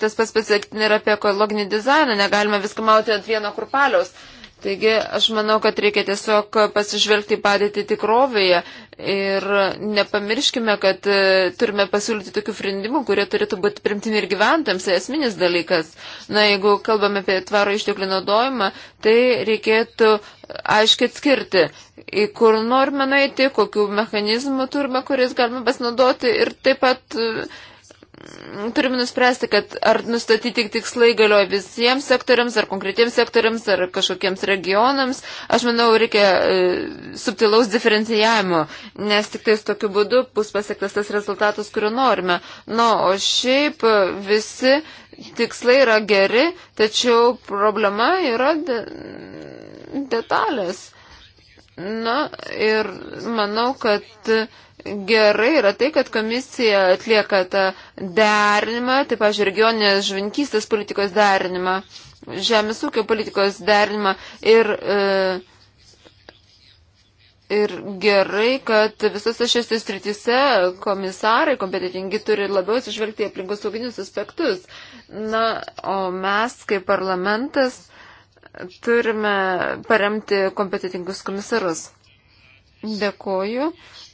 tas pats pasakyti ir apie ekologinį dizainą, negalime viską mauti ant vieno kurpaliaus. Uh, Taigi aš manau, kad reikia tiesiog pasižvelgti padėti tikrovėje ir nepamirškime, kad e, turime pasiūlyti tokių sprendimų, kurie turėtų būti primtini ir gyventams, tai esminis dalykas. Na, jeigu kalbame apie tvaro išteklių naudojimą, tai reikėtų aiškiai atskirti, į kur norime nueiti, kokiu mechanizmu turime, kuris galime pasinaudoti ir taip pat turime nuspręsti, kad ar nustatyti tikslai galioja visiems sektoriams, ar konkretiems sektoriams, ar kažkokiems regionams. Aš manau, reikia e, subtilaus diferencijavimo, nes tik tais tokiu būdu bus pasiektas tas rezultatas, kurio norime. Na, nu, o šiaip e, visi tikslai yra geri, tačiau problema yra de detalės. Na ir manau, kad gerai yra tai, kad komisija atlieka tą derinimą, taip pažiūrėjau, regioninės žvinkystės politikos derinimą, žemės ūkio politikos derinimą ir, e, ir gerai, kad visose šiose strityse komisarai kompetitingi turi labiau atsižvelgti aplinkos sauginius aspektus. Na, o mes kaip parlamentas turime paremti kompetitingus komisarus. Dėkoju.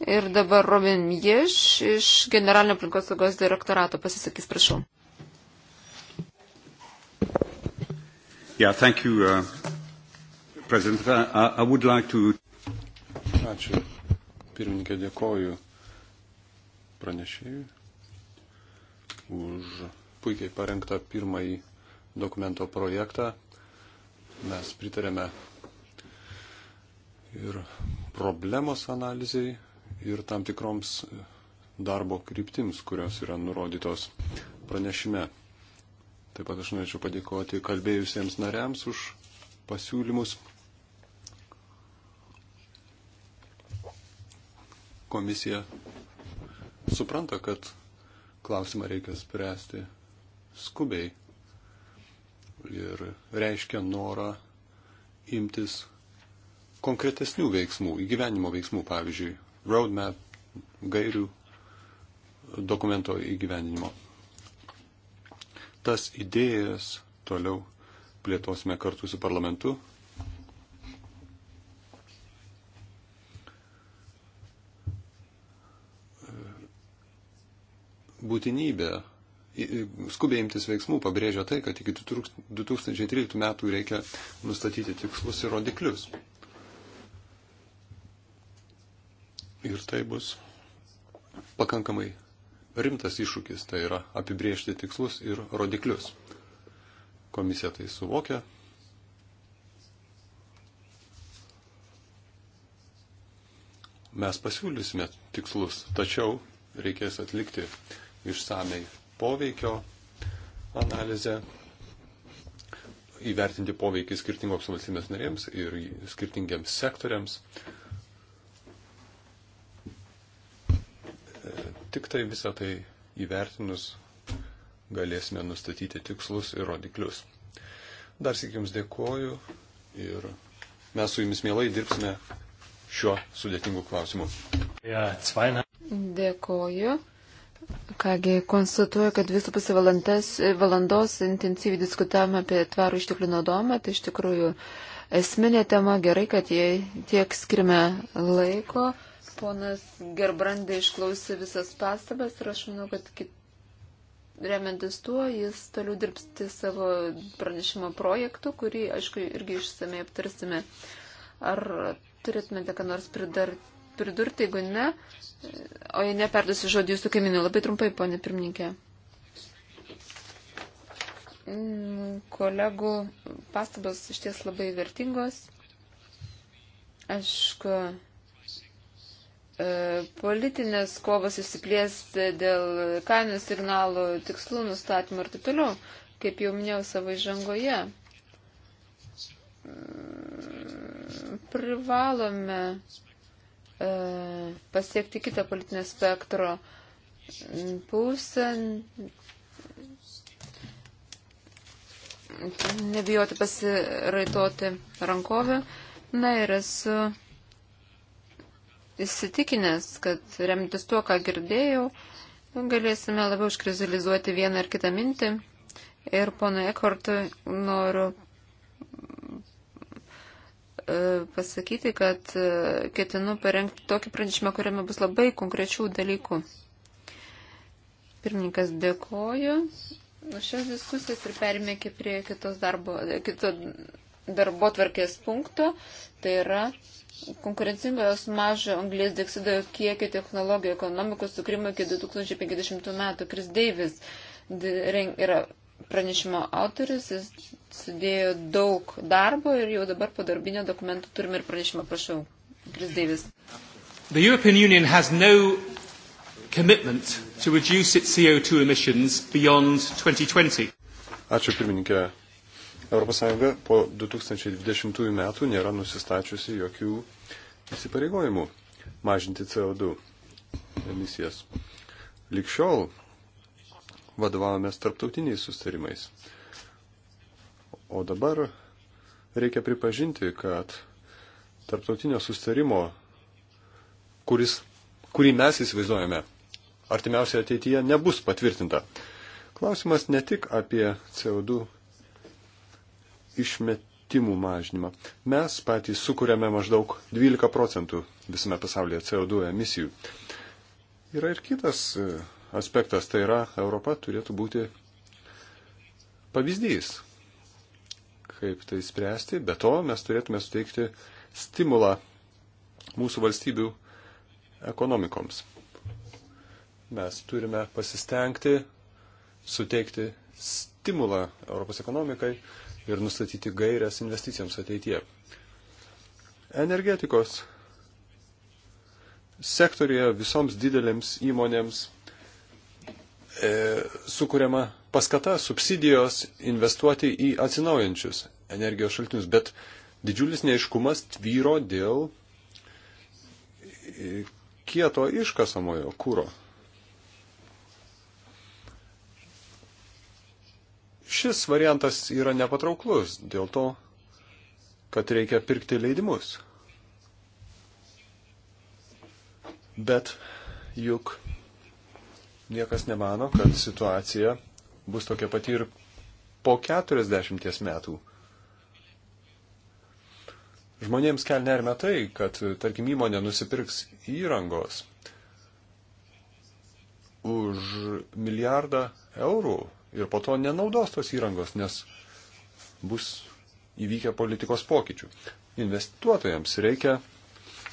Ir dabar Robin Jieš iš Generalinio aplinkos saugos direktorato pasisakys, prašau. Yeah, thank you, uh, President. I, I would like to... Ačiū. Pirmininkė, dėkoju pranešėjui už puikiai parengtą pirmąjį dokumento projektą. Mes pritarėme ir problemos analizai ir tam tikroms darbo kryptims, kurios yra nurodytos pranešime. Taip pat aš norėčiau padėkoti kalbėjusiems nariams už pasiūlymus. Komisija supranta, kad klausimą reikia spręsti skubiai ir reiškia norą imtis konkretesnių veiksmų, įgyvenimo veiksmų, pavyzdžiui, roadmap, gairių dokumento įgyvenimo. Tas idėjas toliau plėtosime kartu su parlamentu. Būtinybė skubiai imtis veiksmų pabrėžia tai, kad iki 2013 metų reikia nustatyti tikslus ir rodiklius. Ir tai bus pakankamai rimtas iššūkis, tai yra apibriežti tikslus ir rodiklius. Komisija tai suvokia. Mes pasiūlysime tikslus, tačiau reikės atlikti išsamei poveikio analizę, įvertinti poveikį skirtingoms valstybės narėms ir skirtingiams sektoriams, Tik tai visą tai įvertinus galėsime nustatyti tikslus ir rodiklius. Dar sėk Jums dėkoju ir mes su Jumis mielai dirbsime šiuo sudėtingu klausimu. Dėkoju. Kągi, konstatuoju, kad visų pusę e, valandos intensyviai diskutavome apie tvarų išteklių naudojimą. Tai iš tikrųjų esminė tema gerai, kad jie tiek skirime laiko. Ponas Gerbrandė išklausė visas pastabas ir aš manau, kad kit... remiantis tuo, jis toliau dirbs ties savo pranešimo projektu, kurį, aišku, irgi išsamei aptarsime. Ar turėtumėte ką nors pridar... pridurti, jeigu ne, o jei neperduosiu žodį jūsų kaimynui, labai trumpai, ponė pirmininkė. Mm, kolegų pastabos iš ties labai vertingos. Aišku, E, politinės kovos išsiplėsti dėl kainų signalų, tikslų nustatymų ir taip toliau, kaip jau minėjau savo įžangoje. Mm, privalome e, pasiekti kitą politinę spektro pusę, nebijoti pasiraitoti rankovę. Na ir esu. Su įsitikinęs, kad remtis tuo, ką girdėjau, galėsime labiau iškrizalizuoti vieną ar kitą mintį. Ir pono Ekortui noriu e, pasakyti, kad e, ketinu parengti tokį pranešimą, kuriame bus labai konkrečių dalykų. Pirmininkas dėkoju už šias diskusijas ir perimėki prie kitos darbo, kito darbo tvarkės punkto. Tai yra konkurencingos mažo anglės dioksido kiekio technologijų ekonomikos sukrimo iki 2050 metų. Chris Davis yra pranešimo autorius, jis sudėjo daug darbo ir jau dabar po darbinio dokumento turime ir pranešimą, prašau. Chris Davis. The European Union has no commitment to reduce its CO2 emissions beyond 2020. Ačiū pirmininkė. ES po 2020 metų nėra nusistačiusi jokių įsipareigojimų mažinti CO2 emisijas. Likščiol vadovavomės tarptautiniais sustarimais. O dabar reikia pripažinti, kad tarptautinio sustarimo, kuris, kurį mes įsivaizduojame, artimiausioje ateityje nebus patvirtinta. Klausimas ne tik apie CO2 išmetimų mažinimą. Mes patys sukūrėme maždaug 12 procentų visame pasaulyje CO2 emisijų. Yra ir kitas e, aspektas, tai yra Europa turėtų būti pavyzdys, kaip tai spręsti. Be to mes turėtume suteikti stimulą mūsų valstybių ekonomikoms. Mes turime pasistengti suteikti stimulą Europos ekonomikai, ir nustatyti gairias investicijoms ateityje. Energetikos sektorija visoms didelėms įmonėms e, sukūriama paskata, subsidijos investuoti į atsinaujančius energijos šaltinius, bet didžiulis neiškumas tvyro dėl e, kieto iškasamojo kūro. Šis variantas yra nepatrauklus dėl to, kad reikia pirkti leidimus. Bet juk niekas nemano, kad situacija bus tokia pati ir po 40 metų. Žmonėms kel nerime tai, kad, tarkim, įmonė nusipirks įrangos už milijardą eurų ir po to nenaudos tos įrangos, nes bus įvykę politikos pokyčių. Investuotojams reikia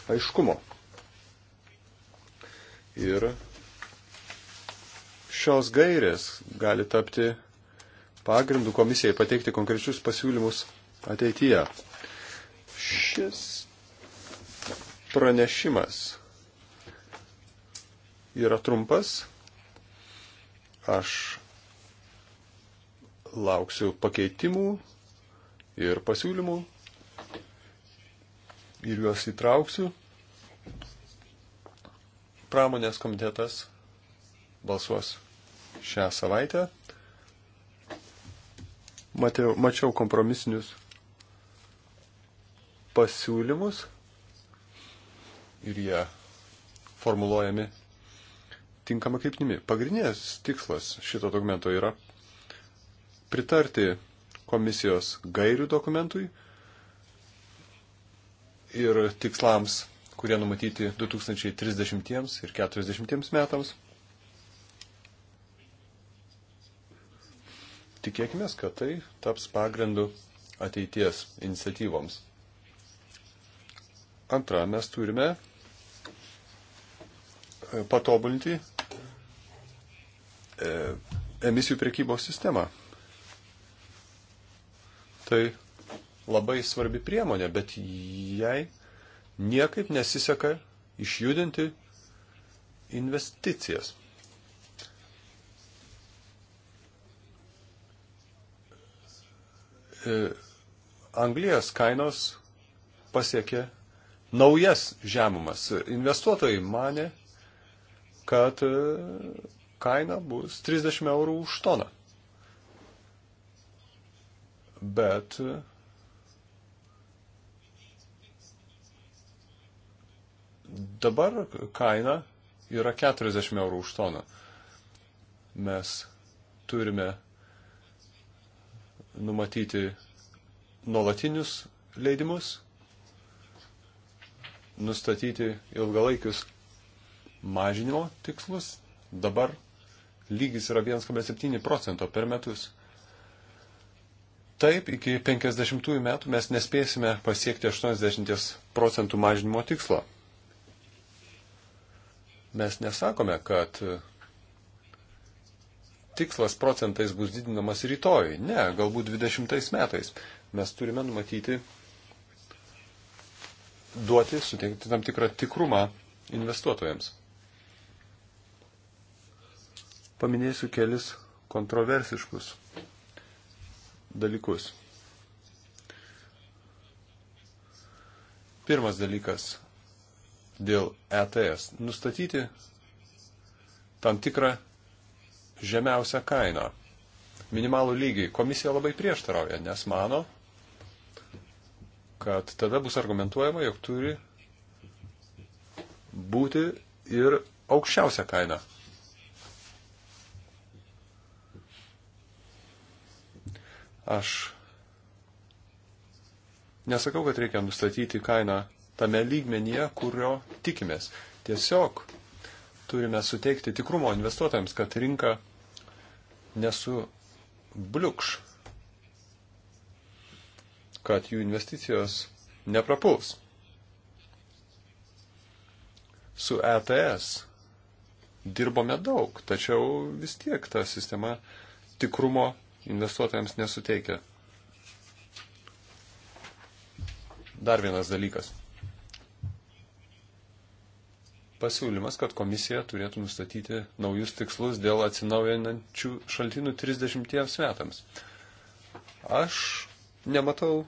aiškumo. Ir šios gairės gali tapti pagrindų komisijai pateikti konkrečius pasiūlymus ateityje. Šis pranešimas yra trumpas. Aš lauksiu pakeitimų ir pasiūlymų ir juos įtrauksiu. Pramonės komitetas balsuos šią savaitę. Matėjau, mačiau kompromisinius pasiūlymus ir jie formuluojami tinkama kryptimi. Pagrindinės tikslas šito dokumento yra pritarti komisijos gairių dokumentui ir tikslams, kurie numatyti 2030 ir 40 metams. Tikėkime, kad tai taps pagrindu ateities iniciatyvoms. Antra, mes turime e, patobulinti e, emisijų priekybos sistemą tai labai svarbi priemonė, bet jai niekaip nesiseka išjudinti investicijas. E, Anglijos kainos pasiekė naujas žemumas. Investuotojai mane, kad e, kaina bus 30 eurų už toną bet dabar kaina yra 40 eurų už toną. Mes turime numatyti nuolatinius leidimus, nustatyti ilgalaikius mažinimo tikslus. Dabar lygis yra 1,7 procento per metus. Taip, iki 50 metų mes nespėsime pasiekti 80 procentų mažinimo tikslo. Mes nesakome, kad tikslas procentais bus didinamas rytoj. Ne, galbūt 20 metais. Mes turime numatyti, duoti, suteikti tam tikrą tikrumą investuotojams. Paminėsiu kelis kontroversiškus dalykus. Pirmas dalykas dėl ETS - nustatyti tam tikrą žemiausią kainą, minimalų lygį. Komisija labai prieštarauja, nes mano, kad tada bus argumentuojama, jog turi būti ir aukščiausia kaina. Aš nesakau, kad reikia nustatyti kainą tame lygmenyje, kurio tikimės. Tiesiog turime suteikti tikrumo investuotojams, kad rinka nesubliukš, kad jų investicijos neprapuls. Su ETS dirbome daug, tačiau vis tiek ta sistema tikrumo investuotojams nesuteikia. Dar vienas dalykas. Pasiūlymas, kad komisija turėtų nustatyti naujus tikslus dėl atsinaujinančių šaltinių 30 metams. Aš nematau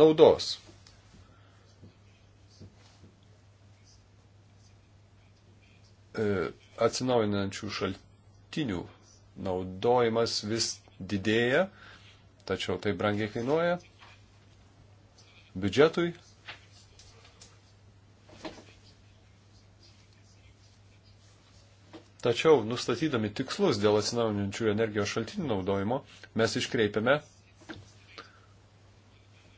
naudos e, atsinaujinančių šaltinių naudojimas vis didėja, tačiau tai brangiai kainuoja biudžetui. Tačiau, nustatydami tikslus dėl atsinaujinančių energijos šaltinių naudojimo, mes iškreipiame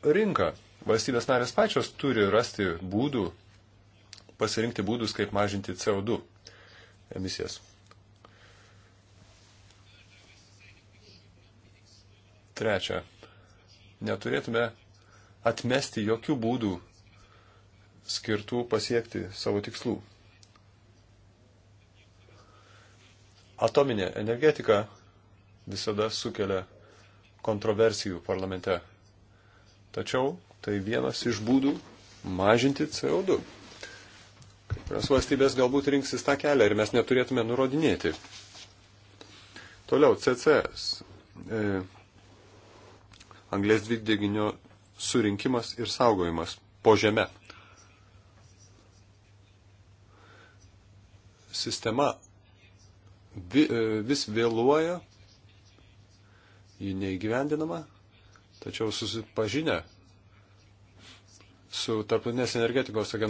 rinką. Valstybės narės pačios turi rasti būdų, pasirinkti būdus, kaip mažinti CO2 emisijas. Trečia, neturėtume atmesti jokių būdų skirtų pasiekti savo tikslų. Atominė energetika visada sukelia kontroversijų parlamente. Tačiau tai vienas iš būdų mažinti CO2. Kai kurios valstybės galbūt rinksis tą kelią ir mes neturėtume nurodinėti. Toliau CCS. E, anglės dvideginio surinkimas ir saugojimas po žeme. Sistema e, vis vėluoja, ji neįgyvendinama, tačiau susipažinę su tarptautinės energetikos e,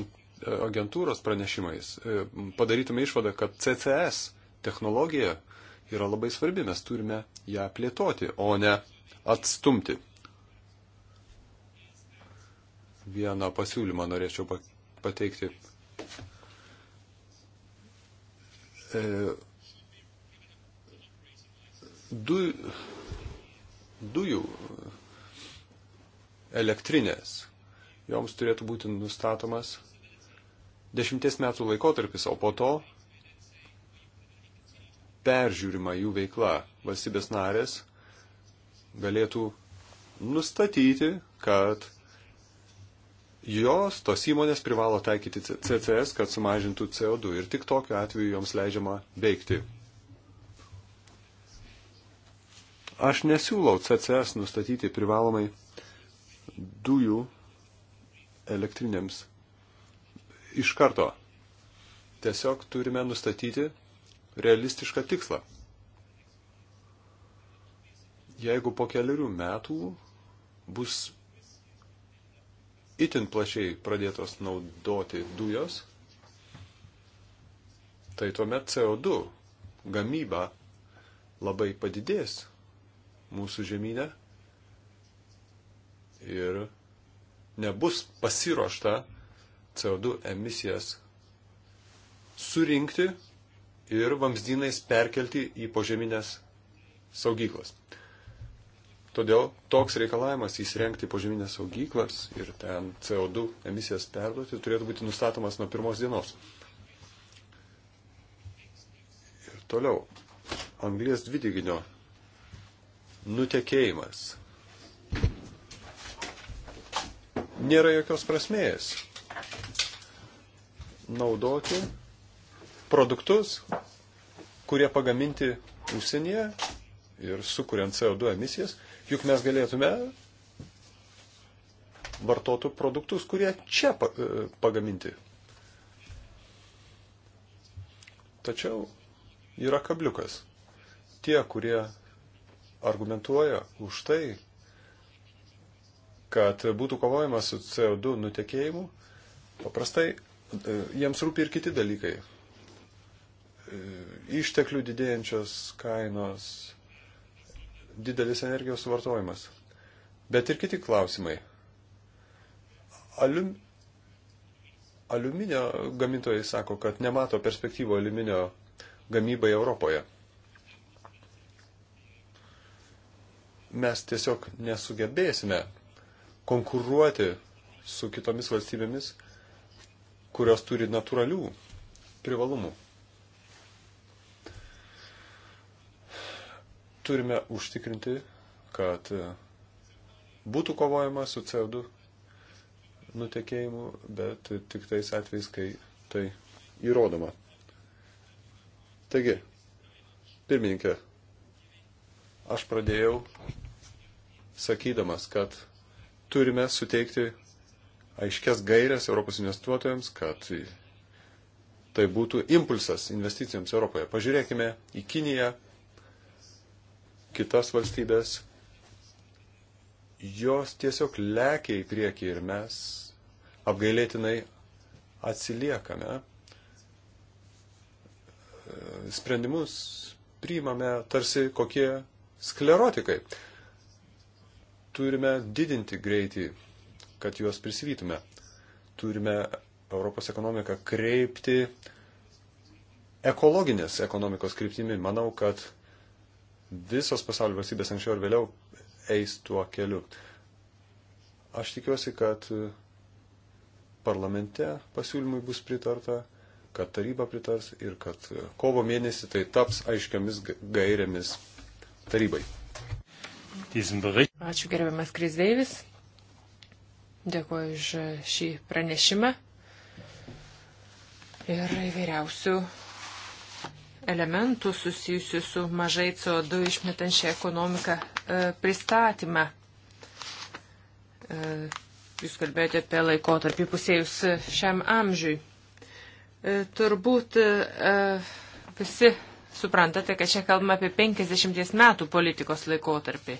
agentūros pranešimais e, padarytume išvadą, kad CCS technologija yra labai svarbi, mes turime ją plėtoti, o ne atstumti vieną pasiūlymą norėčiau pateikti. E, du, dujų elektrinės, joms turėtų būti nustatomas dešimties metų laikotarpis, o po to peržiūrima jų veikla. Valstybės narės galėtų nustatyti, kad jos, tos įmonės privalo taikyti CCS, kad sumažintų CO2 ir tik tokiu atveju joms leidžiama veikti. Aš nesiūlau CCS nustatyti privalomai dujų elektrinėms iš karto. Tiesiog turime nustatyti realistišką tikslą. Jeigu po keliarių metų bus itin plačiai pradėtos naudoti dujos, tai tuomet CO2 gamyba labai padidės mūsų žemynę ir nebus pasiruošta CO2 emisijas surinkti ir vamzdynais perkelti į požeminės saugyklas. Todėl toks reikalavimas įsirengti požeminės saugyklas ir ten CO2 emisijas perduoti turėtų būti nustatomas nuo pirmos dienos. Ir toliau. Anglijas dvideginio nutekėjimas. Nėra jokios prasmės naudoti produktus, kurie pagaminti užsienyje ir sukuriant CO2 emisijas, Juk mes galėtume vartotų produktus, kurie čia e, pagaminti. Tačiau yra kabliukas. Tie, kurie argumentuoja už tai, kad būtų kovojama su CO2 nutekėjimu, paprastai e, jiems rūpi ir kiti dalykai. E, išteklių didėjančios kainos, didelis energijos suvartojimas. Bet ir kiti klausimai. Alium, aliuminio gamintojai sako, kad nemato perspektyvo aliuminio gamybai Europoje. Mes tiesiog nesugebėsime konkuruoti su kitomis valstybėmis, kurios turi natūralių privalumų. Turime užtikrinti, kad būtų kovojama su CO2 nutekėjimu, bet tik tais atvejais, kai tai įrodoma. Taigi, pirmininkė, aš pradėjau sakydamas, kad turime suteikti aiškias gairias Europos investuotojams, kad tai būtų impulsas investicijoms Europoje. Pažiūrėkime į Kiniją, kitas valstybės, jos tiesiog lekia į priekį ir mes apgailėtinai atsiliekame. Sprendimus priimame tarsi kokie sklerotikai. Turime didinti greitį, kad juos prisivytume. Turime Europos ekonomiką kreipti ekologinės ekonomikos kryptimi. Manau, kad visos pasaulio valstybės anksčiau ar vėliau eis tuo keliu. Aš tikiuosi, kad e, parlamente pasiūlymui bus pritarta, kad taryba pritars ir kad e, kovo mėnesį tai taps aiškiamis gairėmis tarybai. Ačiū gerbiamas Krizdeivis. Dėkuoju už šį pranešimą ir įvairiausių elementų susijusių su mažai CO2 išmetančia ekonomika e, pristatymą. E, jūs kalbėjote apie laikotarpį pusėjus šiam amžiui. E, turbūt visi suprantate, kad čia kalbame apie 50 metų politikos laikotarpį.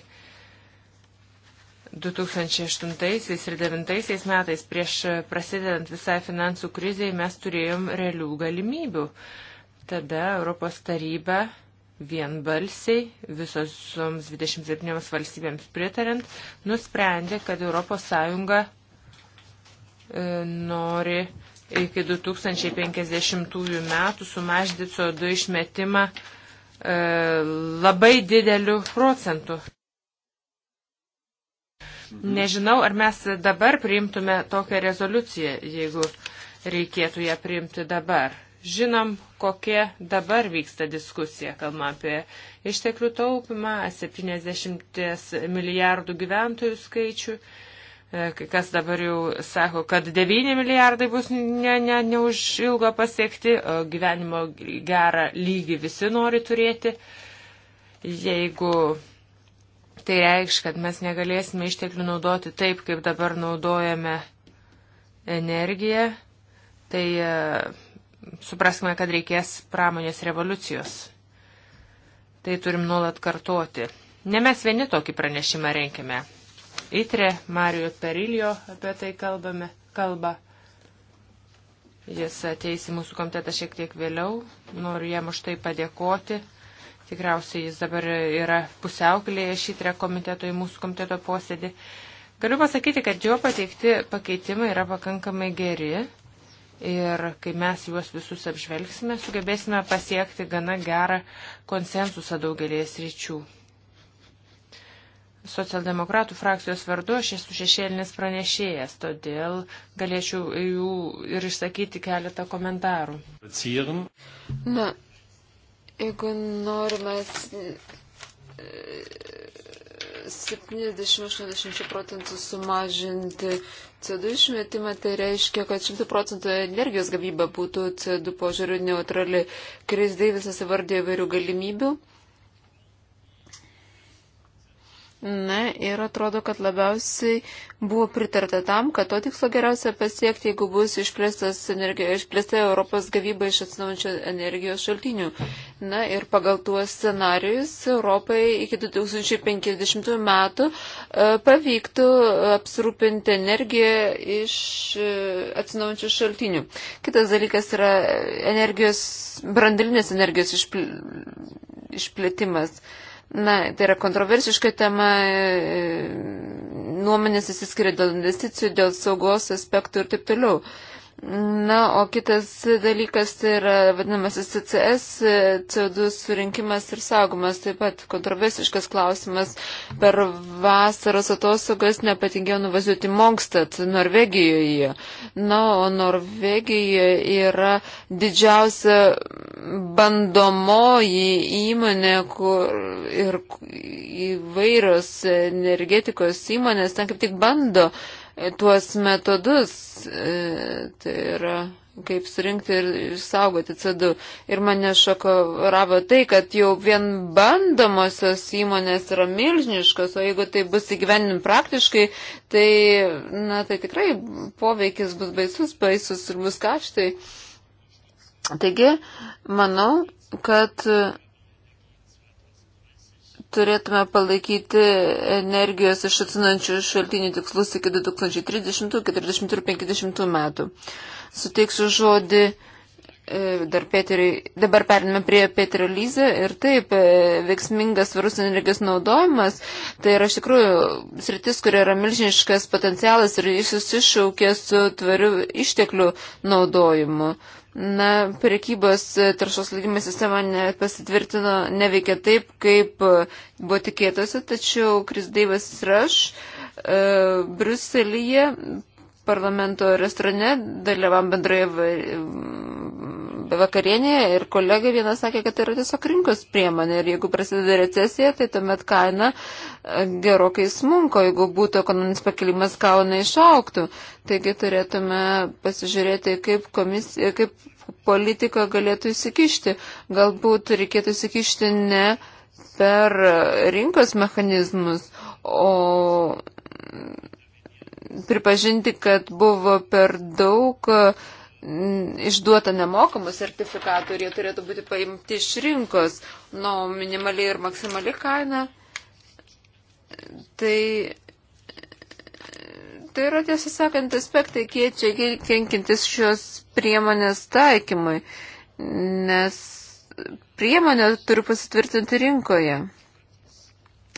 2008 ir 2009 metais prieš prasidedant visai finansų kriziai mes turėjom realių galimybių. Uh, Tada Europos taryba vienbalsiai visoms 27 valstybėms pritarint nusprendė, kad ES e, nori iki 2050 metų sumažinti CO2 išmetimą e, labai dideliu procentu. Mhm. Nežinau, ar mes dabar priimtume tokią rezoliuciją, jeigu reikėtų ją priimti dabar žinom, kokie dabar vyksta diskusija, kalbama apie išteklių taupimą, 70 milijardų gyventojų skaičių, e, kai kas dabar jau sako, kad 9 milijardai bus ne, ne, neužilgo pasiekti, gyvenimo gerą lygį visi nori turėti. Jeigu tai reikš, kad mes negalėsime išteklių naudoti taip, kaip dabar naudojame energiją, tai e, supraskime, kad reikės pramonės revoliucijos. Tai turim nuolat kartoti. Ne mes vieni tokį pranešimą renkime. Itre Mario Perilio apie tai kalbame, kalba. Jis ateis į mūsų komitetą šiek tiek vėliau. Noriu jam už tai padėkoti. Tikriausiai jis dabar yra pusiauklėje šitre komiteto į mūsų komiteto posėdį. Galiu pasakyti, kad jo pateikti pakeitimai yra pakankamai geri ir kai mes juos visus apžvelgsime, sugebėsime pasiekti gana gerą konsensusą daugelėje sričių. Socialdemokratų frakcijos vardu aš esu šešėlinis pranešėjas, todėl galėčiau jų ir išsakyti keletą komentarų. Na, jeigu norime 70-80 procentų sumažinti CO2 išmetimą, tai reiškia, kad 100 procentų energijos gavyba būtų CO2 požiūrių neutrali. Kris Deivisas įvardė įvairių galimybių Na ir atrodo, kad labiausiai buvo pritarta tam, kad to tikslo geriausia pasiekti, jeigu bus energija, išplėsta Europos gavyba iš atsinaujančių energijos šaltinių. Na ir pagal tuos scenarius Europai iki 2050 metų e, pavyktų apsirūpinti energiją iš e, atsinaujančių šaltinių. Kitas dalykas yra energijos, brandalinės energijos išplėtimas. Išpl Na, tai yra kontroversiška tema, e, e, nuomonės įsiskiria dėl investicijų, dėl saugos aspektų ir taip toliau. Uh, Na, o kitas dalykas tai yra vadinamasis CCS, CO2 surinkimas ir saugumas, taip pat kontroversiškas klausimas. Per vasaros atostogas nepatingėjau nuvažiuoti Mongstat, Norvegijoje. Na, o Norvegijoje yra didžiausia bandomoji įmonė kur, ir įvairios energetikos įmonės ten kaip tik bando uh, tuos metodus, e, tai yra kaip surinkti ir išsaugoti CO2. Ir mane šokavo tai, kad jau vien bandomosios įmonės yra milžiniškos, o jeigu tai bus įgyvenim praktiškai, tai, na, tai tikrai poveikis bus baisus, baisus ir bus kaštai. Taigi, manau, kad turėtume palaikyti energijos iš atsinančių šaltinių tikslus iki 2030, 40 ir 50 metų. Suteiksiu žodį e, dar Peteriui, dabar periname prie Peterio Lyzė ir taip, e, veiksmingas svarus energijos naudojimas, tai yra iš tikrųjų sritis, kur yra milžiniškas potencialas ir jis susišaukia su tvariu išteklių naudojimu. Na, priekybos e, taršos leidimų sistema pasitvirtino, neveikia taip, kaip e, buvo tikėtasi, tačiau Krisdeivas Raš e, Bruselėje parlamento restorane dalyvam bendroje vakarienėje ir kolega vienas sakė, kad tai yra tiesiog rinkos priemonė ir jeigu prasideda recesija, tai tuomet kaina e, gerokai smunko, jeigu būtų ekonominis pakilimas, kaina išauktų. Taigi turėtume pasižiūrėti, kaip, komisija, kaip politika galėtų įsikišti. Galbūt reikėtų įsikišti ne per rinkos mechanizmus, o pripažinti, kad buvo per daug uh, Mm, išduota nemokamų sertifikatų ir jie turėtų būti paimti iš rinkos, nuo minimali ir maksimali kaina. Tai, tai yra tiesą sakant aspektai keičia kenkintis šios priemonės taikymui, nes priemonė turi pasitvirtinti rinkoje.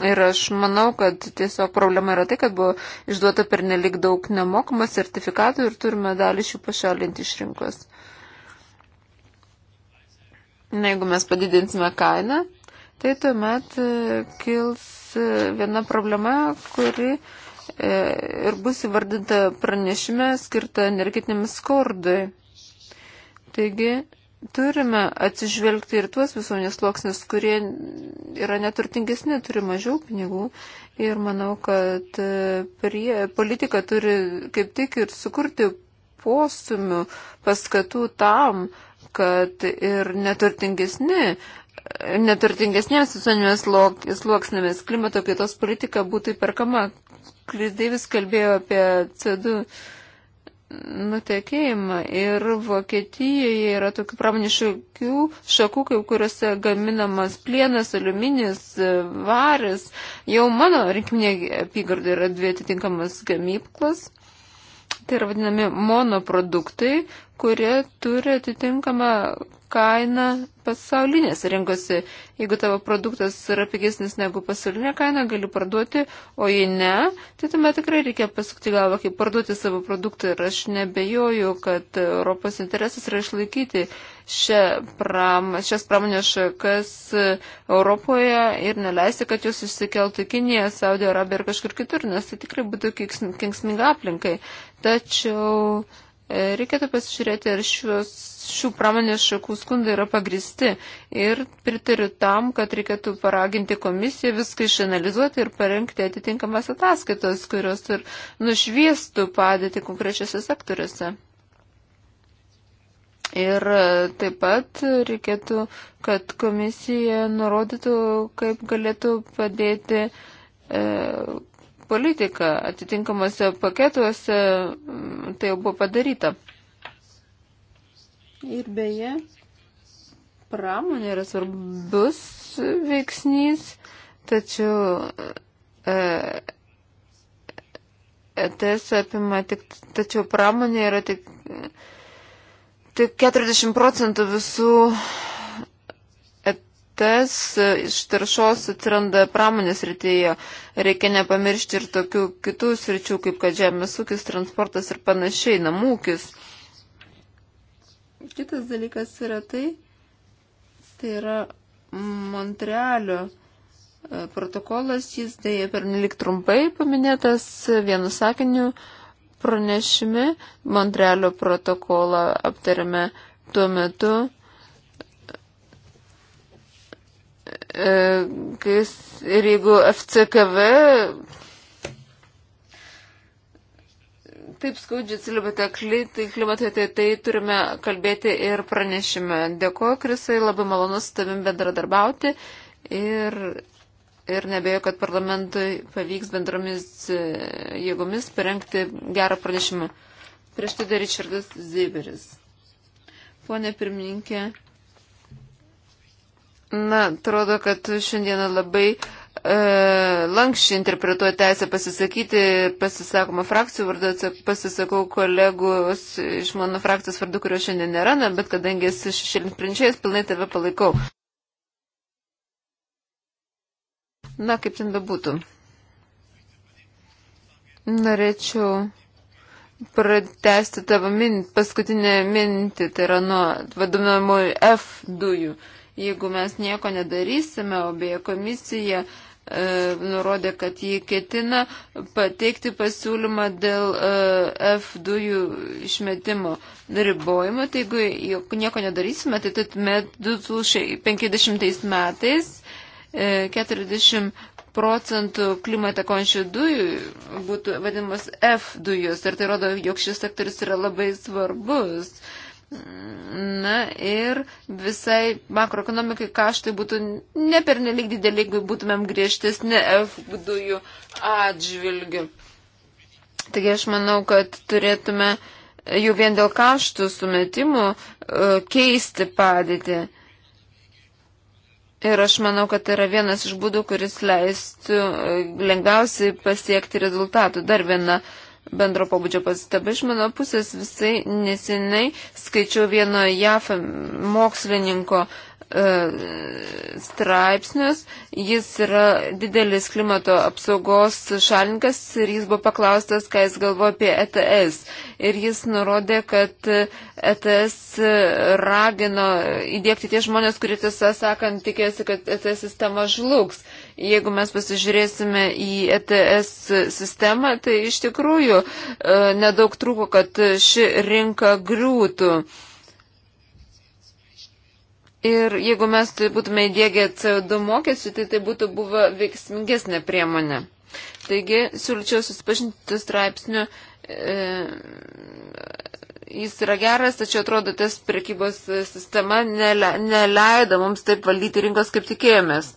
Ir aš manau, kad tiesiog problema yra tai, kad buvo išduota per nelik daug nemokamą sertifikatų ir turime dalį šių pašalinti iš rinkos. Na, jeigu mes padidinsime kainą, tai tuomet e, kils e, viena problema, kuri e, ir bus įvardinta pranešime skirta energetiniam skordui. Taigi, turime atsižvelgti ir tuos visuomenės sluoksnius, kurie yra neturtingesni, turi mažiau pinigų. Ir manau, kad e, prie, politika turi kaip tik ir sukurti posumių paskatų tam, kad ir neturtingesni, neturtingesniems visuomenės sluoksnėmis klimato kaitos politika būtų įperkama. Kris Deivis kalbėjo apie CO2 nutekėjimą. Ir Vokietijoje yra tokių pramonės šakių, šakų, kai kuriuose gaminamas plienas, aliuminis, varis. Jau mano rinkiminė apygarda yra dvi atitinkamas gamyklas. Tai yra vadinami monoproduktai, kurie turi atitinkamą kainą pasaulinės rinkose. Jeigu tavo produktas yra pigesnis negu pasaulinė kaina, gali parduoti, o jei ne, tai tuomet tikrai reikia pasukti galvą, kaip parduoti savo produktą. Ir aš nebejoju, kad Europos interesas yra išlaikyti šią pram, šias pramonės šakas Europoje ir neleisti, kad jūs išsikeltų Kiniją, Saudio Arabiją ir kažkur kitur, nes tai tikrai būtų kenksminga aplinkai. Tačiau e, reikėtų pasižiūrėti, ar šios, šių pramonės šakų skundai yra pagristi. Ir pritariu tam, kad reikėtų paraginti komisiją viską išanalizuoti ir parengti atitinkamas ataskaitas, kurios ir nušviestų padėti konkrečiose sektoriuose. Ir e, taip pat reikėtų, kad komisija nurodytų, kaip galėtų padėti e, politiką atitinkamuose paketuose, tai jau buvo padaryta. Ir beje, pramonė yra svarbus veiksnys, tačiau e, ETS apima tik, tačiau pramonė yra tik, tik 40 procentų visų tas iš taršos atsiranda pramonės rytyje. Reikia nepamiršti ir tokių kitų sričių, kaip kad žemės ūkis, transportas ir panašiai, namūkis. Kitas dalykas yra tai, tai yra Montrealio e, protokolas, jis dėja per nelik trumpai paminėtas vienu sakiniu pranešimi. Montrealio protokolą aptarėme tuo metu, E, kai, ir jeigu FCKV taip skaudžiai atsiliepia tai klimatai, tai tai turime kalbėti ir pranešime. Dėkuoju, Krisai, labai malonu su tavim bendradarbiauti ir, ir nebejoju, kad parlamentui pavyks bendromis e, jėgomis parengti gerą pranešimą. Prieš tai dar Richardas Zyberis. Pone pirmininkė, Na, atrodo, kad šiandieną labai e, lankščiai interpretuoja teisę pasisakyti ir pasisakoma frakcijų vardu, pasisakau kolegus iš mano frakcijos vardu, kurio šiandien nėra, na, bet kadangi esi šešėlinprinčiais, pilnai tave palaikau. Na, kaip ten bebūtų. Norėčiau pratesti tavo mintį, paskutinę mintį, tai yra nuo vadinamojų F dujų. Uh, Jeigu mes nieko nedarysime, o beje komisija e, nurodė, kad jį ketina pateikti pasiūlymą dėl e, F dujų išmetimo ribojimo, tai jeigu nieko nedarysime, tai tuomet 2050 metais e, 40 procentų klimatą konšių dujų būtų vadinamos F dujos. Ir tai rodo, jog šis sektoris yra labai svarbus. E, Na ir visai makroekonomikai kaštai būtų nepernelik dideli, jeigu būtumėm griežtesni F dujų atžvilgių. Taigi aš manau, kad turėtume jau vien dėl kaštų sumetimų e, keisti padėtį. Ir aš manau, kad tai yra vienas iš būdų, kuris leistų e, lengviausiai pasiekti rezultatų. Dar viena uh, bendro pabudžio pastaba iš mano pusės visai neseniai skaičiau vieno JAF mokslininko e, straipsnius. Jis yra didelis klimato apsaugos šalinkas ir jis buvo paklaustas, ką jis galvo apie ETS. Ir jis nurodė, kad ETS ragino įdėkti tie žmonės, kurie tiesą sakant tikėsi, kad ETS sistema žlugs. Jeigu mes pasižiūrėsime į ETS sistemą, tai iš tikrųjų e, nedaug trūko, kad ši rinka griūtų. Ir jeigu mes tai būtume įdėgę CO2 mokesčių, tai tai būtų buvo veiksmingesnė priemonė. Taigi, siūlyčiau susipažinti straipsnių. E, jis yra geras, tačiau atrodo, tas prekybos sistema nele, neleido mums taip valdyti rinkos, kaip tikėjomės.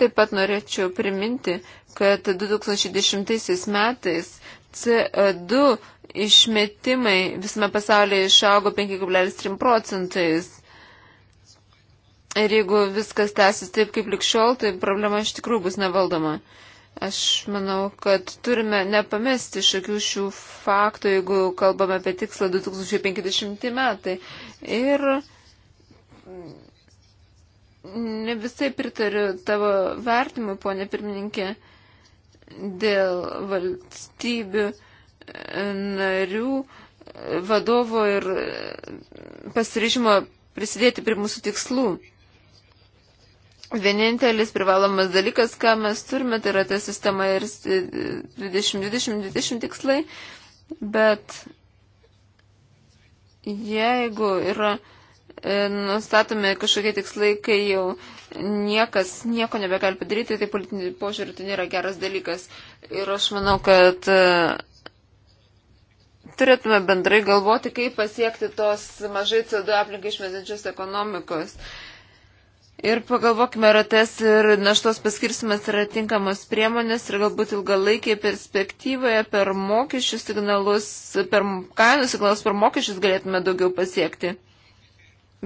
Taip pat norėčiau priminti, kad 2010 metais CO2 išmetimai visame pasaulyje išaugo 5,3 procentais. Ir jeigu viskas tęsis taip kaip likščiol, tai problema iš tikrųjų bus nevaldoma. Aš manau, kad turime nepamesti šakių šių faktų, jeigu kalbame apie tikslą 2050 metai. Ir ne visai pritariu tavo vertimui, ponė pirmininkė, dėl valstybių e, narių e, vadovo ir e, pasiryžimo prisidėti prie mūsų tikslų. Vienintelis privalomas dalykas, ką mes turime, tai yra ta sistema ir 2020-2020 tikslai, bet jeigu yra E, nustatomi kažkokie tikslai, kai jau niekas nieko nebegali padaryti, tai politinių požiūrį tai nėra geras dalykas. Ir aš manau, kad e, turėtume bendrai galvoti, kaip pasiekti tos mažai CO2 aplinkai išmetančios ekonomikos. Ir pagalvokime, ar tas ir naštos paskirsimas yra tinkamos priemonės ir galbūt ilgalaikėje perspektyvoje per mokesčių signalus, per kainų signalus, per mokesčius galėtume daugiau pasiekti.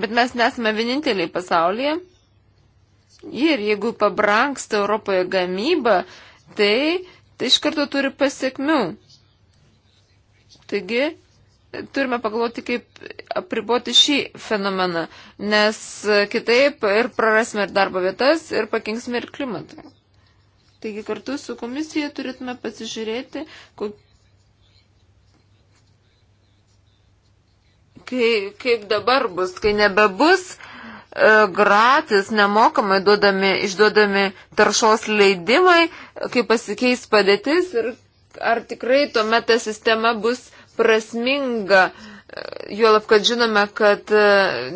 Bet mes nesame vieninteliai pasaulyje. Ir jeigu pabranksta Europoje gamyba, tai, tai iš karto turi pasiekmių. Taigi, turime pagalvoti, kaip apriboti šį fenomeną, nes kitaip ir prarasime ir darbo vietas, ir pakenksime ir klimatą. Taigi kartu su komisija turėtume pasižiūrėti, kokie kai, kaip dabar bus, kai nebebus e, gratis, nemokamai duodami, išduodami taršos leidimai, kai pasikeis padėtis ir ar tikrai tuomet ta sistema bus prasminga. E, juolab, kad žinome, kad e,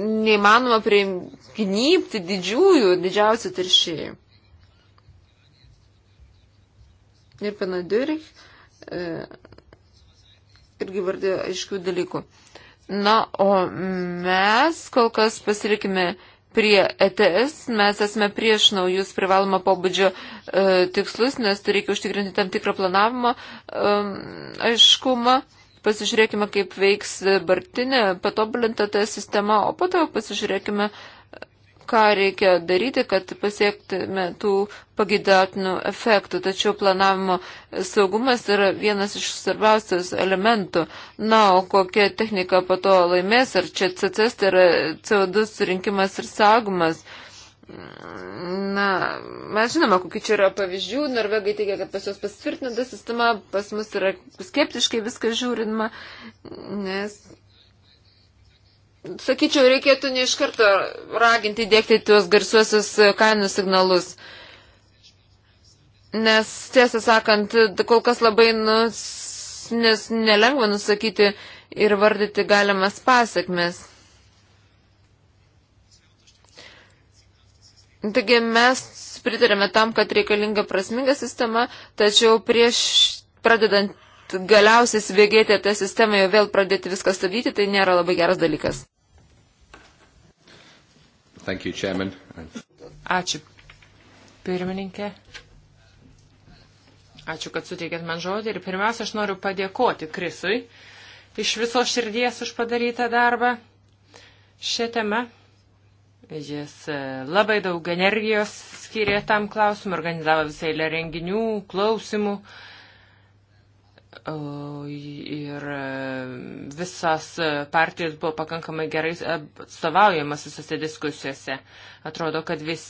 neįmanoma priimti didžiųjų, didžiausių teršėjų. Ir panadiurich e, irgi vardė aiškių dalykų. Na, o mes kol kas pasilikime prie ETS, mes esame prieš naujus privalomą pobūdžio e, tikslus, nes tai reikia užtikrinti tam tikrą planavimą, e, aiškumą. Pasižiūrėkime, kaip veiks bartinė patobulinta ta sistema, o po to pasižiūrėkime, ką reikia daryti, kad pasiektume tų pagidautinų efektų. Tačiau planavimo saugumas yra vienas iš svarbiausios elementų. Na, o kokia technika po to laimės, ar čia CCS tai yra CO2 surinkimas ir saugumas. Na, mes žinome, kokiu čia yra pavyzdžių. Norvegai teigia, kad pas juos pasitvirtinta sistema, pas mus yra skeptiškai viskas žiūrinama, nes sakyčiau, reikėtų ne iš karto raginti dėkti tuos garsuosius kainų signalus. Nes, tiesą sakant, kol kas labai nus, nes nelengva nusakyti ir vardyti galimas pasiekmes. Taigi mes pritarėme tam, kad reikalinga prasminga sistema, tačiau prieš pradedant galiausiai svėgėti tą sistemą, jau vėl pradėti viską stabdyti, tai nėra labai geras dalykas. Thank you, Chairman. Ačiū, pirmininkė. Ačiū, kad suteikėt man žodį. Ir pirmiausia, aš noriu padėkoti Krisui iš viso širdies už padarytą darbą šią temą. Jis e, labai daug energijos skyrė tam klausimui, organizavo visą eilę renginių, klausimų. Uh, ir visas partijos buvo pakankamai gerai atstovaujamas visose diskusijose. Atrodo, kad vis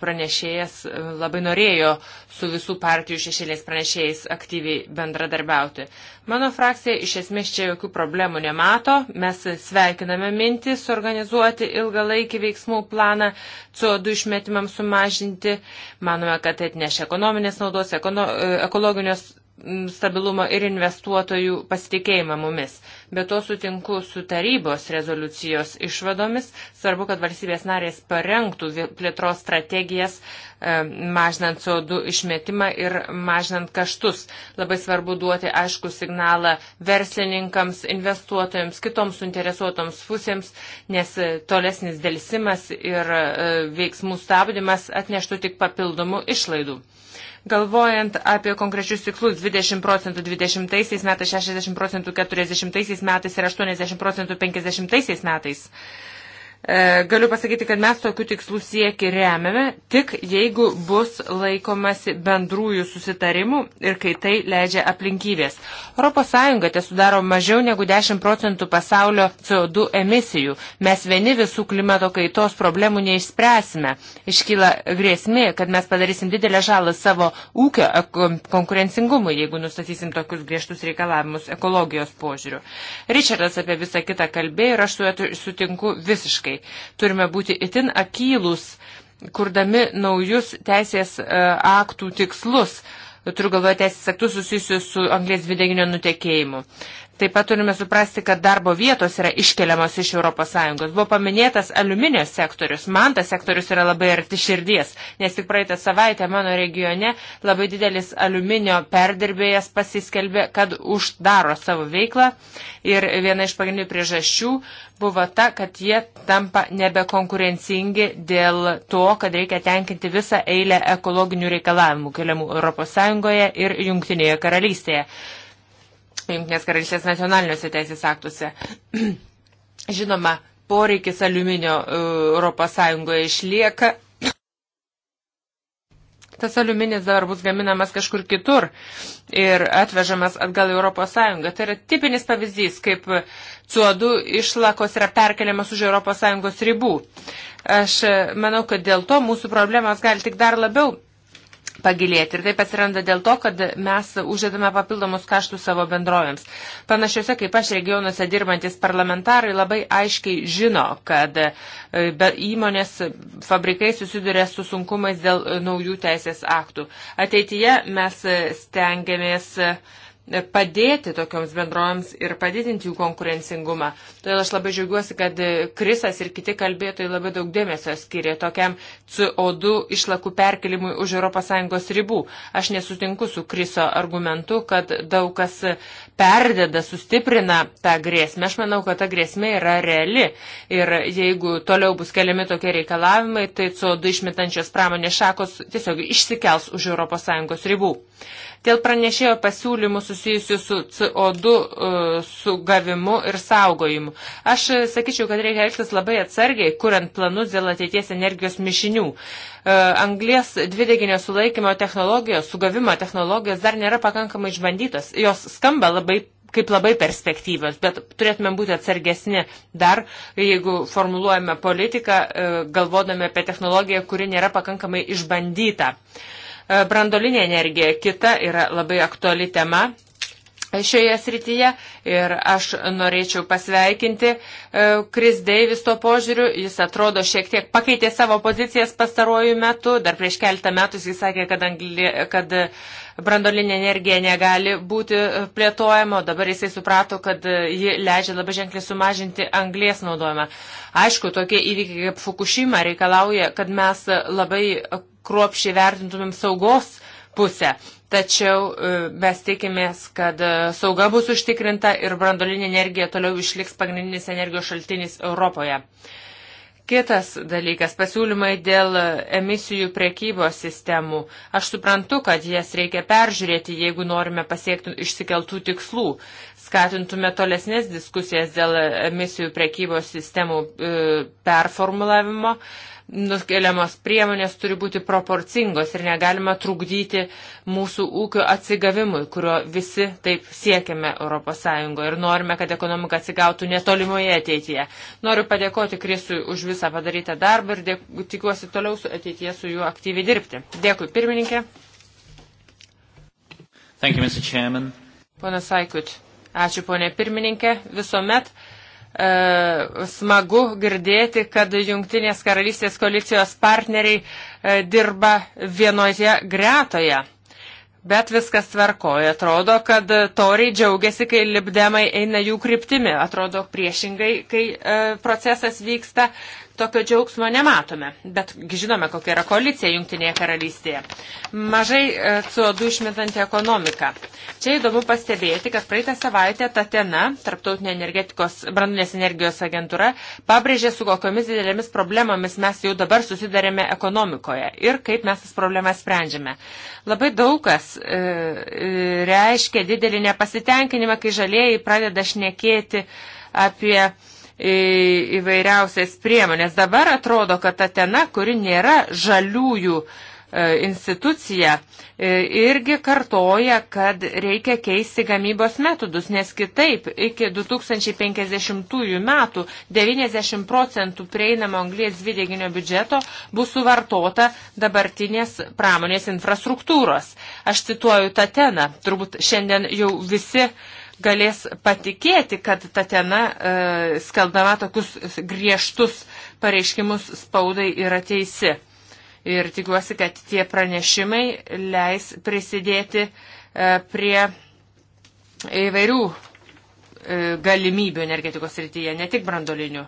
pranešėjas labai norėjo su visų partijų šešėlės pranešėjais aktyviai bendradarbiauti. Mano frakcija iš esmės čia jokių problemų nemato. Mes sveikiname mintį suorganizuoti ilgalaikį veiksmų planą CO2 išmetimams sumažinti. Manome, kad tai atneš ekonominės naudos, ekono, e, ekologinės stabilumo ir investuotojų pasitikėjimą mumis. Be to sutinku su tarybos rezoliucijos išvadomis. Svarbu, kad valstybės narės parengtų plėtros strategijas, e, mažinant CO2 išmetimą ir mažinant kaštus. Labai svarbu duoti aišku signalą verslininkams, investuotojams, kitoms suinteresuotoms pusėms, nes tolesnis dėlsimas ir e, veiksmų stabdymas atneštų tik papildomų išlaidų. Galvojant apie konkrečius tikslus 20 procentų 20 metais, 60 procentų 40 metais ir 80 procentų 50 metais, E, galiu pasakyti, kad mes tokių tikslų siekį remiame, tik jeigu bus laikomasi bendrųjų susitarimų ir kai tai leidžia aplinkybės. ES te sudaro mažiau negu 10 procentų pasaulio CO2 emisijų. Mes vieni visų klimato kaitos problemų neišspręsime. Iškyla grėsmė, kad mes padarysim didelę žalą savo ūkio konkurencingumui, jeigu nustatysim tokius griežtus reikalavimus ekologijos požiūriu. Richardas apie visą kitą kalbėjo ir aš su sutinku visiškai panašiai. Turime būti itin akylus, kurdami naujus teisės e, aktų tikslus turiu galvoje teisės aktus susijusius su anglės dvideginio nutekėjimu. Taip pat turime suprasti, kad darbo vietos yra iškeliamos iš ES. Buvo paminėtas aliuminio sektorius. Man tas sektorius yra labai arti širdies, nes tik praeitą savaitę mano regione labai didelis aliuminio perdirbėjas pasiskelbė, kad uždaro savo veiklą. Ir viena iš pagrindinių priežasčių buvo ta, kad jie tampa nebekonkurencingi dėl to, kad reikia tenkinti visą eilę ekologinių reikalavimų keliamų ES ir Junktinėje karalystėje. Junktinės karalystės nacionaliniuose teisės aktuose. Žinoma, poreikis aliuminio ES išlieka. Tas aliuminis dabar bus gaminamas kažkur kitur ir atvežamas atgal į ES. Tai yra tipinis pavyzdys, kaip CO2 išlakos yra perkeliamas už ES ribų. Aš e, manau, kad dėl to mūsų problemas gali tik dar labiau pagilėti. Ir taip atsiranda dėl to, kad mes uždedame papildomus kaštus savo bendrovėms. Panašiuose kaip aš regionuose dirbantis parlamentarai labai aiškiai žino, kad e, įmonės fabrikai susiduria su sunkumais dėl e, naujų teisės aktų. Ateityje mes e, stengiamės uh, padėti tokioms bendrovėms ir padidinti jų konkurencingumą. Todėl aš labai žiūriuosi, kad Krisas ir kiti kalbėtojai labai daug dėmesio skiria tokiam CO2 išlakų perkelimui už ES ribų. Aš nesutinku su Kriso argumentu, kad daug kas perdeda, sustiprina tą grėsmę. Aš manau, kad ta grėsmė yra reali. Ir jeigu toliau bus keliami tokie reikalavimai, tai CO2 išmetančios pramonės šakos tiesiog išsikels už ES ribų. Dėl pranešėjo pasiūlymų susijusių su CO2 e, sugavimu ir saugojimu. Aš e, sakyčiau, kad reikia elgtis labai atsargiai, kuriant planus dėl ateities energijos mišinių. E, Anglės dvideginio sulaikymo technologijos, sugavimo technologijos dar nėra pakankamai išbandytos. Jos skamba labai kaip labai perspektyvios, bet turėtume būti atsargesni dar, jeigu formuluojame politiką, galvodami apie technologiją, kuri nėra pakankamai išbandyta. Uh, E, brandolinė energija, kita yra labai aktuali tema šioje srityje ir aš norėčiau pasveikinti Kris e, Deivis to požiūriu, jis atrodo šiek tiek pakeitė savo pozicijas pastaruoju metu, dar prieš keltą metus jis sakė, kad, angli, kad brandolinė energija negali būti plėtojama, o dabar jisai suprato, kad ji leidžia labai ženkliai sumažinti anglės naudojimą. Aišku, tokie įvykiai kaip Fukushima reikalauja, kad mes labai kruopšiai vertintumėm saugos pusę. Tačiau e, mes tikimės, kad e, sauga bus užtikrinta ir brandolinė energija toliau išliks pagrindinis energijos šaltinis Europoje. Kitas dalykas - pasiūlymai dėl e, emisijų priekybos sistemų. Aš suprantu, kad jas reikia peržiūrėti, jeigu norime pasiekti išsikeltų tikslų. Skatintume tolesnės diskusijas dėl emisijų priekybos sistemų e, performulavimo. E, nuskeliamos priemonės turi būti proporcingos ir negalima trukdyti mūsų ūkio atsigavimui, kurio visi taip siekiame ES ir norime, kad ekonomika atsigautų netolimoje ateityje. Noriu padėkoti Krisui už visą padarytą darbą ir dėk, tikiuosi toliau su ateityje su juo aktyviai dirbti. Dėkui, pirmininkė. Thank you, Mr. Chairman. Pana Saikut, ačiū ponė pirmininkė. Visuomet E, smagu girdėti, kad Junktinės karalystės koalicijos partneriai e, dirba vienoje gretoje. Bet viskas tvarkoja. Atrodo, kad toriai džiaugiasi, kai libdemai eina jų kryptimi. Atrodo priešingai, kai e, procesas vyksta, tokio džiaugsmo nematome, bet žinome, kokia yra koalicija Junktinėje karalystėje. Mažai e, CO2 išmetanti ekonomika. Čia įdomu pastebėti, kad praeitą savaitę Tatena, Tarptautinė energetikos brandinės energijos agentūra, pabrėžė, su kokiomis didelėmis problemomis mes jau dabar susidarėme ekonomikoje ir kaip mes tas problemas sprendžiame. Labai daug kas e, e reiškia didelį nepasitenkinimą, kai žalieji pradeda šnekėti apie įvairiausias priemonės. Dabar atrodo, kad Atena, kuri nėra žaliųjų e, institucija, e, irgi kartoja, kad reikia keisti gamybos metodus, nes kitaip iki 2050 metų 90 procentų prieinamo anglės dvideginio biudžeto bus suvartota dabartinės pramonės infrastruktūros. Aš cituoju Tateną, turbūt šiandien jau visi uh, galės patikėti, kad Tatena e, skelbdama tokius griežtus pareiškimus spaudai yra teisi. Ir tikiuosi, kad tie pranešimai leis prisidėti e, prie įvairių e, galimybių energetikos rytyje, ne tik brandolinių.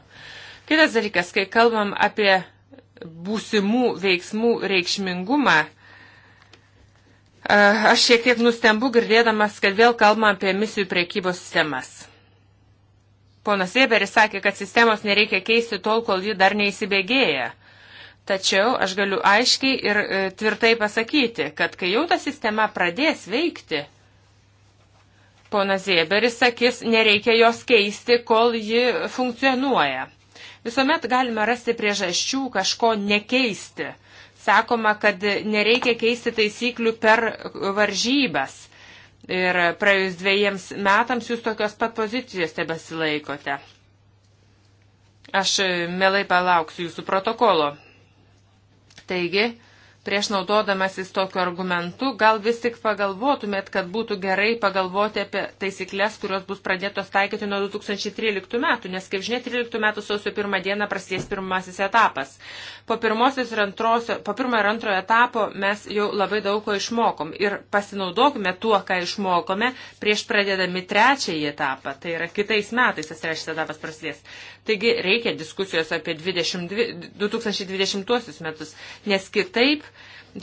Kitas dalykas, kai kalbam apie būsimų veiksmų reikšmingumą, Aš šiek tiek nustembu girdėdamas, kad vėl kalbama apie emisijų priekybos sistemas. Ponas Weberis sakė, kad sistemos nereikia keisti tol, kol ji dar neįsibėgėja. Tačiau aš galiu aiškiai ir e, tvirtai pasakyti, kad kai jau ta sistema pradės veikti, Ponas Zieberis sakys, nereikia jos keisti, kol ji funkcionuoja. Visuomet galime rasti priežasčių kažko nekeisti sakoma, kad nereikia keisti taisyklių per varžybas. Ir praėjus dviejiems metams jūs tokios pat pozicijos tebesilaikote. Aš melai palauksiu jūsų protokolo. Taigi, prieš naudodamasis tokiu argumentu, gal vis tik pagalvotumėt, kad būtų gerai pagalvoti apie taisyklės, kurios bus pradėtos taikyti nuo 2013 metų, nes, kaip žinia, 13 metų sausio pirmą dieną prasidės pirmasis etapas. Po, ir antros, po pirmo ir antrojo etapo mes jau labai daug ko išmokom ir pasinaudokime tuo, ką išmokome prieš pradėdami trečiąjį etapą, tai yra kitais metais tas trečias etapas prasidės. Taigi reikia diskusijos apie 20, 2020 metus, nes kitaip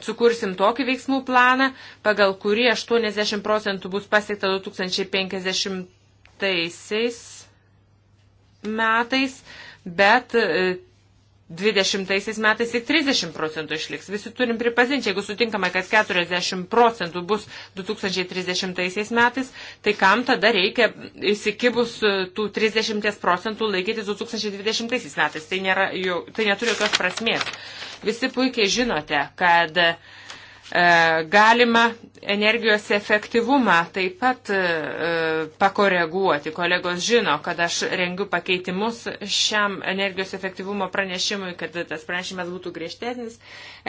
sukursim tokį veiksmų planą, pagal kurį 80 procentų bus pasiekta 2050 metais, bet e, 20 metais tik 30 procentų išliks. Visi turim pripažinti, jeigu sutinkame, kad 40 procentų bus 2030 metais, tai kam tada reikia įsikibus tų 30 procentų laikytis 2020 metais. Tai, nėra, jau, tai neturi jokios prasmės. Visi puikiai žinote, kad uh, E, Galima energijos efektyvumą taip pat e, pakoreguoti. Kolegos žino, kad aš rengiu pakeitimus šiam energijos efektyvumo pranešimui, kad tas pranešimas būtų griežtesnis.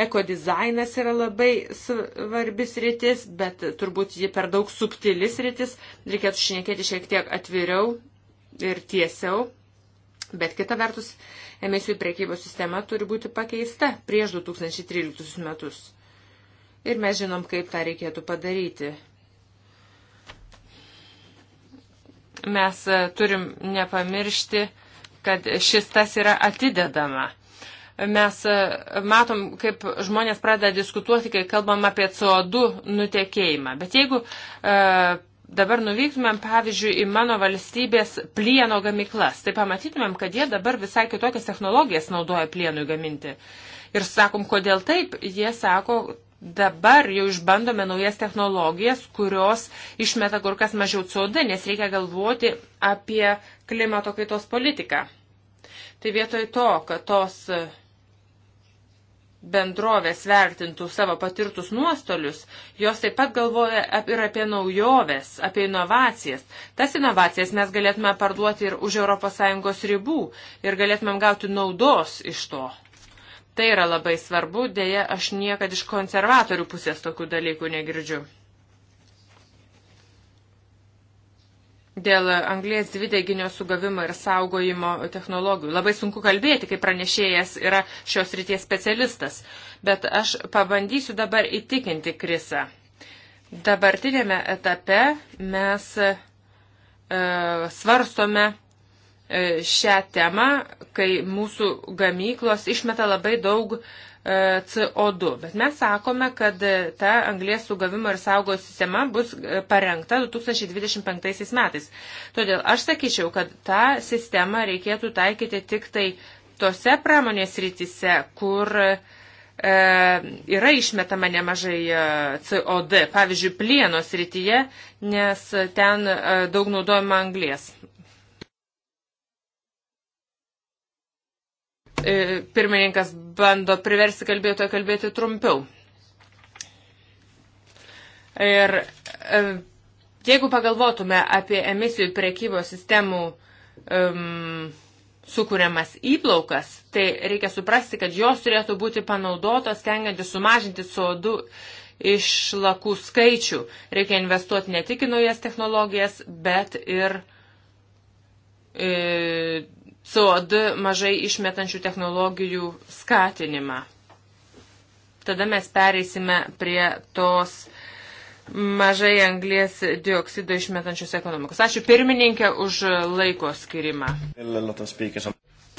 Ekodizainas yra labai svarbis rytis, bet turbūt ji per daug subtilis rytis. Reikėtų šnekėti šiek tiek atviriau ir tiesiau. Bet kita vertus, emisijų priekybos sistema turi būti pakeista prieš 2013 metus ir mes žinom, kaip tą reikėtų padaryti. Mes e, turim nepamiršti, kad šis tas yra atidedama. Mes e, matom, kaip žmonės pradeda diskutuoti, kai kalbam apie CO2 nutekėjimą. Bet jeigu e, dabar nuvyktumėm, pavyzdžiui, į mano valstybės plieno gamyklas, tai pamatytumėm, kad jie dabar visai kitokias technologijas naudoja plienui gaminti. Ir sakom, kodėl taip? Jie sako, dabar jau išbandome naujas technologijas, kurios išmeta kur kas mažiau CO2, nes reikia galvoti apie klimato kaitos politiką. Tai vietoj to, kad tos bendrovės vertintų savo patirtus nuostolius, jos taip pat galvoja ir apie naujoves, apie inovacijas. Tas inovacijas mes galėtume parduoti ir už ES ribų ir galėtumėm gauti naudos iš to. Tai yra labai svarbu, dėja aš niekad iš konservatorių pusės tokių dalykų negirdžiu. Dėl anglės dvideginio sugavimo ir saugojimo technologijų. Labai sunku kalbėti, kai pranešėjas yra šios ryties specialistas, bet aš pabandysiu dabar įtikinti Krisą. Dabartinėme etape mes e, svarstome E, šią temą, kai mūsų gamyklos išmeta labai daug e, CO2. Bet mes sakome, kad e, ta anglės sugavimo ir saugos sistema bus parengta 2025 metais. Todėl aš sakyčiau, kad tą sistemą reikėtų taikyti tik tai tose pramonės rytise, kur e, yra išmetama nemažai CO2, pavyzdžiui, plienos rytyje, nes ten e, daug naudojama anglės. E, pirmininkas bando priversti kalbėtoją kalbėti trumpiau. Ir e, jeigu pagalvotume apie emisijų priekybos sistemų um, sukūriamas įplaukas, tai reikia suprasti, kad jos turėtų būti panaudotos, tengiantis sumažinti CO2 išlakų skaičių. Reikia investuoti ne tik į naujas technologijas, bet ir e, CO2 mažai išmetančių technologijų skatinimą. Tada mes pereisime prie tos mažai anglės dioksido išmetančios ekonomikos. Ačiū pirmininkė už laiko skirimą.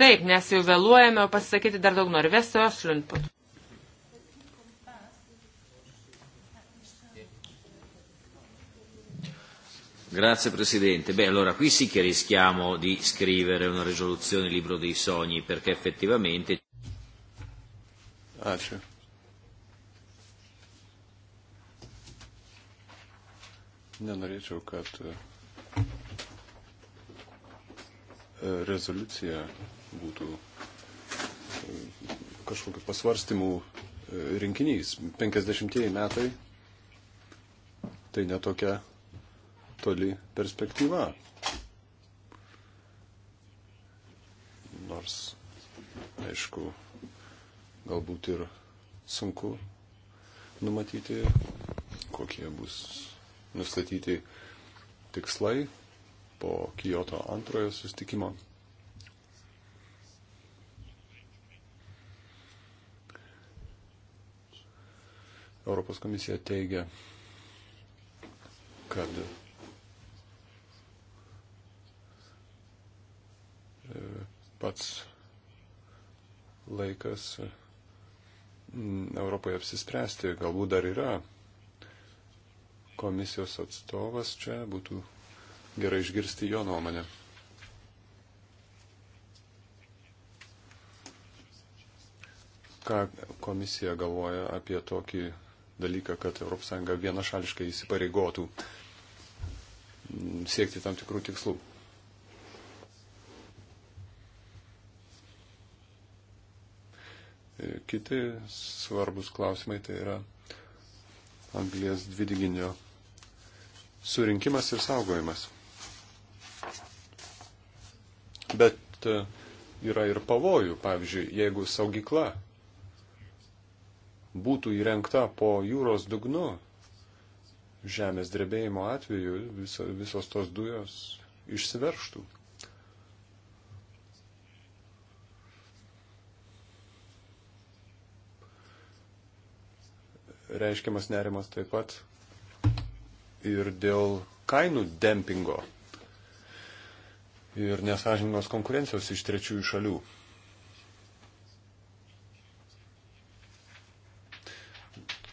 Taip, nes jau vėluojame, o pasisakyti dar daug noriu. Vesio Slundput. Grazie Presidente. Beh, allora qui sì che rischiamo di scrivere una risoluzione libro dei sogni, perché effettivamente. Ačiū. Nenorėčiau, kad rezoliucija būtų kažkokiu pasvarstymų rinkinys. 50 metai tai netokia toli perspektyva. Nors, aišku, galbūt ir sunku numatyti, kokie bus nustatyti tikslai po Kyoto antrojo sustikimo. Europos komisija teigia, kad pats laikas mm, Europoje apsispręsti. Galbūt dar yra komisijos atstovas čia, būtų gerai išgirsti jo nuomonę. Ką komisija galvoja apie tokį dalyką, kad ES vienašališkai įsipareigotų siekti tam tikrų tikslų. Kiti svarbus klausimai tai yra anglės dvideginio surinkimas ir saugojimas. Bet e, yra ir pavojų, pavyzdžiui, jeigu saugykla būtų įrengta po jūros dugnu, žemės drebėjimo atveju viso, visos tos dujos išsiverštų. reiškiamas nerimas taip pat ir dėl kainų dempingo ir nesažingos konkurencijos iš trečiųjų šalių.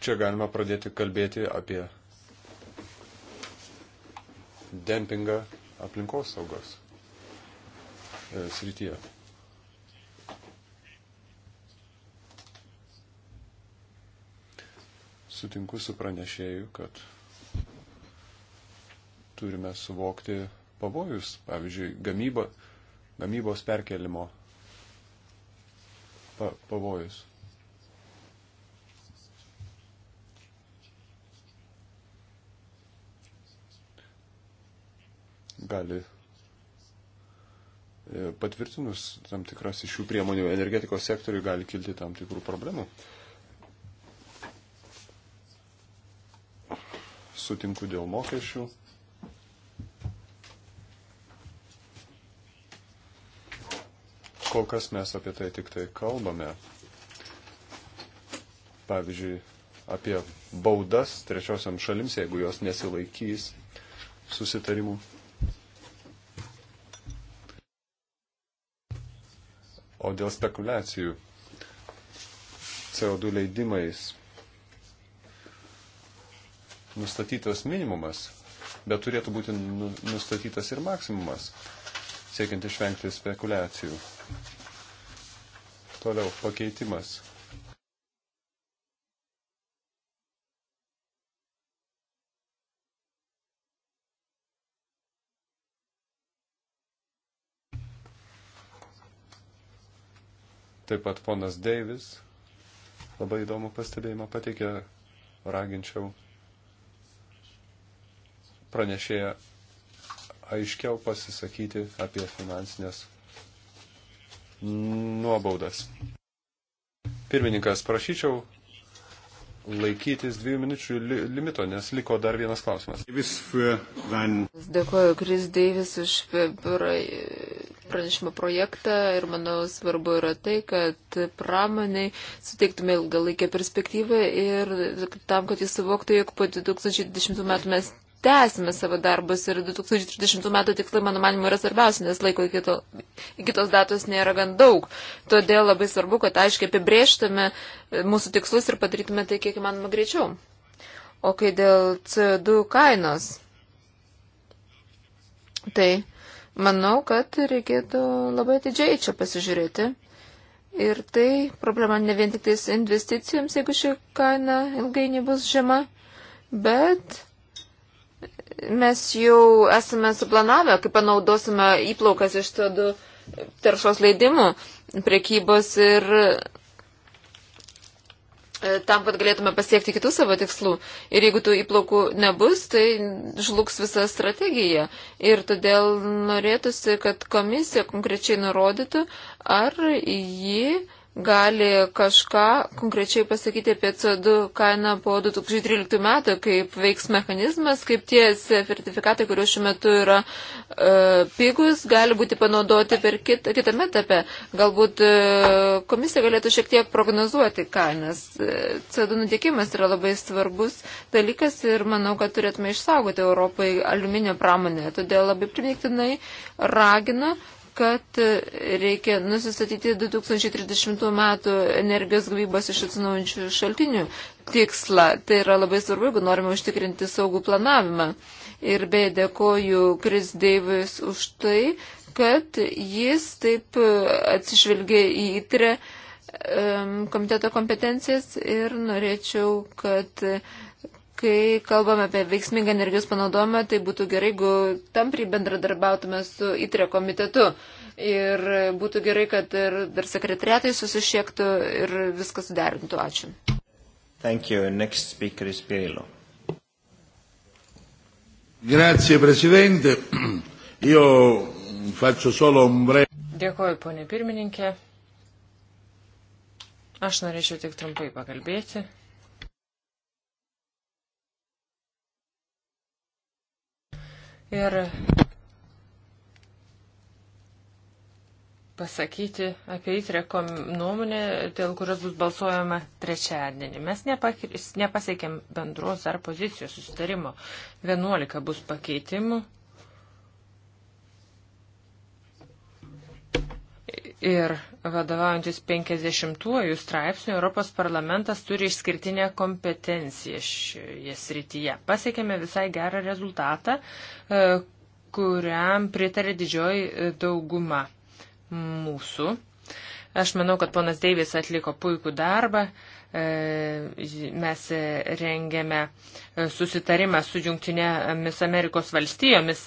Čia galima pradėti kalbėti apie dempingą aplinkos saugos e, srityje. sutinku su pranešėju, kad turime suvokti pavojus, pavyzdžiui, gamyba, gamybos perkelimo pa, pavojus. Gali e, patvirtinus tam tikras iš šių priemonių energetikos sektoriui gali kilti tam tikrų problemų. sutinku dėl mokesčių. Kol kas mes apie tai tik tai kalbame. Pavyzdžiui, apie baudas trečiosiam šalims, jeigu jos nesilaikys susitarimų. O dėl spekulacijų CO2 leidimais nustatytas minimumas, bet turėtų būti nu, nustatytas ir maksimumas, siekiant išvengti spekulacijų. Toliau pakeitimas. Taip pat ponas Deivis labai įdomų pastebėjimą pateikė, raginčiau pranešėją aiškiau pasisakyti apie finansinės nuobaudas. Pirmininkas, prašyčiau laikytis dviejų minučių li limito, nes liko dar vienas klausimas. Dėkuoju Kris Deivis už pranešimo projektą ir manau svarbu yra tai, kad pramoniai suteiktume ilgalaikę perspektyvą ir tam, kad jis suvoktų, jog po 2010 metų mes tęsime savo darbus ir 2030 metų tikslai, mano manimu, yra svarbiausi, nes laiko iki, to, iki tos datos nėra gan daug. Todėl labai svarbu, kad aiškiai apibrėžtume e, mūsų tikslus ir padarytume tai kiek įmanoma greičiau. O kai dėl CO2 kainos, tai manau, kad reikėtų labai atidžiai čia pasižiūrėti. Ir tai problema ne vien tik tais investicijoms, jeigu ši kaina ilgai nebus žema, bet Mes jau esame suplanavę, kaip panaudosime įplaukas iš tų taršos leidimų prekybos ir e, tam, kad galėtume pasiekti kitų savo tikslų. Ir jeigu tų įplaukų nebus, tai žlugs visa strategija. Ir todėl norėtųsi, kad komisija konkrečiai nurodytų, ar ji gali kažką konkrečiai pasakyti apie CO2 kainą po 2013 metų, kaip veiks mechanizmas, kaip tie sertifikatai, kuriuo šiuo metu yra e, pigus, gali būti panaudoti per kitą, kitame etape. Galbūt e, komisija galėtų šiek tiek prognozuoti kainas. E, CO2 nutikimas yra labai svarbus dalykas ir manau, kad turėtume išsaugoti Europai aliuminio pramonę. Todėl labai primiktinai raginu kad reikia nusistatyti 2030 metų energijos gavybos iš atsinaujančių šaltinių tikslą. Tai yra labai svarbu, jeigu norime užtikrinti saugų planavimą. Ir beje, dėkoju Kris Deivis už tai, kad jis taip atsižvelgia į įtrę komiteto kompetencijas ir norėčiau, kad kai kalbame apie veiksmingą energijos panaudojimą, tai būtų gerai, jeigu tampriai bendradarbiautume su ITRE komitetu. Ir būtų gerai, kad ir dar sekretariatai susišiektų ir viskas derintų. Ačiū. Thank you. Next speaker is Pirillo. Grazie, Presidente. Io faccio solo un breve. Dėkoju, ponė pirmininkė. Aš norėčiau tik trumpai pakalbėti. ir pasakyti apie įtreko nuomonę, dėl kurios bus balsuojama trečiadienį. Mes nepasiekėm bendros ar pozicijos susitarimo. 11 bus pakeitimų ir vadovaujantis 50-uoju straipsniu Europos parlamentas turi išskirtinę kompetenciją šioje srityje. Pasiekėme visai gerą rezultatą, e, kuriam pritarė didžioji e, dauguma mūsų. Aš manau, kad ponas Deivis atliko puikų darbą. E, mes rengėme susitarimą su Junktinėmis Amerikos valstijomis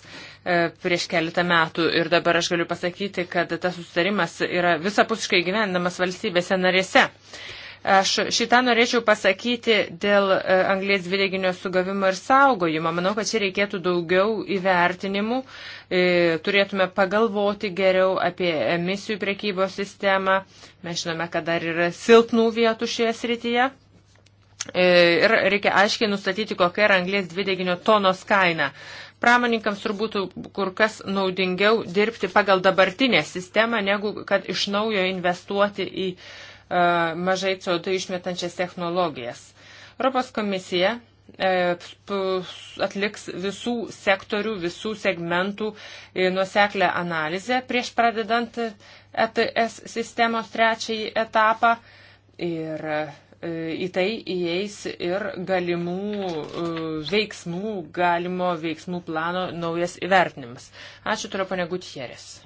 E, prieš keletą metų ir dabar aš galiu pasakyti, kad tas susitarimas yra visapusiškai gyvendamas valstybėse narėse. Aš šitą norėčiau pasakyti dėl e, anglės dvideginio sugavimo ir saugojimo. Manau, kad čia reikėtų daugiau įvertinimų, e, turėtume pagalvoti geriau apie emisijų priekybos sistemą. Mes žinome, kad dar yra silpnų vietų šioje srityje. Ir reikia aiškiai nustatyti, kokia yra anglės dvideginio tonos kaina. Pramoninkams turbūt kur kas naudingiau dirbti pagal dabartinę sistemą, negu kad iš naujo investuoti į uh, mažai CO2 išmetančias technologijas. Europos komisija e, atliks visų sektorių, visų segmentų e, nuseklę analizę prieš pradedant ETS sistemos trečiąjį etapą. Ir E, į tai įeis ir galimų e, veiksmų, galimo veiksmų plano naujas įvertinimas. Ačiū turiu pane Gutierės.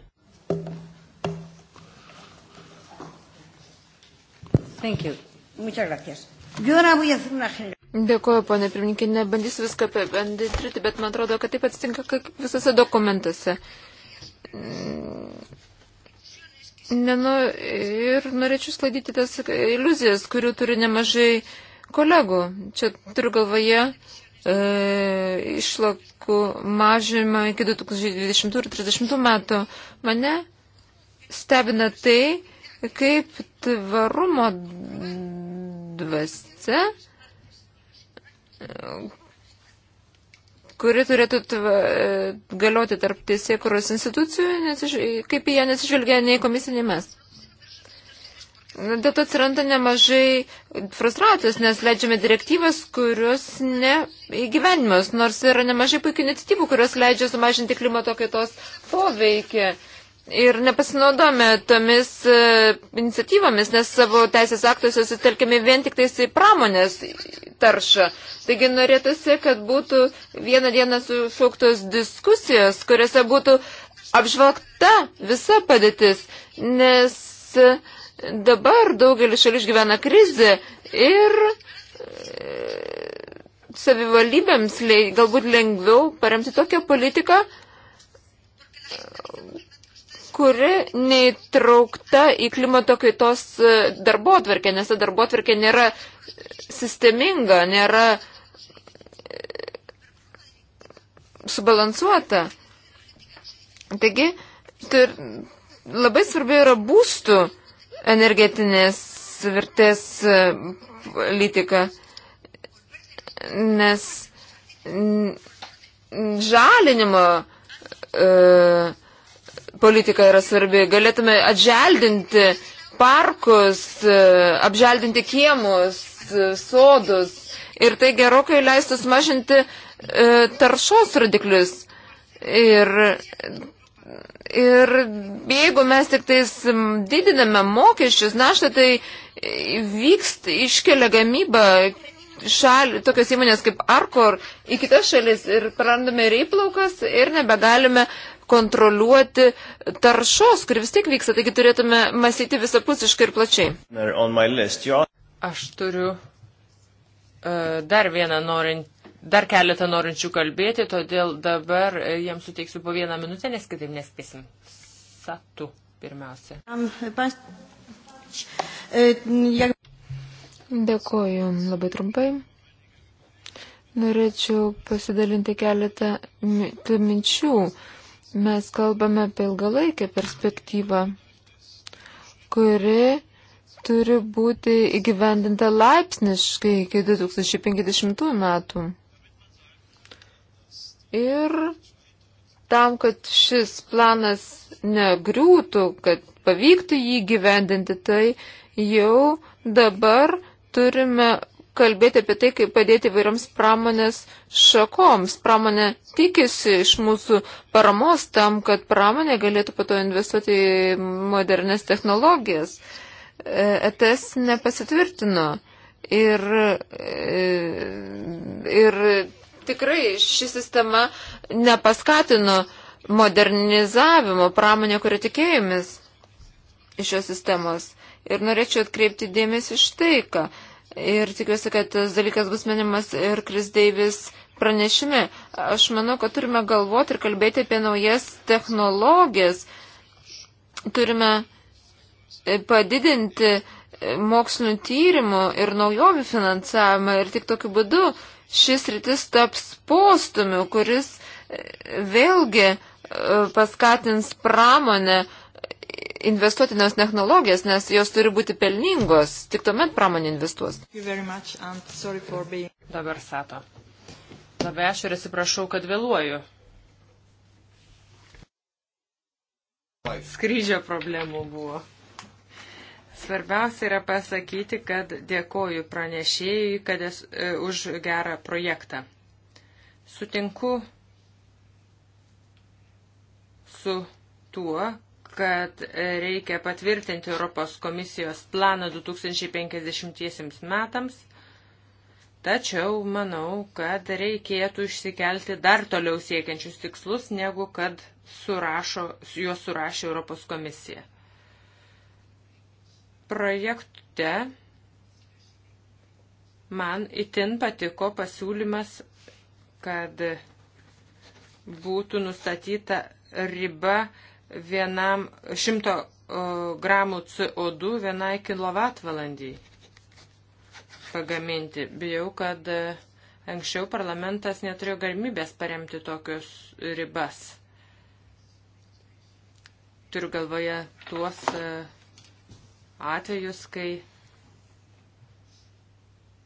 Dėkuoju, ponė pirmininkė, nebandysiu viską apibendrinti, bet man atrodo, kad taip atsitinka, kaip visose dokumentuose Nenu, ir norėčiau sklaidyti tas iliuzijas, kurių turi nemažai kolegų. Čia turiu galvoje e, išlakų mažymą iki 2020 ir 30 metų. Mane stebina tai, kaip tvarumo dvasia kuri turėtų e, galioti tarp teisėkuros institucijų, nes iš, kaip į ją nesižvelgia nei komisija, nei mes. Dėl to atsiranda nemažai frustracijos, nes leidžiame direktyvas, kurios neįgyvenimas, nors yra nemažai puikių iniciatyvų, kurios leidžia sumažinti klimato kaitos poveikį ir nepasinaudojame tomis e, iniciatyvomis, nes savo teisės aktuose sutelkime vien tik tais į pramonės taršą. Taigi norėtųsi, kad būtų vieną dieną sušauktos diskusijos, kuriuose būtų apžvalgta visa padėtis, nes dabar daugelis šalių išgyvena krizę ir e, savivaldybėms galbūt lengviau paremti tokią politiką, kuri neįtraukta į klimato kaitos e, darbo atverkę, nes ta darbo atverkė nėra sisteminga, nėra e, subalansuota. Taigi, tai labai svarbi yra būstų energetinės vertės e, politika, nes žalinimo uh, politika yra svarbi. Galėtume atželdinti parkus, e, apželdinti kiemus, e, sodus ir tai gerokai leistų sumažinti e, taršos rodiklius. Ir, ir jeigu mes tik tais didiname mokesčius, naštą, tai vykst iškelia gamyba šal, tokios įmonės kaip Arkor į kitas šalis ir prarandame ir įplaukas ir nebegalime kontroliuoti taršos, kuri vis tiek vyksta, taigi turėtume mąstyti visapusiškai ir plačiai. Aš turiu e, dar vieną norint, dar keletą norinčių kalbėti, todėl dabar e, jiems suteiksiu po vieną minutę, nes kitaip nespėsim. Satu pirmiausia. E, Dėkuoju labai trumpai. Norėčiau pasidalinti keletą minčių. Mi Mes kalbame apie ilgalaikę perspektyvą, kuri turi būti įgyvendinta laipsniškai iki 2050 metų. Ir tam, kad šis planas negriūtų, kad pavyktų jį gyvendinti, tai jau dabar turime kalbėti apie tai, kaip padėti vairioms pramonės šakoms. Pramonė tikisi iš mūsų paramos tam, kad pramonė galėtų pato investuoti į modernes technologijas. ETS e nepasitvirtino. Ir, e, ir tikrai ši sistema nepaskatino modernizavimo pramonė, kurio tikėjomės iš šios sistemos. Ir norėčiau atkreipti dėmesį štai ką. Ir tikiuosi, kad tas dalykas bus minimas ir Kris Deivis pranešime. Aš manau, kad turime galvoti ir kalbėti apie naujas technologijas. Turime e, padidinti e, mokslinių tyrimų ir naujovių finansavimą ir tik tokiu būdu šis rytis taps postumiu, kuris e, vėlgi paskatins pramonę investuoti nes technologijas, nes jos turi būti pelningos, tik tuomet pramonė investuos. Being... Dabar sato. Labai aš ir atsiprašau, kad vėluoju. Skrydžio problemų buvo. Svarbiausia yra pasakyti, kad dėkoju pranešėjui kad es, e, už gerą projektą. Sutinku su tuo, kad reikia patvirtinti Europos komisijos planą 2050 metams, tačiau manau, kad reikėtų išsikelti dar toliau siekiančius tikslus, negu kad surašo, juos surašė Europos komisija. Projekte man itin patiko pasiūlymas, kad būtų nustatyta riba vienam 100 gramų CO2 vienai kilovatvalandį pagaminti. Bijau, kad e, anksčiau parlamentas neturėjo galimybės paremti tokius ribas. Turiu galvoje tuos e, atvejus, kai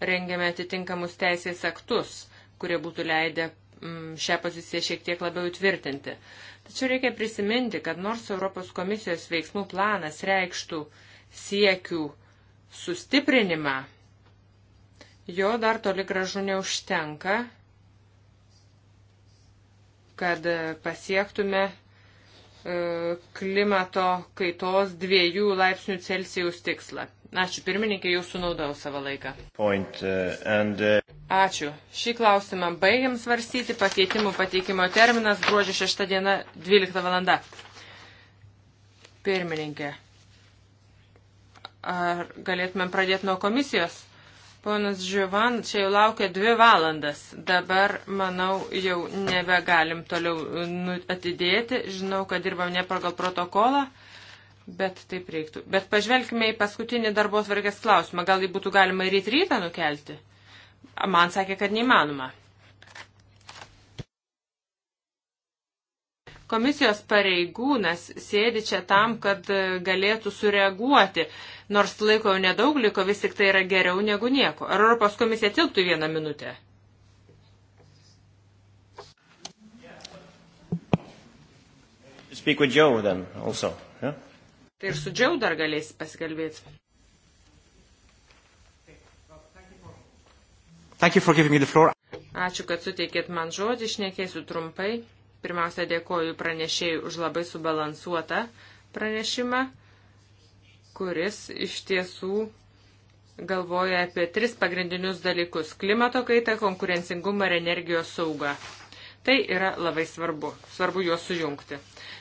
rengiame atitinkamus teisės aktus, kurie būtų leidę mm, šią poziciją šiek tiek labiau įtvirtinti. Tačiau reikia prisiminti, kad nors Europos komisijos veiksmų planas reikštų siekių sustiprinimą, jo dar toli gražu neužtenka, kad pasiektume e, klimato kaitos dviejų laipsnių Celsijaus tikslą. Ačiū pirmininkė, jūs sunaudau savo laiką. Point, uh, and, uh... Ačiū. Šį klausimą baigiam svarstyti. Pakeitimų pateikimo terminas gruodžio 6 diena 12 valanda. Pirmininkė, ar galėtumėm pradėti nuo komisijos? Ponas Živan čia jau laukia dvi valandas. Dabar, manau, jau nebegalim toliau nu, atidėti. Žinau, kad dirbam ne pagal protokolą. Uh, bet taip reiktų. Bet pažvelkime į paskutinį darbo tvarkės klausimą. Gal jį būtų galima ryt rytą nukelti? Man sakė, kad neįmanoma. Komisijos pareigūnas sėdi čia tam, kad galėtų sureaguoti, nors laiko jau nedaug liko, vis tik tai yra geriau negu nieko. Ar Europos komisija tilptų vieną minutę? Speak with Joe then also. Tai ir su Džiau dar galėsi pasikalbėti. Ačiū, kad suteikėt man žodį, išnekėsiu trumpai. Pirmiausia, dėkoju pranešėjui už labai subalansuotą pranešimą, kuris iš tiesų galvoja apie tris pagrindinius dalykus - klimato kaitą, konkurencingumą ir energijos saugą. Tai yra labai svarbu. Svarbu juos sujungti.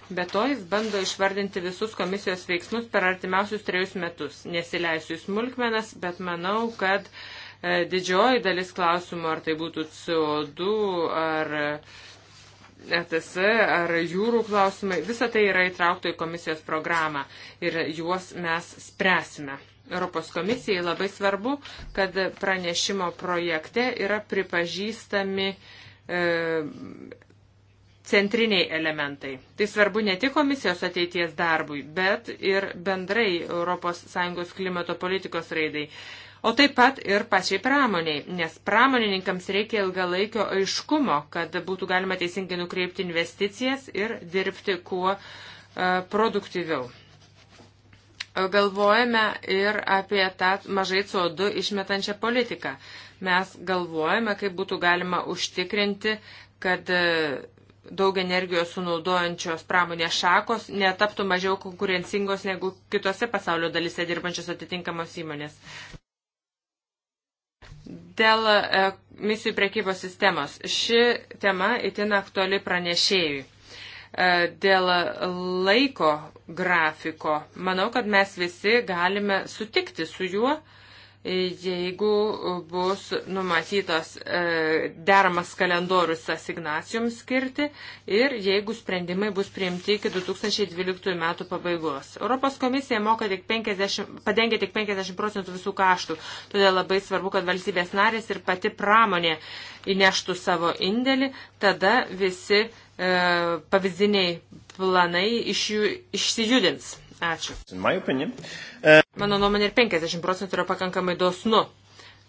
Be to jis bando išvardinti visus komisijos veiksmus per artimiausius trejus metus. Nesileisiu į smulkmenas, bet manau, kad e, didžioji dalis klausimų, ar tai būtų CO2, ar ETS, e ar jūrų klausimai, visa tai yra įtraukta į komisijos programą ir juos mes spręsime. Europos komisijai labai svarbu, kad pranešimo projekte yra pripažįstami e, centriniai elementai. Tai svarbu ne tik komisijos ateities darbui, bet ir bendrai ES klimato politikos raidai. O taip pat ir pačiai pramoniai, nes pramonininkams reikia ilgalaikio aiškumo, kad būtų galima teisingai nukreipti investicijas ir dirbti kuo e, produktyviau. Galvojame ir apie tą mažai CO2 išmetančią politiką. Mes galvojame, kaip būtų galima užtikrinti, kad e, daug energijos sunaudojančios pramonės šakos netaptų mažiau konkurencingos negu kitose pasaulio dalise dirbančios atitinkamos įmonės. Dėl e, misijų prekybos sistemos. Ši tema itin aktuali pranešėjui. E, dėl laiko grafiko, manau, kad mes visi galime sutikti su juo, jeigu bus numatytos e, deramas kalendorius asignacijoms skirti ir jeigu sprendimai bus priimti iki 2012 metų pabaigos. Europos komisija moka tik 50, padengia tik 50 procentų visų kaštų, todėl labai svarbu, kad valstybės narės ir pati pramonė įneštų savo indėlį, tada visi e, pavyzdiniai planai iš jų išsijudins. Ačiū. Uh, Mano nuomonė ir 50 procentų yra pakankamai dosnu.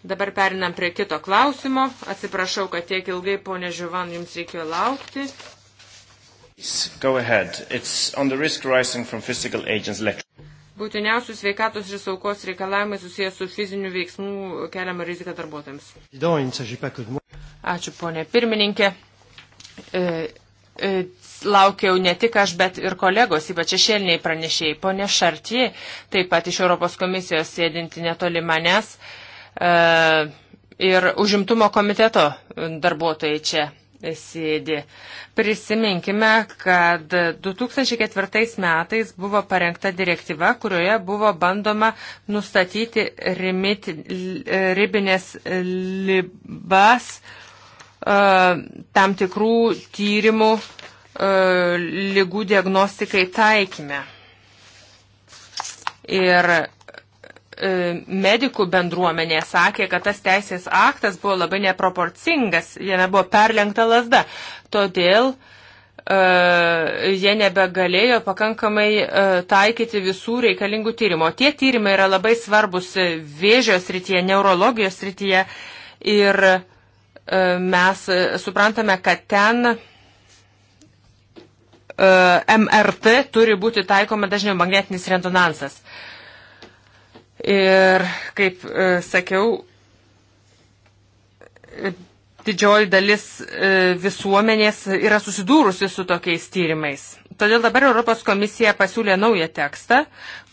Dabar perinam prie kito klausimo. Atsiprašau, kad tiek ilgai, ponė Živan, jums reikėjo laukti. Būtiniausių sveikatos ir saugos reikalavimai susijęs su fiziniu veiksmu keliama rizika darbuotojams. Ačiū, ponė pirmininkė. E, e, laukiau ne tik aš, bet ir kolegos, ypač šešėliniai pranešėjai. Pone Šartie, taip pat iš Europos komisijos sėdinti netoli manęs e, ir užimtumo komiteto darbuotojai čia sėdi. Prisiminkime, kad 2004 metais buvo parengta direktyva, kurioje buvo bandoma nustatyti rimit, ribinės libas e, tam tikrų tyrimų E, lygų diagnostikai taikymę. Ir e, medikų bendruomenė sakė, kad tas teisės aktas buvo labai neproporcingas, jame buvo perlenkta lasda. Todėl uh, jie nebegalėjo pakankamai uh, taikyti visų reikalingų tyrimų. Tie tyrimai yra labai svarbus vėžios rytyje, neurologijos rytyje ir uh, mes suprantame, kad ten uh, E, MRT turi būti taikoma dažniau magnetinis rezonansas. Ir kaip e, sakiau, e, didžioji dalis visuomenės yra susidūrusi su tokiais tyrimais. Todėl dabar Europos komisija pasiūlė naują tekstą,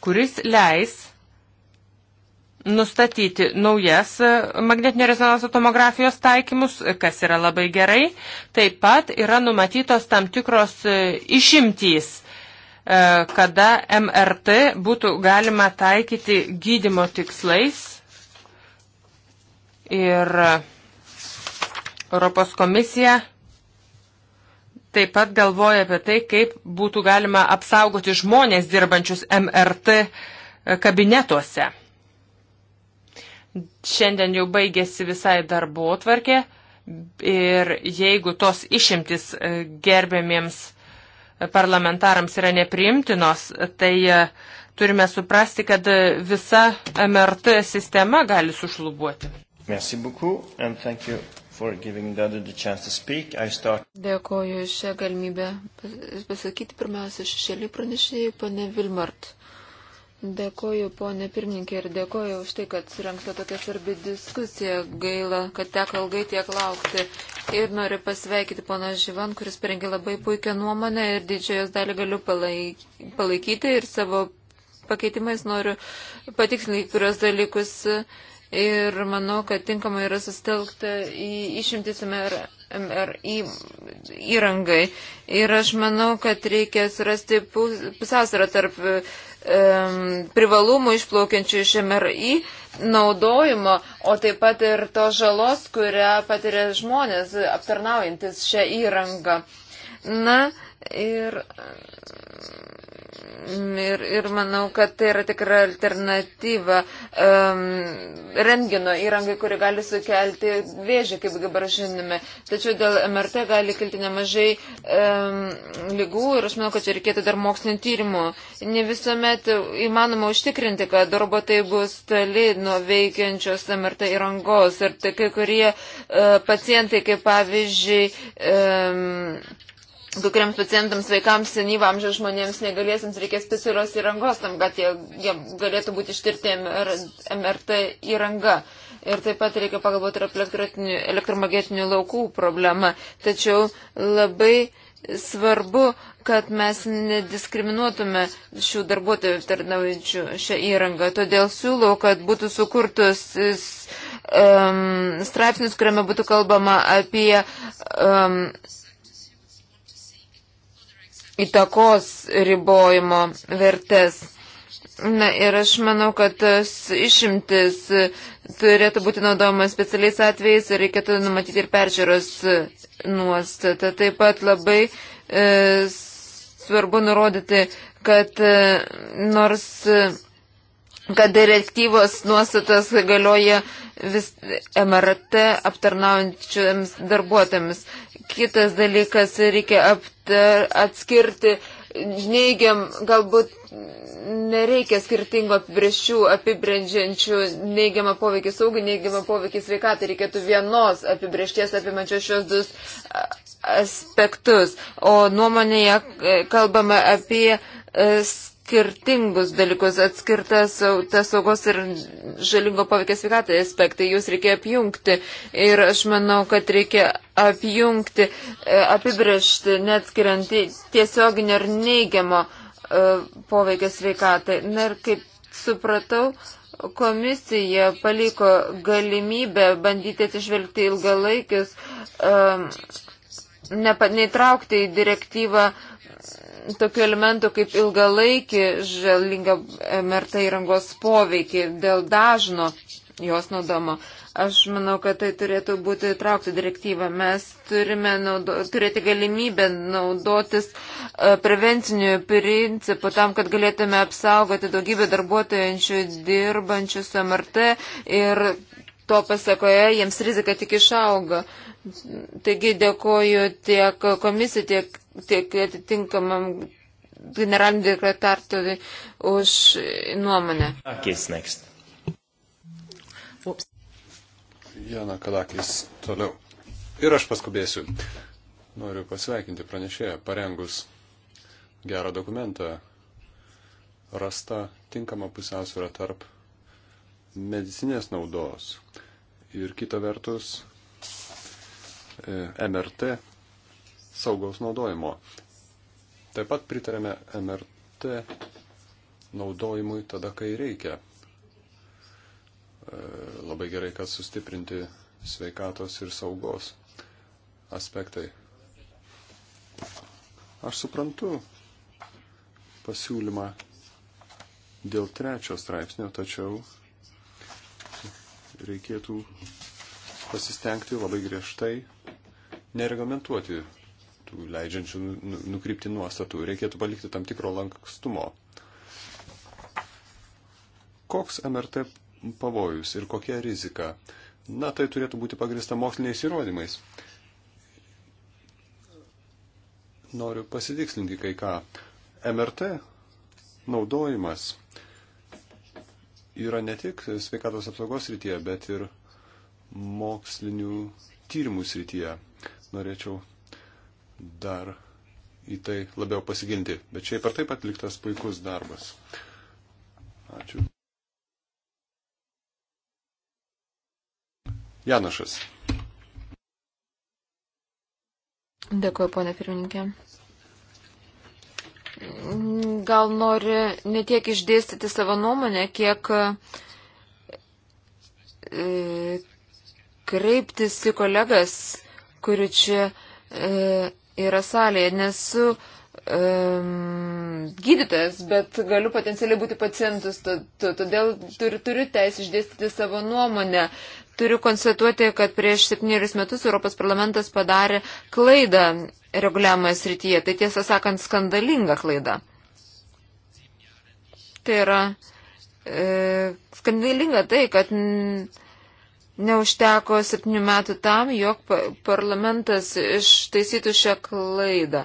kuris leis nustatyti naujas e, magnetinio rezonanso tomografijos taikymus, kas yra labai gerai. Taip pat yra numatytos tam tikros e, išimtys, e, kada MRT būtų galima taikyti gydimo tikslais. Ir Europos komisija taip pat galvoja apie tai, kaip būtų galima apsaugoti žmonės dirbančius MRT kabinetuose. Šiandien jau baigėsi visai darbo tvarkė ir jeigu tos išimtis e, gerbėmiems e, parlamentarams yra nepriimtinos, tai e, turime suprasti, kad visa MRT sistema gali sušlubuoti. Merci beaucoup and thank you for giving the other the chance to speak. I start. Dėkoju šią galimybę pasakyti pirmiausia šešėlį pranešėjai, pane Vilmart. Dėkoju, ponė pirmininkė, ir dėkoju už tai, kad surinkta tokia svarbi diskusija. Gaila, kad teko ilgai tiek laukti. Ir noriu pasveikyti poną Živan, kuris parengė labai puikią nuomonę ir didžiąją jos dalį galiu palaikyti ir savo pakeitimais noriu patikslinti kurios dalykus. Ir manau, kad tinkamai yra sustelkta į išimtis MR, MRI įrangai. Ir aš manau, kad reikia surasti pus, pusiausvyrą tarp privalumų išplaukiančių iš MRI naudojimo, o taip pat ir to žalos, kurią patiria žmonės aptarnaujantis šią įrangą. Na ir Ir, ir manau, kad tai yra tikra alternatyva um, rengino įrangai, kuri gali sukelti vėžį, kaip dabar žinome. Tačiau dėl MRT gali kilti nemažai um, lygų ir aš manau, kad čia reikėtų dar mokslinio tyrimo. Ne visuomet įmanoma užtikrinti, kad robotai bus toli nuo veikiančios MRT įrangos. Ir tai kai kurie uh, pacientai, kaip pavyzdžiui, um, kai kuriems pacientams, vaikams, senyvams žmonėms negalėsiams reikės specialios įrangos tam, kad jie, jie galėtų būti ištirti MR, MRT įranga. Ir taip pat reikia pagalvoti ir apie elektromagnetinių laukų problemą. Tačiau labai svarbu, kad mes nediskriminuotume šių darbuotojų tarnaujančių šią įrangą. Todėl siūlau, kad būtų sukurtus um, straipsnis, kuriame būtų kalbama apie um, įtakos ribojimo vertės. Na ir aš manau, kad išimtis turėtų būti naudojama specialiais atvejais ir reikėtų numatyti ir peržiūros nuostatą. Taip pat labai e, svarbu nurodyti, kad e, nors kad direktyvos nuostatas galioja vis MRT aptarnaujančiams darbuotojams. Kitas dalykas, reikia aptar, atskirti neigiam, galbūt nereikia skirtingo apibrėžčių apibrėžiančių neigiamą poveikį saugų, neigiamą poveikį sveikatai, reikėtų vienos apibrėžties apimančios šios du aspektus. O nuomonėje kalbame apie e, skirtingus dalykus, atskirtas tas saugos ir žalingo paveikia sveikatai aspektai, jūs reikia apjungti ir aš manau, kad reikia apjungti, e, apibriežti, neatskiriant tiesioginio ir neigiamo e, poveikia sveikatai. Na ir kaip supratau, komisija paliko galimybę bandyti atsižvelgti ilgalaikius, um, neįtraukti į direktyvą uh, tokių elementų kaip ilgalaikį žalingą MRT įrangos poveikį dėl dažno jos naudojimo. Aš manau, kad tai turėtų būti įtraukti direktyvą. Mes turime naudo, turėti galimybę naudotis e, prevenciniu principu tam, kad galėtume apsaugoti daugybę darbuotojančių, dirbančių su MRT ir to pasakoje jiems rizika tik išauga. Taigi dėkoju tiek komisijai, tiek tiek atitinkamam generaliniam direktorui už nuomonę. Akis next. Ups. Jana Kalakis toliau. Ir aš paskubėsiu. Noriu pasveikinti pranešėją, parengus gerą dokumentą, rasta tinkama pusiausvėra tarp medicinės naudos ir kita vertus e, MRT saugaus naudojimo. Taip pat pritarėme MRT naudojimui tada, kai reikia. E, labai gerai, kad sustiprinti sveikatos ir saugos aspektai. Aš suprantu pasiūlymą dėl trečio straipsnio, tačiau reikėtų pasistengti labai griežtai nereglamentuoti tų leidžiančių nu, nu, nukrypti nuostatų. Reikėtų palikti tam tikro lankstumo. Koks MRT pavojus ir kokia rizika? Na, tai turėtų būti pagrista moksliniais įrodymais. Noriu pasitikslinti kai ką. MRT naudojimas yra ne tik sveikatos apsaugos rytyje, bet ir mokslinių tyrimų srityje. Norėčiau dar į tai labiau pasiginti. Bet šiaip ar taip atliktas puikus darbas. Ačiū. Janašas. Dėkuoju, ponė pirmininkė. Gal nori ne tiek išdėstyti savo nuomonę, kiek e, kreiptis į kolegas, kuri čia e, yra salėje. Nesu um, gydytojas, bet galiu potencialiai būti pacientus, todėl turiu, turiu teisę išdėstyti savo nuomonę. Turiu konstatuoti, kad prieš septynerius metus Europos parlamentas padarė klaidą reguliamoje srityje. Tai tiesą sakant, skandalinga klaida. Tai yra e, skandalinga tai, kad. N, neužteko septynių metų tam, jog parlamentas ištaisytų šią klaidą.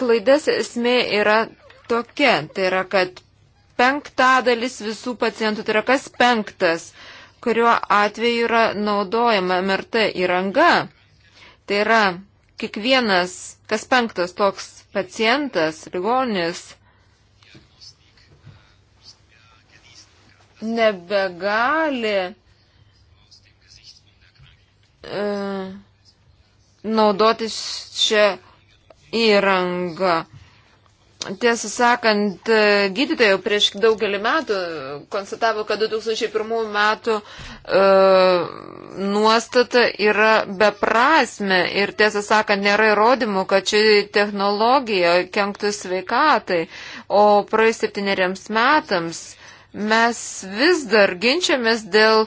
Klaidas esmė yra tokia, tai yra, kad penktadalis visų pacientų, tai yra kas penktas, kuriuo atveju yra naudojama MRT įranga. Tai yra kiekvienas, kas penktas toks pacientas, ligonis, nebegali e, naudotis šią įrangą. Tiesą sakant, e, gydytojai prieš daugelį metų konstatavo, kad 2001 metų e, nuostata yra beprasme ir tiesą sakant, nėra įrodymų, kad ši technologija kenktų sveikatai, o praeis septyneriems metams mes vis dar ginčiamės dėl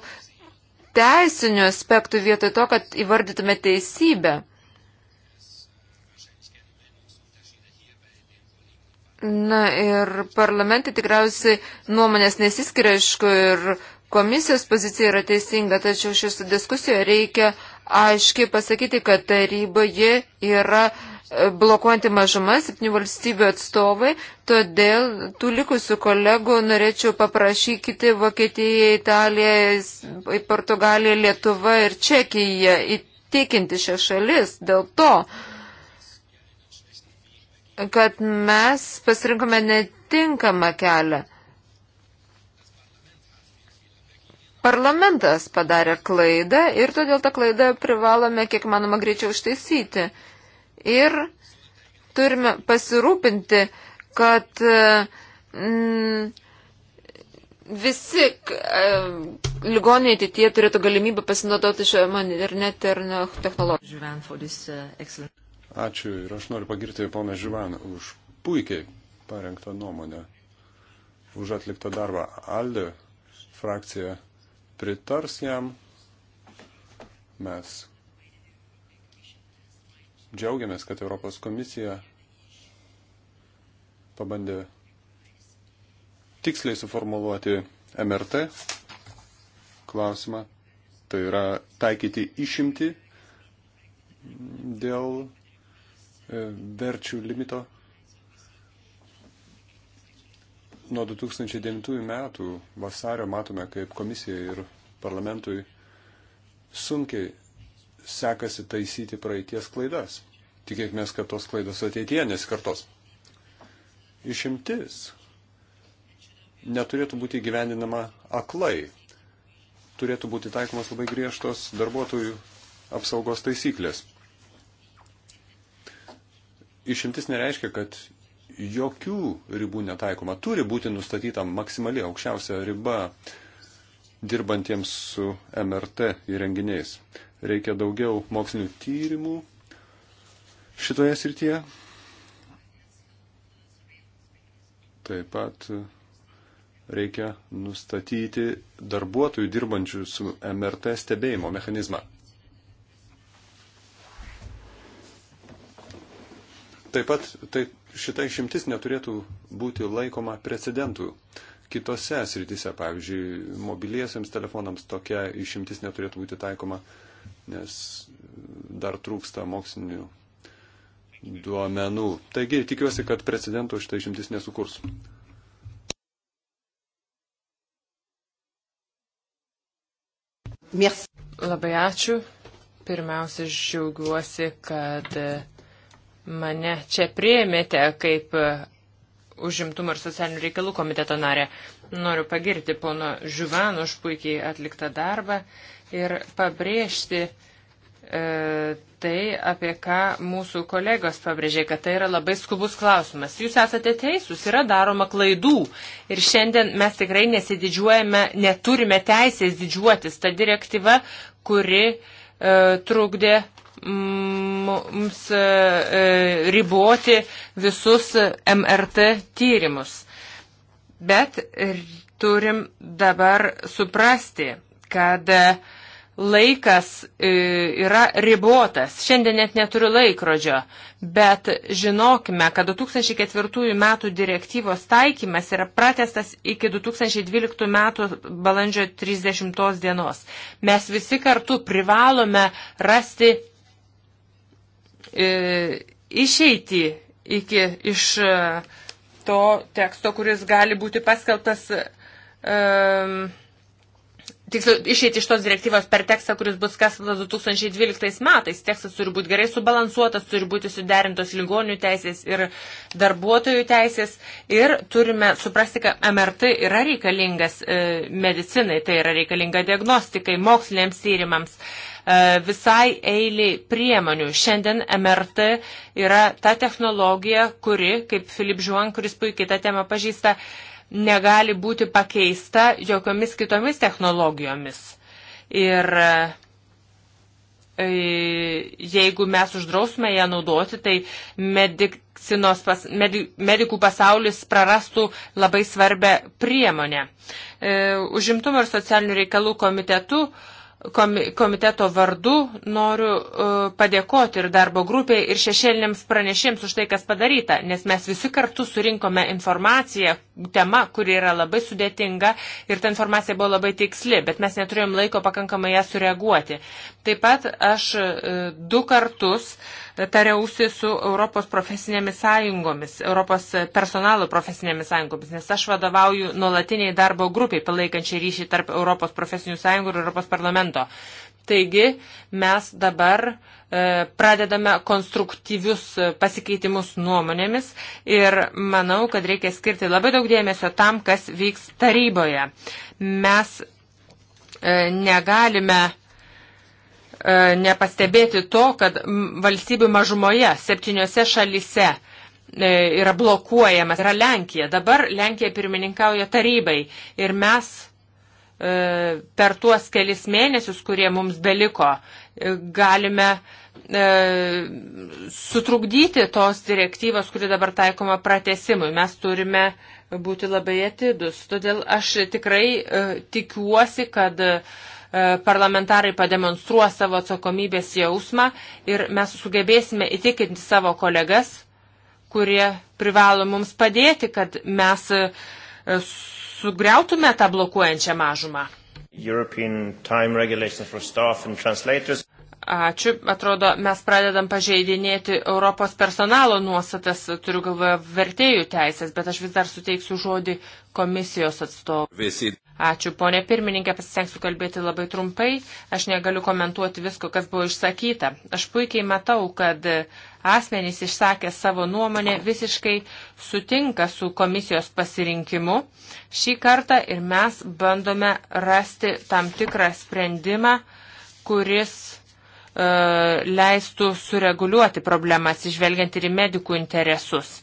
teisinių aspektų vietoj to, kad įvardytume teisybę. Na ir parlamentai tikriausiai nuomonės nesiskiria, aišku, ir komisijos pozicija yra teisinga, tačiau šios diskusijoje reikia aiškiai pasakyti, kad taryboje yra uh, blokuojanti mažuma, septynių valstybių atstovai, todėl tų likusių kolegų norėčiau paprašykyti Vokietiją, Italiją, Portugaliją, Lietuvą ir Čekiją įtikinti šią šalis dėl to, kad mes pasirinkome netinkamą kelią. Parlamentas padarė klaidą ir todėl tą klaidą privalome kiek manoma greičiau ištaisyti ir turime pasirūpinti, kad e, mm, visi e, ligoniai ateitie turėtų galimybę pasinaudoti šią internet ir technologiją. E, Ačiū ir aš noriu pagirti poną Živaną už puikiai parengtą nuomonę, už atliktą darbą. Aldi frakcija pritars jam. Mes džiaugiamės, kad Europos komisija pabandė tiksliai suformuluoti MRT klausimą, tai yra taikyti išimti dėl e, verčių limito. Nuo 2009 metų vasario matome, kaip komisija ir parlamentui sunkiai sekasi taisyti praeities klaidas. Tikėkime, kad tos klaidos ateityje nesikartos. Išimtis neturėtų būti gyvendinama aklai. Turėtų būti taikomas labai griežtos darbuotojų apsaugos taisyklės. Išimtis nereiškia, kad jokių ribų netaikoma. Turi būti nustatyta maksimali aukščiausia riba dirbantiems su MRT įrenginiais. Reikia daugiau mokslinių tyrimų šitoje srityje. Taip pat reikia nustatyti darbuotojų dirbančių su MRT stebėjimo mechanizmą. Taip pat tai, šita išimtis neturėtų būti laikoma precedentų. Kitose srityse, pavyzdžiui, mobiliesiams telefonams tokia išimtis neturėtų būti taikoma nes dar trūksta mokslinių duomenų. Taigi tikiuosi, kad precedento šitą išimtis nesukurs. Merci. Labai ačiū. Pirmiausia, žiaugiuosi, kad mane čia prieimėte kaip užimtumo ir socialinių reikalų komiteto narė. Noriu pagirti pono Žuvan už puikiai atliktą darbą ir pabrėžti e, tai, apie ką mūsų kolegos pabrėžė, kad tai yra labai skubus klausimas. Jūs esate teisūs, yra daroma klaidų ir šiandien mes tikrai nesididžiuojame, neturime teisės didžiuotis tą direktyvą, kuri e, trukdė mums e, e, riboti visus MRT tyrimus. Bet turim dabar suprasti, kad e, laikas e, yra ribotas. Šiandien net neturiu laikrodžio, bet žinokime, kad 2004 metų direktyvos taikymas yra pratestas iki 2012 metų balandžio 30 dienos. Mes visi kartu privalome rasti e, išeitį iki iš. E, to teksto, kuris gali būti paskeltas, um, ehm, tiksliau, išeiti iš tos direktyvos per tekstą, kuris bus paskeltas 2012 metais. Tekstas turi būti gerai subalansuotas, turi būti suderintos ligonių teisės ir darbuotojų teisės. Ir turime suprasti, kad MRT yra reikalingas e, medicinai, tai yra reikalinga diagnostikai, moksliniams tyrimams. E, E, visai eiliai priemonių. Šiandien MRT yra ta technologija, kuri, kaip Filip Žuan, kuris puikiai tą temą pažįsta, negali būti pakeista jokiomis kitomis technologijomis. Ir e, jeigu mes uždrausime ją naudoti, tai medicinos, pas, medi, medikų pasaulis prarastų labai svarbę priemonę. E, užimtumo ir socialinių reikalų komitetu uh, komiteto vardu noriu e, padėkoti ir darbo grupiai, ir šešėliniams pranešėms už tai, kas padaryta, nes mes visi kartu surinkome informaciją, tema, kuri yra labai sudėtinga ir ta informacija buvo labai tiksli, bet mes neturėjom laiko pakankamai ją sureaguoti. Taip pat aš e, du kartus uh, tariausi su Europos profesinėmis sąjungomis, Europos personalo profesinėmis sąjungomis, nes aš vadovauju nuolatiniai darbo grupiai, palaikančiai ryšį tarp Europos profesinių sąjungų ir Europos parlamento. Taigi mes dabar e, pradedame konstruktyvius pasikeitimus nuomonėmis ir manau, kad reikia skirti labai daug dėmesio tam, kas vyks taryboje. Mes e, negalime E, nepastebėti to, kad valstybių mažumoje, septyniose šalise e, yra blokuojamas, yra Lenkija. Dabar Lenkija pirmininkauja tarybai ir mes e, per tuos kelis mėnesius, kurie mums beliko, galime sutrukdyti tos direktyvos, kuri dabar taikoma pratesimui. Mes turime būti labai atidus. Todėl aš tikrai tikiuosi, kad uh, E, parlamentarai pademonstruos savo atsakomybės jausmą ir mes sugebėsime įtikinti savo kolegas, kurie privalo mums padėti, kad mes e, sugriautume tą blokuojančią mažumą. Ačiū. Atrodo, mes pradedam pažeidinėti Europos personalo nuostatas, turiu galvoje vertėjų teisės, bet aš vis dar suteiksiu žodį komisijos atstovui. Visi. Ačiū, ponė pirmininkė, pasistengsiu kalbėti labai trumpai. Aš negaliu komentuoti visko, kas buvo išsakyta. Aš puikiai matau, kad asmenys išsakė savo nuomonę visiškai sutinka su komisijos pasirinkimu. Šį kartą ir mes bandome rasti tam tikrą sprendimą, kuris E, leistų sureguliuoti problemas, išvelgiant ir į medikų interesus.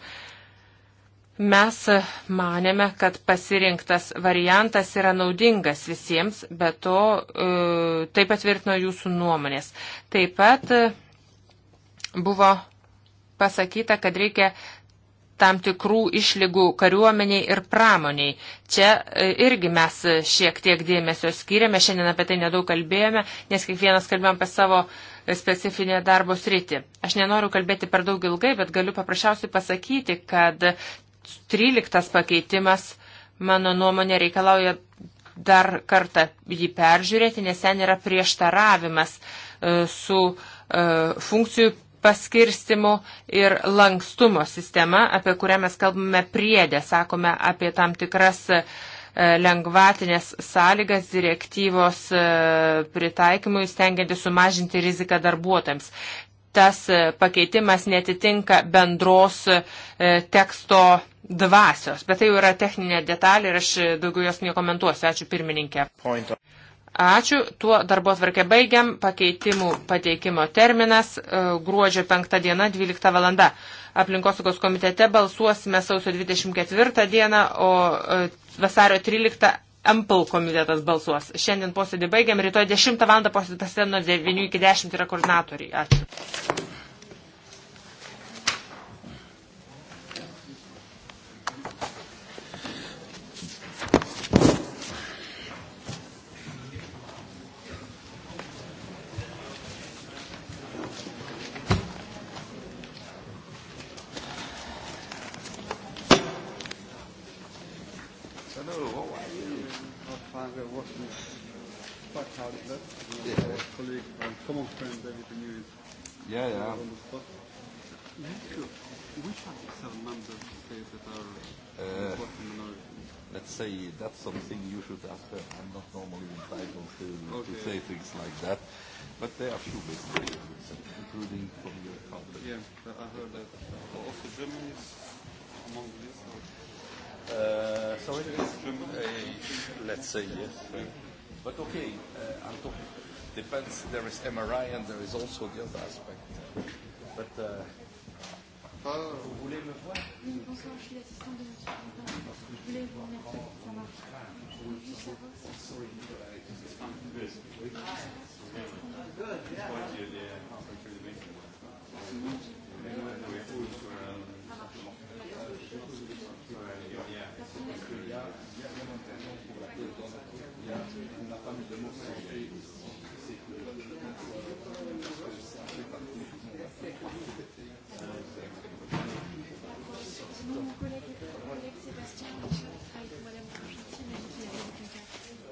Mes manėme, kad pasirinktas variantas yra naudingas visiems, bet to e, tai patvirtino jūsų nuomonės. Taip pat buvo pasakyta, kad reikia tam tikrų išlygų kariuomeniai ir pramoniai. Čia e, irgi mes šiek tiek dėmesio skiriame, šiandien apie tai nedaug kalbėjome, nes kiekvienas kalbėjom apie savo specifinę darbo sritį. Aš nenoriu kalbėti per daug ilgai, bet galiu paprasčiausiai pasakyti, kad 13 pakeitimas, mano nuomonė, reikalauja dar kartą jį peržiūrėti, nes ten yra prieštaravimas e, su e, funkcijų paskirstimo ir lankstumo sistema, apie kurią mes kalbame priedę, sakome apie tam tikras e, lengvatinės sąlygas direktyvos e, pritaikymui, stengiantis sumažinti riziką darbuotojams. Tas e, pakeitimas netitinka bendros teksto dvasios, bet tai jau yra techninė detalė ir aš daugiau jos nekomentuosiu. Ačiū pirmininkė. Point. Ačiū. Tuo darbo atvarkę baigiam. Pakeitimų pateikimo terminas e, gruodžio 5 diena 12 valanda. Aplinkosaugos komitete balsuosime sausio 24 dieną, o e, vasario 13 MPL komitetas balsuos. Šiandien posėdį baigiam. Rytoj 10 val. posėdį prasideda nuo 9 iki 10 yra koordinatoriai. Ačiū. Andre Wassner's quite hard at that. Yeah. Our colleague and common friend David Renew is yeah, yeah. on the spot. Which are the seven members states that are uh, working minority? Let's say that's something you should ask her. I'm not normally entitled to, okay. to say things like that. But there are a few big problems, including from your company. Yeah, I heard that. Also, Germany is among these Uh, sorry? Uh, let's say yes. But okay, uh, I'm talking. Depends. There is MRI and there is also the other aspect. But. Uh, Oh. Vous voulez me voir Oui, bonsoir, je suis l'assistante de M. Je voulais vous remercier pour sa marche. Je voulais juste savoir si... Sorry, it's fine. Good. Good, yeah. Sinon, j'ai...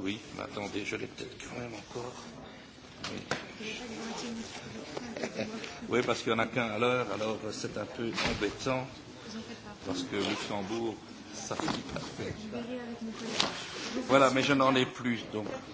Oui, mais attendez, je l'ai peut-être quand même encore. Oui, oui parce qu'il n'y en a qu'un à l'heure, alors c'est un peu embêtant. Vous en faites parce que Luxembourg, ça fit parfait. Voilà, mais je n'en ai plus, donc